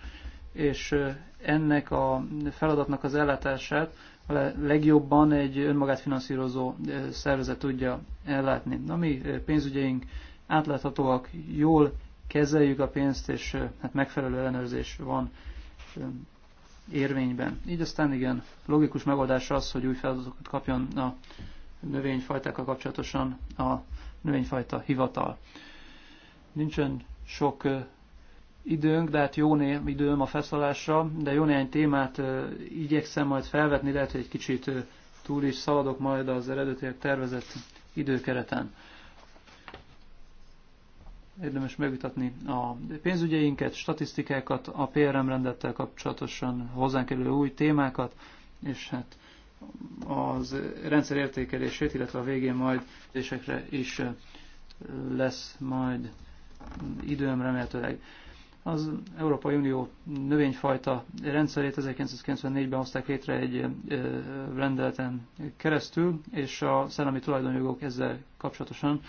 és ennek a feladatnak az ellátását a legjobban egy önmagát finanszírozó szervezet tudja ellátni. Na mi pénzügyeink átláthatóak, jól kezeljük a pénzt, és hát megfelelő ellenőrzés van érvényben. Így aztán igen, logikus megoldás az, hogy új feladatokat kapjon a növényfajtákkal kapcsolatosan a növényfajta hivatal. Nincsen sok időnk, de hát jó néhány időm a feszalásra, de jó néhány témát igyekszem majd felvetni, lehet, hogy egy kicsit túl is szaladok majd az eredetileg tervezett időkereten. Érdemes megvitatni a pénzügyeinket, statisztikákat, a PRM rendettel kapcsolatosan hozzánk elő új témákat, és hát az rendszer értékelését, illetve a végén majd kérdésekre is lesz majd időm remélhetőleg. Az Európai Unió növényfajta rendszerét 1994-ben hozták létre egy rendeleten keresztül, és a szellemi tulajdonjogok ezzel kapcsolatosan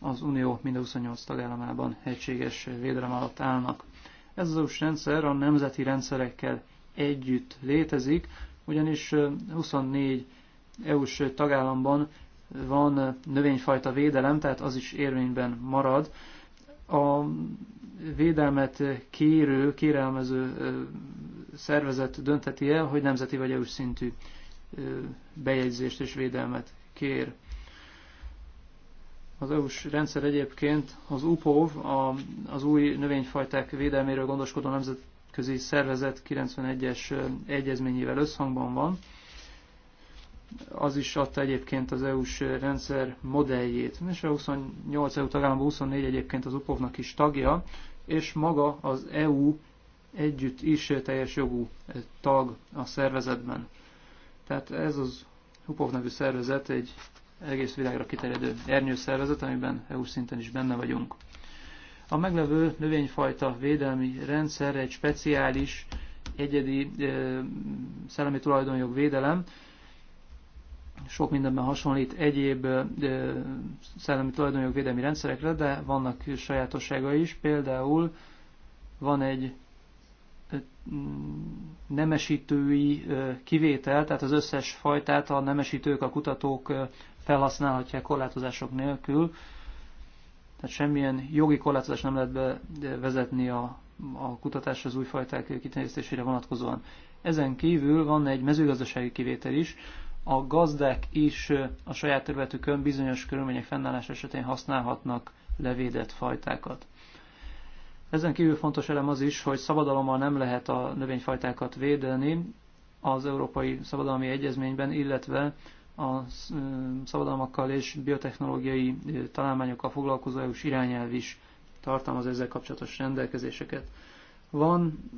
az Unió mind a 28 tagállamában egységes védelem alatt állnak. Ez az EU-s rendszer a nemzeti rendszerekkel együtt létezik, ugyanis 24 EU-s tagállamban van növényfajta védelem, tehát az is érvényben marad, a védelmet kérő, kérelmező szervezet döntheti el, hogy nemzeti vagy EU szintű bejegyzést és védelmet kér. Az EU-s rendszer egyébként az UPOV, az új növényfajták védelméről gondoskodó nemzetközi szervezet 91-es egyezményével összhangban van, az is adta egyébként az EU-s rendszer modelljét. És a 28 EU tagállam 24 egyébként az UPOV-nak is tagja, és maga az EU együtt is teljes jogú tag a szervezetben. Tehát ez az UPOV nevű szervezet egy egész világra kiterjedő szervezet, amiben EU szinten is benne vagyunk. A meglevő növényfajta védelmi rendszer egy speciális, egyedi szellemi tulajdonjog védelem, sok mindenben hasonlít egyéb szellemi tulajdonjog védelmi rendszerekre, de vannak sajátossága is. Például van egy mm, nemesítői kivétel, tehát az összes fajtát a nemesítők, a kutatók felhasználhatják korlátozások nélkül. Tehát semmilyen jogi korlátozás nem lehet bevezetni a, a kutatásra az új fajták kiterjesztésére vonatkozóan. Ezen kívül van egy mezőgazdasági kivétel is, a gazdák is a saját területükön bizonyos körülmények fennállása esetén használhatnak levédett fajtákat. Ezen kívül fontos elem az is, hogy szabadalommal nem lehet a növényfajtákat védeni az Európai Szabadalmi Egyezményben, illetve a szabadalmakkal és biotechnológiai találmányokkal foglalkozó EU-s irányelv is tartalmaz ezzel kapcsolatos rendelkezéseket. Van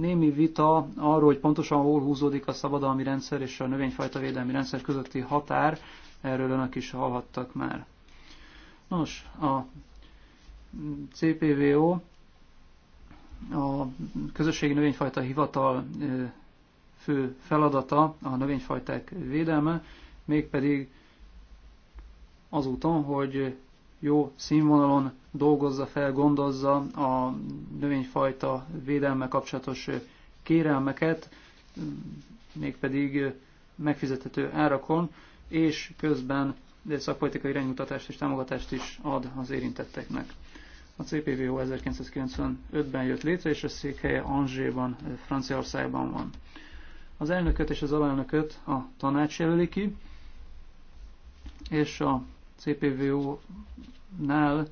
némi vita arról, hogy pontosan hol húzódik a szabadalmi rendszer és a növényfajta védelmi rendszer közötti határ, erről önök is hallhattak már. Nos, a CPVO, a Közösségi Növényfajta Hivatal fő feladata a növényfajták védelme, mégpedig azúton, hogy jó színvonalon dolgozza fel, gondozza a növényfajta védelme kapcsolatos kérelmeket, mégpedig megfizethető árakon, és közben de szakpolitikai iránymutatást és támogatást is ad az érintetteknek. A CPVO 1995-ben jött létre, és a székhelye Angéban, Franciaországban van. Az elnököt és az alelnököt a tanács jelöli ki, és a CPVO-nál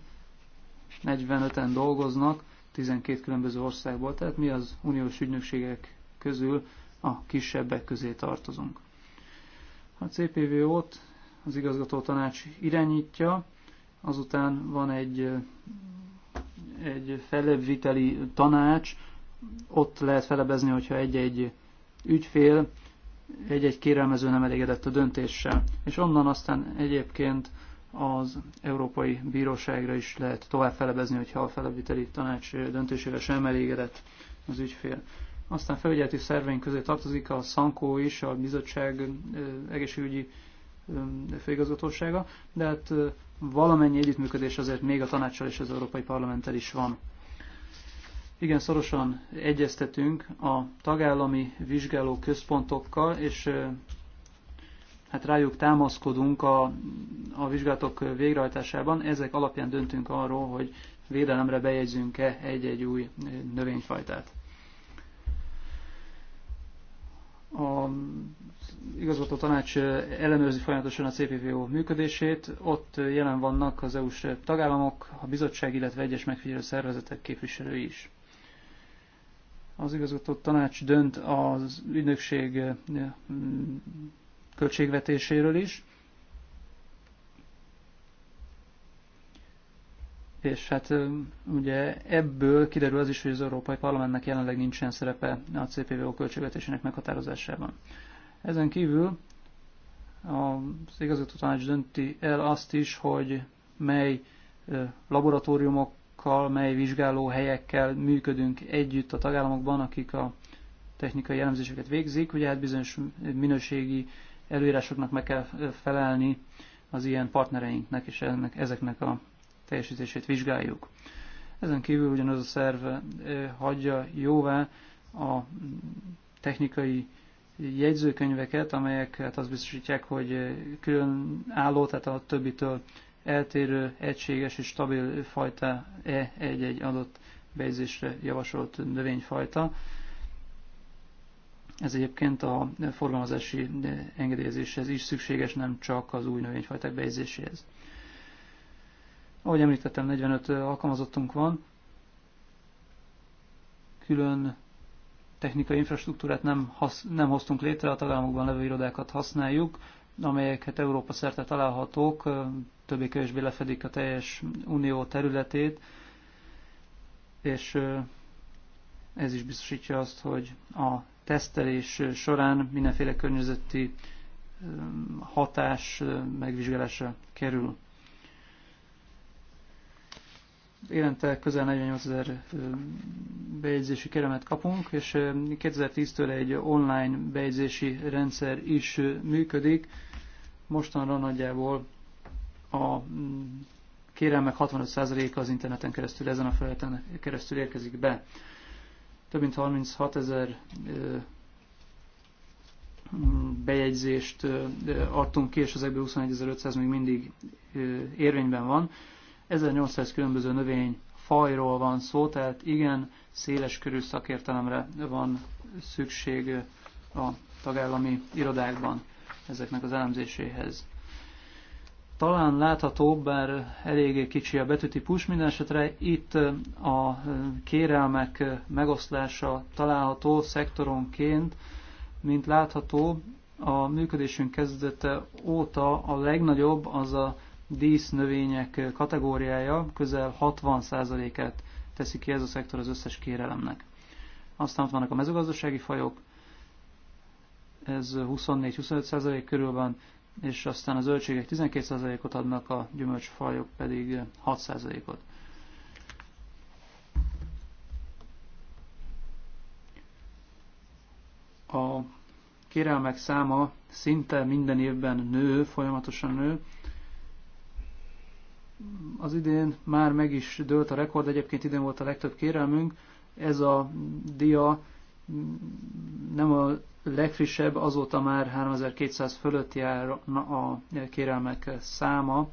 45-en dolgoznak 12 különböző országból, tehát mi az uniós ügynökségek közül a kisebbek közé tartozunk. A CPVO-t az igazgató tanács irányítja, azután van egy, egy felebviteli tanács, ott lehet felebezni, hogyha egy-egy ügyfél, egy-egy kérelmező nem elégedett a döntéssel. És onnan aztán egyébként az Európai Bíróságra is lehet tovább felebezni, hogyha a felebíteli tanács döntésére sem elégedett az ügyfél. Aztán felügyeleti szerveink közé tartozik a Szankó is, a bizottság egészségügyi főigazgatósága, de hát valamennyi együttműködés azért még a tanácssal és az Európai Parlamenttel is van. Igen, szorosan egyeztetünk a tagállami vizsgáló központokkal, és hát rájuk támaszkodunk a, a vizsgálatok végrehajtásában, ezek alapján döntünk arról, hogy védelemre bejegyzünk-e egy-egy új növényfajtát. A igazgató tanács ellenőrzi folyamatosan a CPVO működését, ott jelen vannak az EU-s tagállamok, a bizottság, illetve egyes megfigyelő szervezetek képviselői is. Az igazgató tanács dönt az ügynökség költségvetéséről is. És hát ugye ebből kiderül az is, hogy az Európai Parlamentnek jelenleg nincsen szerepe a CPVO költségvetésének meghatározásában. Ezen kívül az igazgató tanács dönti el azt is, hogy mely laboratóriumokkal, mely vizsgálóhelyekkel működünk együtt a tagállamokban, akik a technikai jellemzéseket végzik. Ugye hát bizonyos minőségi előírásoknak meg kell felelni az ilyen partnereinknek, és ennek, ezeknek a teljesítését vizsgáljuk. Ezen kívül ugyanaz a szerv hagyja jóvá a technikai jegyzőkönyveket, amelyek hát azt biztosítják, hogy külön álló, tehát a többitől eltérő, egységes és stabil fajta E egy-egy adott bejegyzésre javasolt növényfajta. Ez egyébként a forgalmazási engedélyezéshez is szükséges, nem csak az új növényfajták bejegyzéséhez. Ahogy említettem, 45 alkalmazottunk van, külön technikai infrastruktúrát nem, hasz, nem hoztunk létre, a tagállamokban levő irodákat használjuk, amelyeket hát Európa szerte találhatók, többé-kevésbé lefedik a teljes unió területét, és ez is biztosítja azt, hogy a tesztelés során mindenféle környezeti hatás megvizsgálása kerül. Évente közel 48 ezer bejegyzési keremet kapunk, és 2010-től egy online bejegyzési rendszer is működik. Mostanra nagyjából a kérelmek 65%-a az interneten keresztül, ezen a felületen keresztül érkezik be több mint 36 ezer bejegyzést adtunk ki, és ezekből 21.500 még mindig érvényben van. 1800 különböző növény fajról van szó, tehát igen, széles körű szakértelemre van szükség a tagállami irodákban ezeknek az elemzéséhez talán látható, bár eléggé kicsi a betűtípus, minden esetre itt a kérelmek megoszlása található szektoronként, mint látható, a működésünk kezdete óta a legnagyobb az a dísznövények kategóriája, közel 60 000-et teszi ki ez a szektor az összes kérelemnek. Aztán ott vannak a mezőgazdasági fajok, ez 24-25% körül van, és aztán a zöldségek 12%-ot adnak, a gyümölcsfajok pedig 6%-ot. A kérelmek száma szinte minden évben nő, folyamatosan nő. Az idén már meg is dőlt a rekord, egyébként idén volt a legtöbb kérelmünk. Ez a dia mm, nem a legfrissebb, azóta már 3200 fölött jár a kérelmek száma.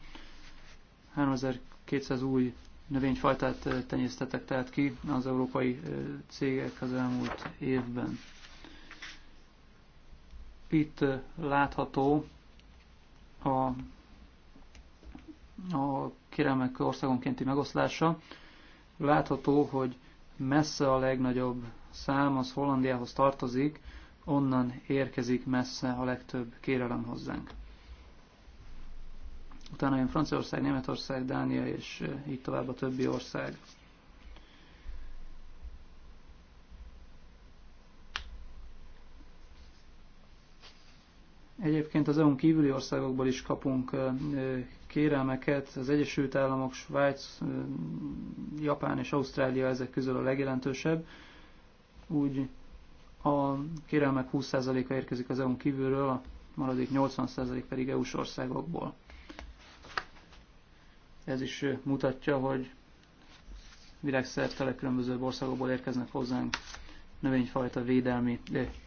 3200 új növényfajtát eh, tenyésztettek tehát ki az európai eh, cégek az elmúlt évben. Itt eh, látható a, a kérelmek országonkénti megoszlása. Látható, hogy messze a legnagyobb szám az Hollandiához tartozik, onnan érkezik messze a legtöbb kérelem hozzánk. Utána jön Franciaország, Németország, Dánia és így tovább a többi ország. Egyébként az EU-n kívüli országokból is kapunk kérelmeket. Az Egyesült Államok, Svájc, Japán és Ausztrália ezek közül a legjelentősebb. Úgy a kérelmek 20%-a érkezik az EU-n kívülről, a maradék 80% pedig EU-s országokból. Ez is mutatja, hogy világszerte legkülönbözőbb országokból érkeznek hozzánk növényfajta védelmi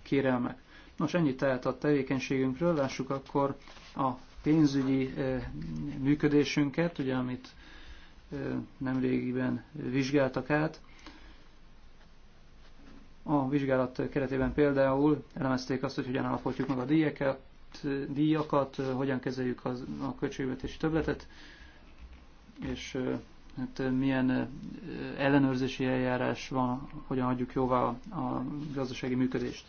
kérelmek. Nos, ennyit tehet a tevékenységünkről, lássuk akkor a pénzügyi működésünket, ugye, amit nemrégiben vizsgáltak át. A vizsgálat keretében például elemezték azt, hogy hogyan alapoljuk meg a díjakat, díjakat hogyan kezeljük az, a költségvetési töbletet, és hát milyen ellenőrzési eljárás van, hogyan adjuk jóvá a gazdasági működést.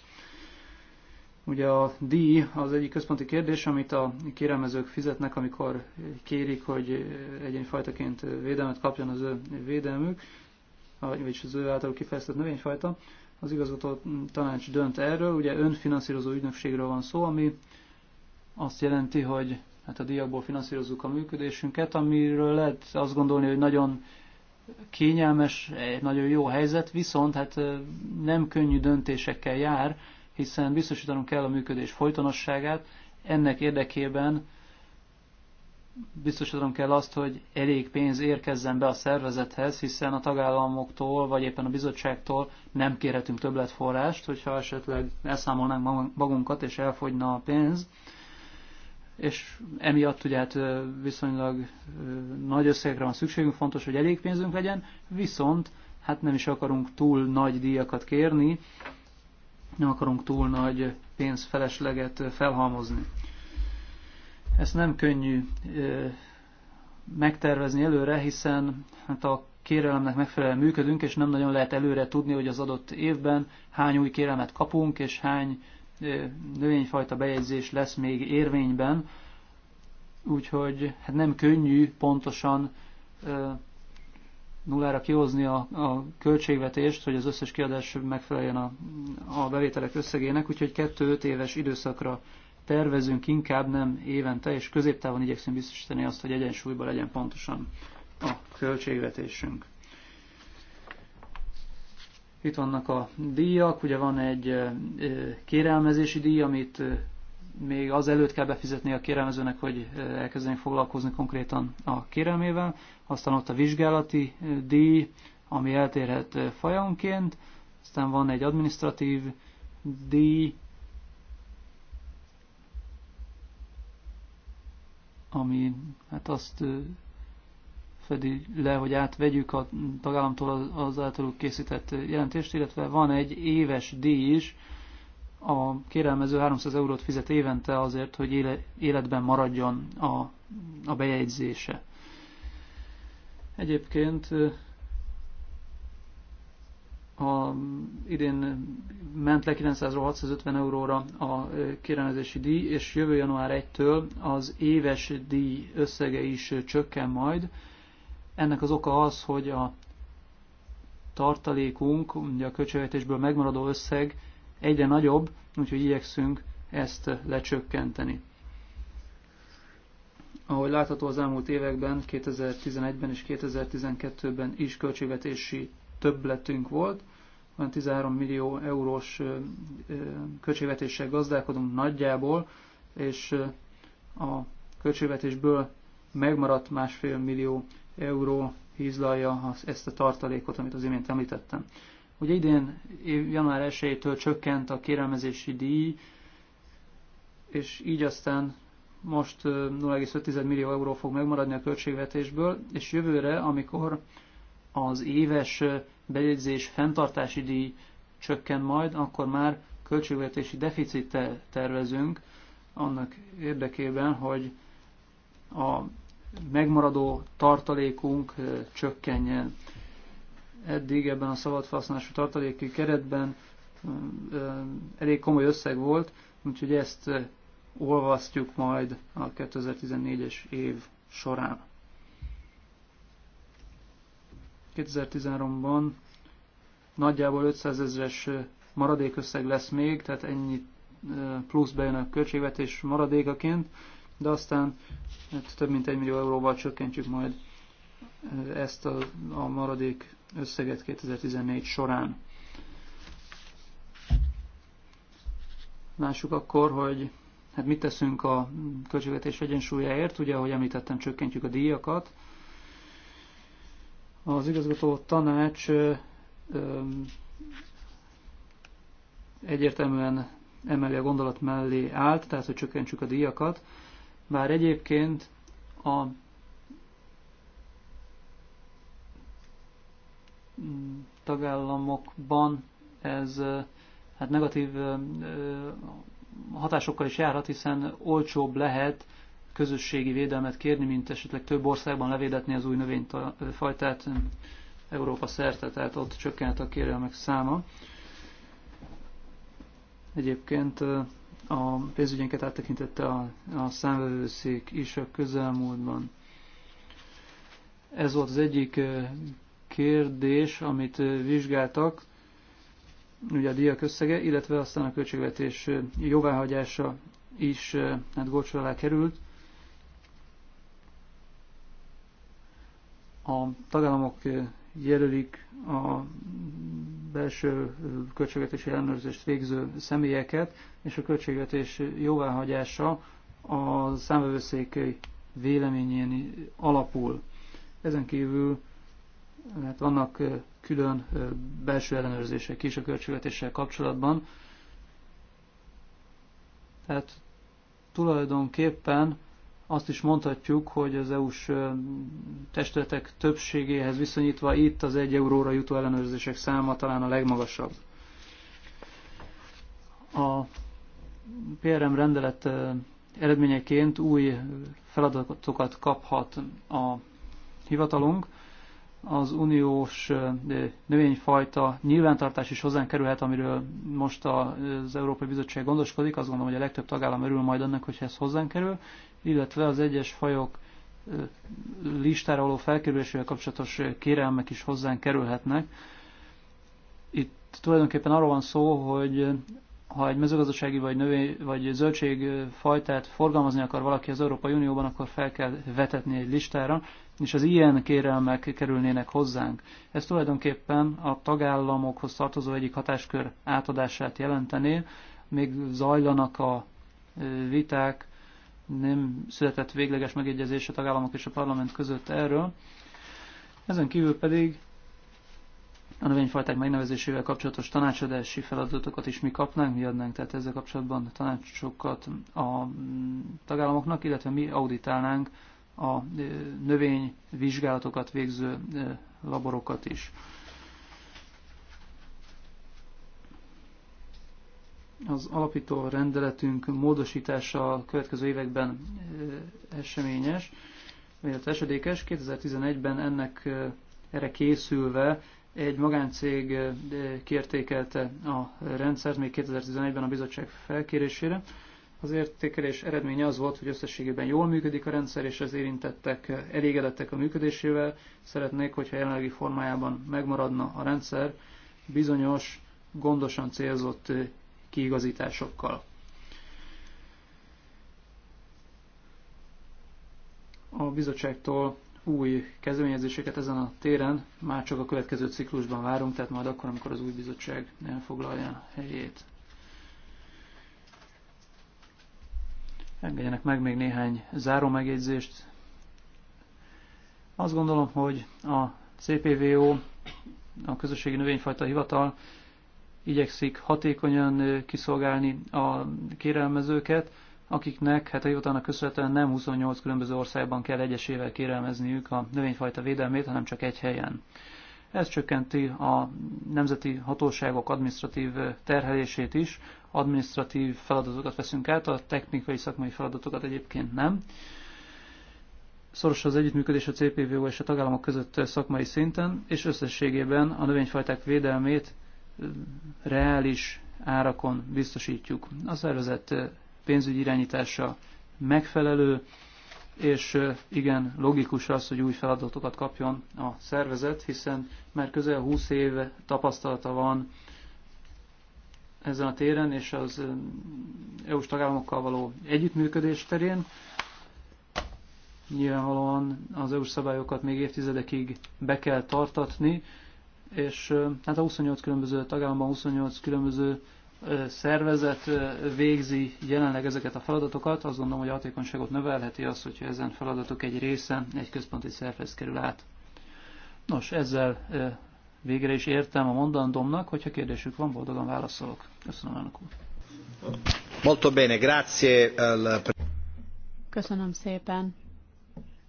Ugye a díj az egyik központi kérdés, amit a kérelmezők fizetnek, amikor kérik, hogy egyéni védelmet kapjon az ő védelmük, vagyis az ő által kifejeztett növényfajta az igazgató tanács dönt erről, ugye önfinanszírozó ügynökségről van szó, ami azt jelenti, hogy hát a diakból finanszírozzuk a működésünket, amiről lehet azt gondolni, hogy nagyon kényelmes, egy nagyon jó helyzet, viszont hát nem könnyű döntésekkel jár, hiszen biztosítanunk kell a működés folytonosságát, ennek érdekében biztosítanom kell azt, hogy elég pénz érkezzen be a szervezethez, hiszen a tagállamoktól, vagy éppen a bizottságtól nem kérhetünk többletforrást, hogyha esetleg elszámolnánk magunkat, és elfogyna a pénz. És emiatt ugye hát viszonylag nagy összegekre van szükségünk, fontos, hogy elég pénzünk legyen, viszont hát nem is akarunk túl nagy díjakat kérni, nem akarunk túl nagy pénzfelesleget felhalmozni. Ezt nem könnyű megtervezni előre, hiszen hát a kérelemnek megfelelően működünk, és nem nagyon lehet előre tudni, hogy az adott évben hány új kérelmet kapunk, és hány növényfajta bejegyzés lesz még érvényben. Úgyhogy hát nem könnyű pontosan nullára kihozni a, a költségvetést, hogy az összes kiadás megfeleljen a, a bevételek összegének, úgyhogy 2-5 éves időszakra tervezünk, inkább nem évente, és középtávon igyekszünk biztosítani azt, hogy egyensúlyban legyen pontosan a költségvetésünk. Itt vannak a díjak, ugye van egy kérelmezési díj, amit még azelőtt kell befizetni a kérelmezőnek, hogy elkezdeni foglalkozni konkrétan a kérelmével. Aztán ott a vizsgálati díj, ami eltérhet fajonként. Aztán van egy administratív díj, ami hát azt fedi le, hogy átvegyük a tagállamtól az általuk készített jelentést, illetve van egy éves díj is, a kérelmező 300 eurót fizet évente azért, hogy életben maradjon a, a bejegyzése. Egyébként a idén ment le 900-ról 650 euróra a kirendezési díj, és jövő január 1-től az éves díj összege is csökken majd. Ennek az oka az, hogy a tartalékunk, ugye a költségvetésből megmaradó összeg egyre nagyobb, úgyhogy igyekszünk ezt lecsökkenteni. Ahogy látható az elmúlt években, 2011-ben és 2012-ben is költségvetési többletünk volt, olyan 13 millió eurós költségvetéssel gazdálkodunk nagyjából, és a költségvetésből megmaradt másfél millió euró hízlalja ezt a tartalékot, amit az imént említettem. Ugye idén január 1-től csökkent a kérelmezési díj, és így aztán most 0,5 millió euró fog megmaradni a költségvetésből, és jövőre, amikor az éves bejegyzés fenntartási díj csökken majd, akkor már költségvetési deficittel tervezünk annak érdekében, hogy a megmaradó tartalékunk csökkenjen. Eddig ebben a szabadfelhasználású tartaléki keretben elég komoly összeg volt, úgyhogy ezt olvasztjuk majd a 2014-es év során. 2013-ban nagyjából 500 ezeres maradékösszeg lesz még, tehát ennyi plusz bejön a költségvetés maradékaként, de aztán hát több mint 1 millió euróval csökkentjük majd ezt a, a maradék összeget 2014 során. Lássuk akkor, hogy hát mit teszünk a költségvetés egyensúlyáért. Ugye, ahogy említettem, csökkentjük a díjakat, az igazgató tanács egyértelműen emeli a gondolat mellé állt, tehát hogy csökkentsük a díjakat, bár egyébként a mm, tagállamokban ez hát negatív hatásokkal is járhat, hiszen olcsóbb lehet közösségi védelmet kérni, mint esetleg több országban levédetni az új növényfajtát Európa szerte, tehát ott csökkent a kérelmek száma. Egyébként a pénzügyenket áttekintette a, a számvevőszék is a közelmúltban. Ez volt az egyik kérdés, amit vizsgáltak, ugye a díjak összege, illetve aztán a költségvetés jóváhagyása is hát gócsra alá került. a tagállamok jelölik a belső költségvetési ellenőrzést végző személyeket, és a költségvetés jóváhagyása a számvevőszék véleményén alapul. Ezen kívül hát vannak külön belső ellenőrzések is a költségvetéssel kapcsolatban. Tehát tulajdonképpen azt is mondhatjuk, hogy az EU-s testületek többségéhez viszonyítva itt az egy euróra jutó ellenőrzések száma talán a legmagasabb. A PRM rendelet eredményeként új feladatokat kaphat a hivatalunk, az uniós növényfajta nyilvántartás is hozzánk kerülhet, amiről most az Európai Bizottság gondoskodik. Azt gondolom, hogy a legtöbb tagállam örül majd annak, hogy ez hozzánk kerül, illetve az egyes fajok listára való felkerülésével kapcsolatos kérelmek is hozzánk kerülhetnek. Itt tulajdonképpen arról van szó, hogy ha egy mezőgazdasági vagy, növény, vagy zöldségfajtát forgalmazni akar valaki az Európai Unióban, akkor fel kell vetetni egy listára, és az ilyen kérelmek kerülnének hozzánk. Ez tulajdonképpen a tagállamokhoz tartozó egyik hatáskör átadását jelentené, még zajlanak a viták, nem született végleges megegyezés a tagállamok és a parlament között erről. Ezen kívül pedig a növényfajták megnevezésével kapcsolatos tanácsadási feladatokat is mi kapnánk, mi adnánk tehát ezzel kapcsolatban tanácsokat a mm, tagállamoknak, illetve mi auditálnánk a növényvizsgálatokat végző laborokat is. Az alapító rendeletünk módosítása a következő években eseményes, vagy hát esedékes. 2011-ben ennek erre készülve egy magáncég kértékelte a rendszert még 2011-ben a bizottság felkérésére. Az értékelés eredménye az volt, hogy összességében jól működik a rendszer, és az érintettek elégedettek a működésével. Szeretnék, hogyha jelenlegi formájában megmaradna a rendszer bizonyos, gondosan célzott kiigazításokkal. A bizottságtól új kezdeményezéseket ezen a téren már csak a következő ciklusban várunk, tehát majd akkor, amikor az új bizottság elfoglalja helyét. Engedjenek meg még néhány záró megjegyzést. Azt gondolom, hogy a CPVO, a Közösségi Növényfajta Hivatal igyekszik hatékonyan kiszolgálni a kérelmezőket, akiknek hát a hivatalnak köszönhetően nem 28 különböző országban kell egyesével kérelmezniük a növényfajta védelmét, hanem csak egy helyen. Ez csökkenti a nemzeti hatóságok administratív terhelését is, administratív feladatokat veszünk át, a technikai szakmai feladatokat egyébként nem. Szoros az együttműködés a CPVO és a tagállamok között szakmai szinten, és összességében a növényfajták védelmét reális árakon biztosítjuk. A szervezet pénzügyi irányítása megfelelő, és igen, logikus az, hogy új feladatokat kapjon a szervezet, hiszen már közel 20 év tapasztalata van ezen a téren és az EU-s tagállamokkal való együttműködés terén. Nyilvánvalóan az EU-s szabályokat még évtizedekig be kell tartatni, és hát a 28 különböző tagállamban 28 különböző szervezet végzi jelenleg ezeket a feladatokat. Azt gondolom, hogy a hatékonyságot növelheti az, hogyha ezen feladatok egy része egy központi szervez kerül át. Nos, ezzel végre is értem a mondandómnak, hogyha kérdésük van, boldogan válaszolok. Köszönöm, elnök úr. Molto bene, grazie. Eh, Köszönöm szépen.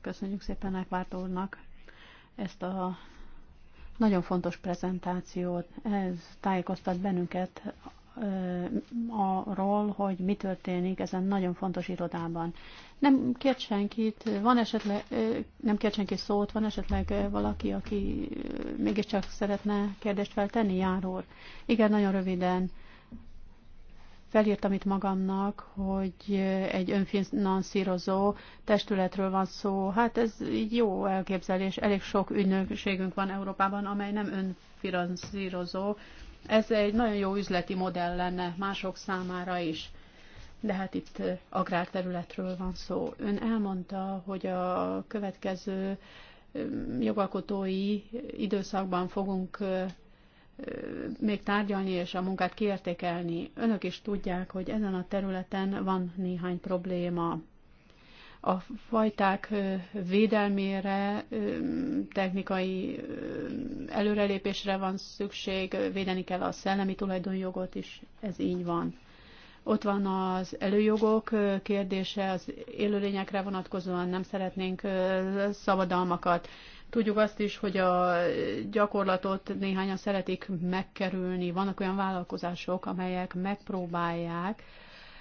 Köszönjük szépen Ákvárt úrnak ezt a nagyon fontos prezentációt. Ez tájékoztat bennünket arról, hogy mi történik ezen nagyon fontos irodában. Nem kért senkit, van esetleg, nem kért senki szót, van esetleg valaki, aki mégiscsak szeretne kérdést feltenni, járór. Igen, nagyon röviden felírtam itt magamnak, hogy egy önfinanszírozó testületről van szó. Hát ez így jó elképzelés. Elég sok ügynökségünk van Európában, amely nem önfinanszírozó, ez egy nagyon jó üzleti modell lenne mások számára is. De hát itt agrárterületről van szó. Ön elmondta, hogy a következő jogalkotói időszakban fogunk még tárgyalni és a munkát kiértékelni. Önök is tudják, hogy ezen a területen van néhány probléma a fajták védelmére, technikai előrelépésre van szükség, védeni kell a szellemi tulajdonjogot is, ez így van. Ott van az előjogok kérdése, az élőlényekre vonatkozóan nem szeretnénk szabadalmakat. Tudjuk azt is, hogy a gyakorlatot néhányan szeretik megkerülni. Vannak olyan vállalkozások, amelyek megpróbálják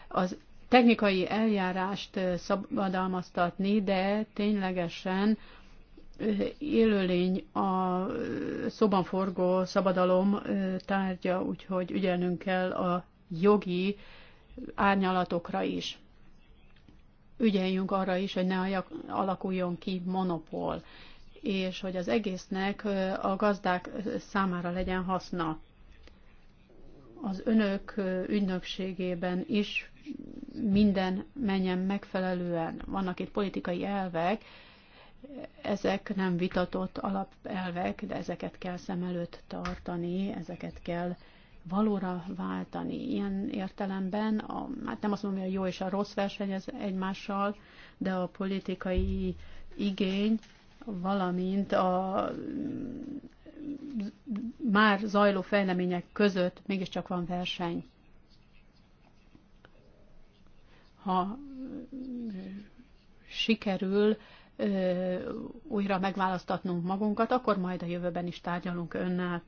az technikai eljárást szabadalmaztatni, de ténylegesen élőlény a szoban forgó szabadalom tárgya, úgyhogy ügyelnünk kell a jogi árnyalatokra is. Ügyeljünk arra is, hogy ne alakuljon ki monopól, és hogy az egésznek a gazdák számára legyen haszna. Az önök ügynökségében is minden menjen megfelelően. Vannak itt politikai elvek, ezek nem vitatott alapelvek, de ezeket kell szem előtt tartani, ezeket kell valóra váltani. Ilyen értelemben, a, hát nem azt mondom, hogy a jó és a rossz versenyez egymással, de a politikai igény, valamint a már zajló fejlemények között mégiscsak van verseny. ha sikerül újra megválasztatnunk magunkat, akkor majd a jövőben is tárgyalunk önnel.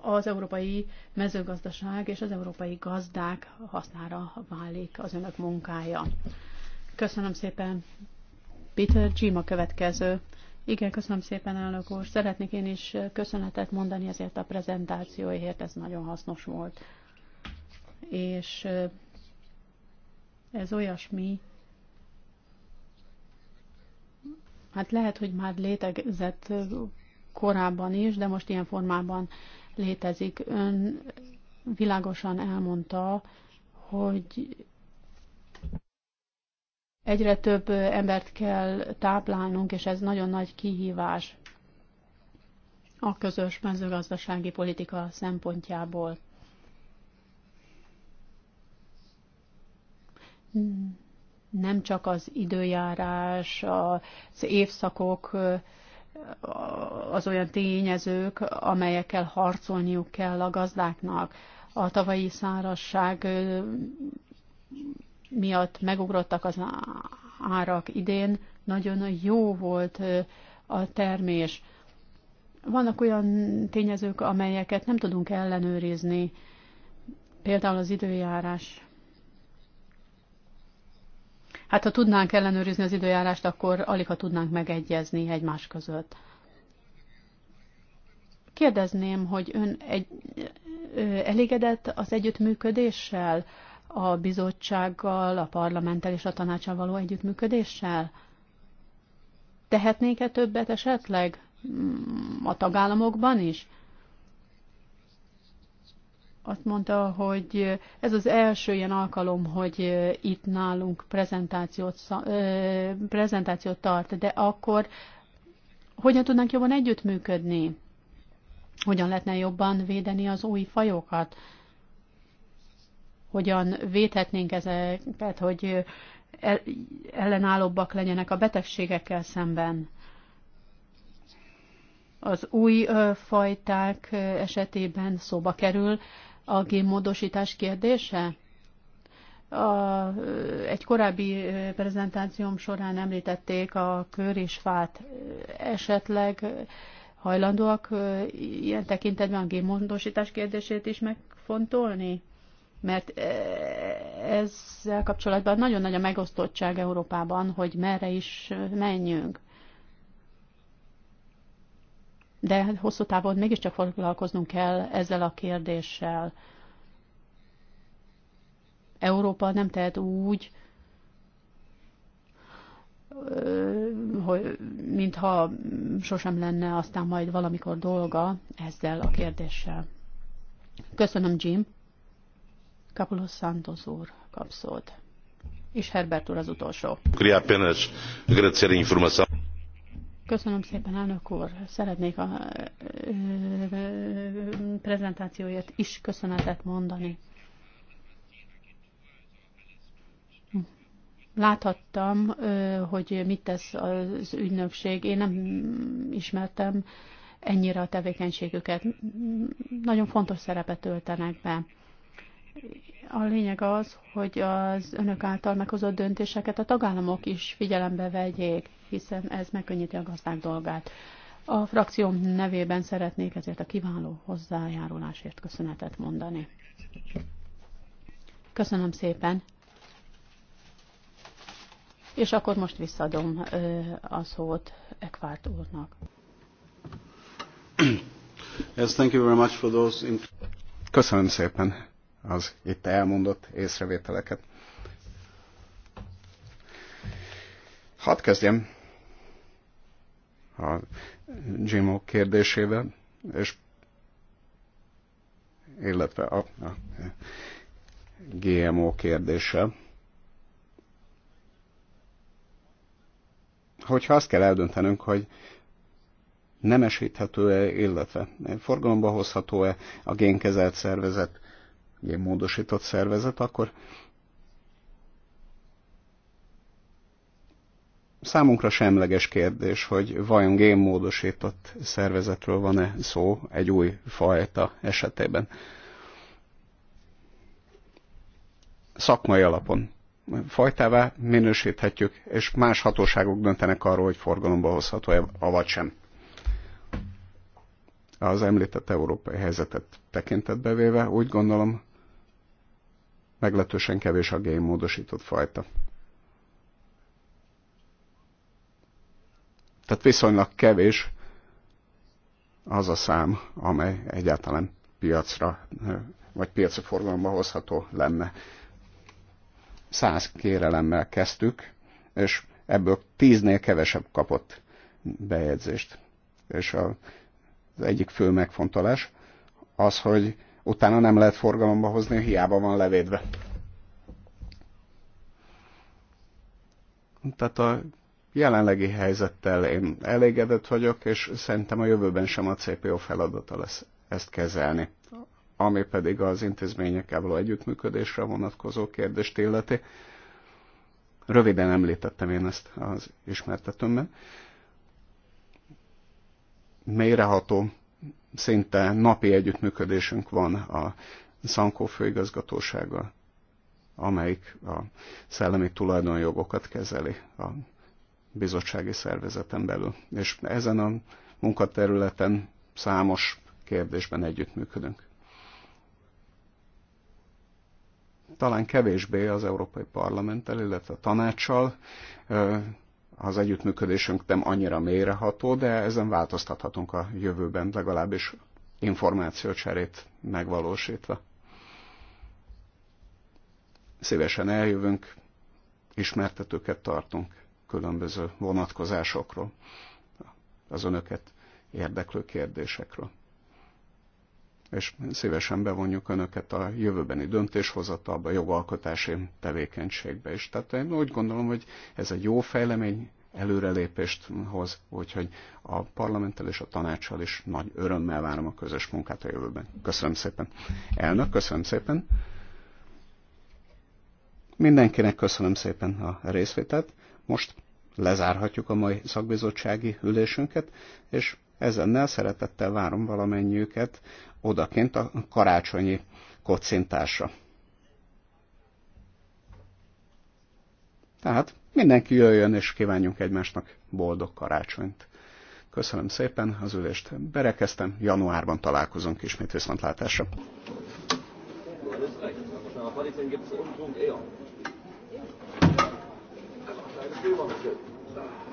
Az európai mezőgazdaság és az európai gazdák hasznára válik az önök munkája. Köszönöm szépen. Peter Gima következő. Igen, köszönöm szépen, elnök úr. Szeretnék én is köszönetet mondani ezért a prezentációért, ez nagyon hasznos volt és ez olyasmi, hát lehet, hogy már létezett korábban is, de most ilyen formában létezik. Ön világosan elmondta, hogy egyre több embert kell táplálnunk, és ez nagyon nagy kihívás a közös mezőgazdasági politika szempontjából. nem csak az időjárás, az évszakok, az olyan tényezők, amelyekkel harcolniuk kell a gazdáknak. A tavalyi szárazság miatt megugrottak az árak idén, nagyon jó volt a termés. Vannak olyan tényezők, amelyeket nem tudunk ellenőrizni, például az időjárás Hát ha tudnánk ellenőrizni az időjárást, akkor alig ha tudnánk megegyezni egymás között. Kérdezném, hogy ön egy, elégedett az együttműködéssel, a bizottsággal, a parlamenttel és a tanácsal való együttműködéssel? tehetnék e többet esetleg mm, a tagállamokban is? azt mondta, hogy ez az első ilyen alkalom, hogy itt nálunk prezentációt, prezentációt tart, de akkor hogyan tudnánk jobban együttműködni? Hogyan lehetne jobban védeni az új fajokat? Hogyan védhetnénk ezeket, hogy ellenállóbbak legyenek a betegségekkel szemben? az új fajták esetében szóba kerül a génmódosítás kérdése? A, egy korábbi prezentációm során említették a kör és fát. Esetleg hajlandóak ilyen tekintetben a génmódosítás kérdését is megfontolni? Mert ezzel kapcsolatban nagyon nagy a megosztottság Európában, hogy merre is menjünk de hát hosszú távon mégiscsak foglalkoznunk kell ezzel a kérdéssel. Európa nem tehet úgy, hogy mintha sosem lenne aztán majd valamikor dolga ezzel a kérdéssel. Köszönöm, Jim. Kapulos Santos úr kap És Herbert úr az utolsó. Kriá apenas agradecer informação. Köszönöm szépen, elnök úr. Szeretnék a prezentációért is köszönetet mondani. Láthattam, hogy mit tesz az ügynökség. Én nem ismertem ennyire a tevékenységüket. Nagyon fontos szerepet töltenek be. A lényeg az, hogy az önök által meghozott döntéseket a tagállamok is figyelembe vegyék hiszen ez megkönnyíti a gazdák dolgát. A frakcióm nevében szeretnék ezért a kiváló hozzájárulásért köszönetet mondani. Köszönöm szépen. És akkor most visszadom a szót Ekvárt úrnak. Yes, thank you very much for those Köszönöm szépen az itt elmondott észrevételeket. Hadd kezdjem a GMO kérdésével, és illetve a, a GMO kérdése, Hogyha azt kell eldöntenünk, hogy nem esíthető-e, illetve forgalomba hozható-e a génkezelt szervezet, génmódosított szervezet, akkor számunkra semleges kérdés, hogy vajon génmódosított szervezetről van-e szó egy új fajta esetében. Szakmai alapon fajtává minősíthetjük, és más hatóságok döntenek arról, hogy forgalomba hozható-e, avagy sem. Az említett európai helyzetet tekintetbe véve úgy gondolom, meglehetősen kevés a génmódosított fajta. Tehát viszonylag kevés az a szám, amely egyáltalán piacra vagy piaci forgalomba hozható lenne. Száz kérelemmel kezdtük, és ebből tíznél kevesebb kapott bejegyzést. És a, az egyik fő megfontolás az, hogy utána nem lehet forgalomba hozni, hiába van levédve. Tehát a jelenlegi helyzettel én elégedett vagyok, és szerintem a jövőben sem a CPO feladata lesz ezt kezelni. Ami pedig az intézményekkel való együttműködésre vonatkozó kérdést illeti. Röviden említettem én ezt az ismertetőmben. Mélyreható, szinte napi együttműködésünk van a Szankó főigazgatósággal, amelyik a szellemi tulajdonjogokat kezeli a bizottsági szervezeten belül. És ezen a munkaterületen számos kérdésben együttműködünk. Talán kevésbé az Európai Parlamenttel, illetve a tanácssal az együttműködésünk nem annyira mélyreható, de ezen változtathatunk a jövőben, legalábbis információcserét megvalósítva. Szívesen eljövünk, ismertetőket tartunk különböző vonatkozásokról, az önöket érdeklő kérdésekről. És szívesen bevonjuk önöket a jövőbeni döntéshozatalba, jogalkotási tevékenységbe is. Tehát én úgy gondolom, hogy ez egy jó fejlemény, előrelépést hoz, úgyhogy a parlamenttel és a tanácssal is nagy örömmel várom a közös munkát a jövőben. Köszönöm szépen. Elnök, köszönöm szépen. Mindenkinek köszönöm szépen a részvételt. Most lezárhatjuk a mai szakbizottsági ülésünket, és ezennel szeretettel várom valamennyiüket odaként a karácsonyi kocintásra. Tehát mindenki jöjjön, és kívánjunk egymásnak boldog karácsonyt. Köszönöm szépen az ülést. Berekeztem, januárban találkozunk ismét viszontlátásra ő van a között.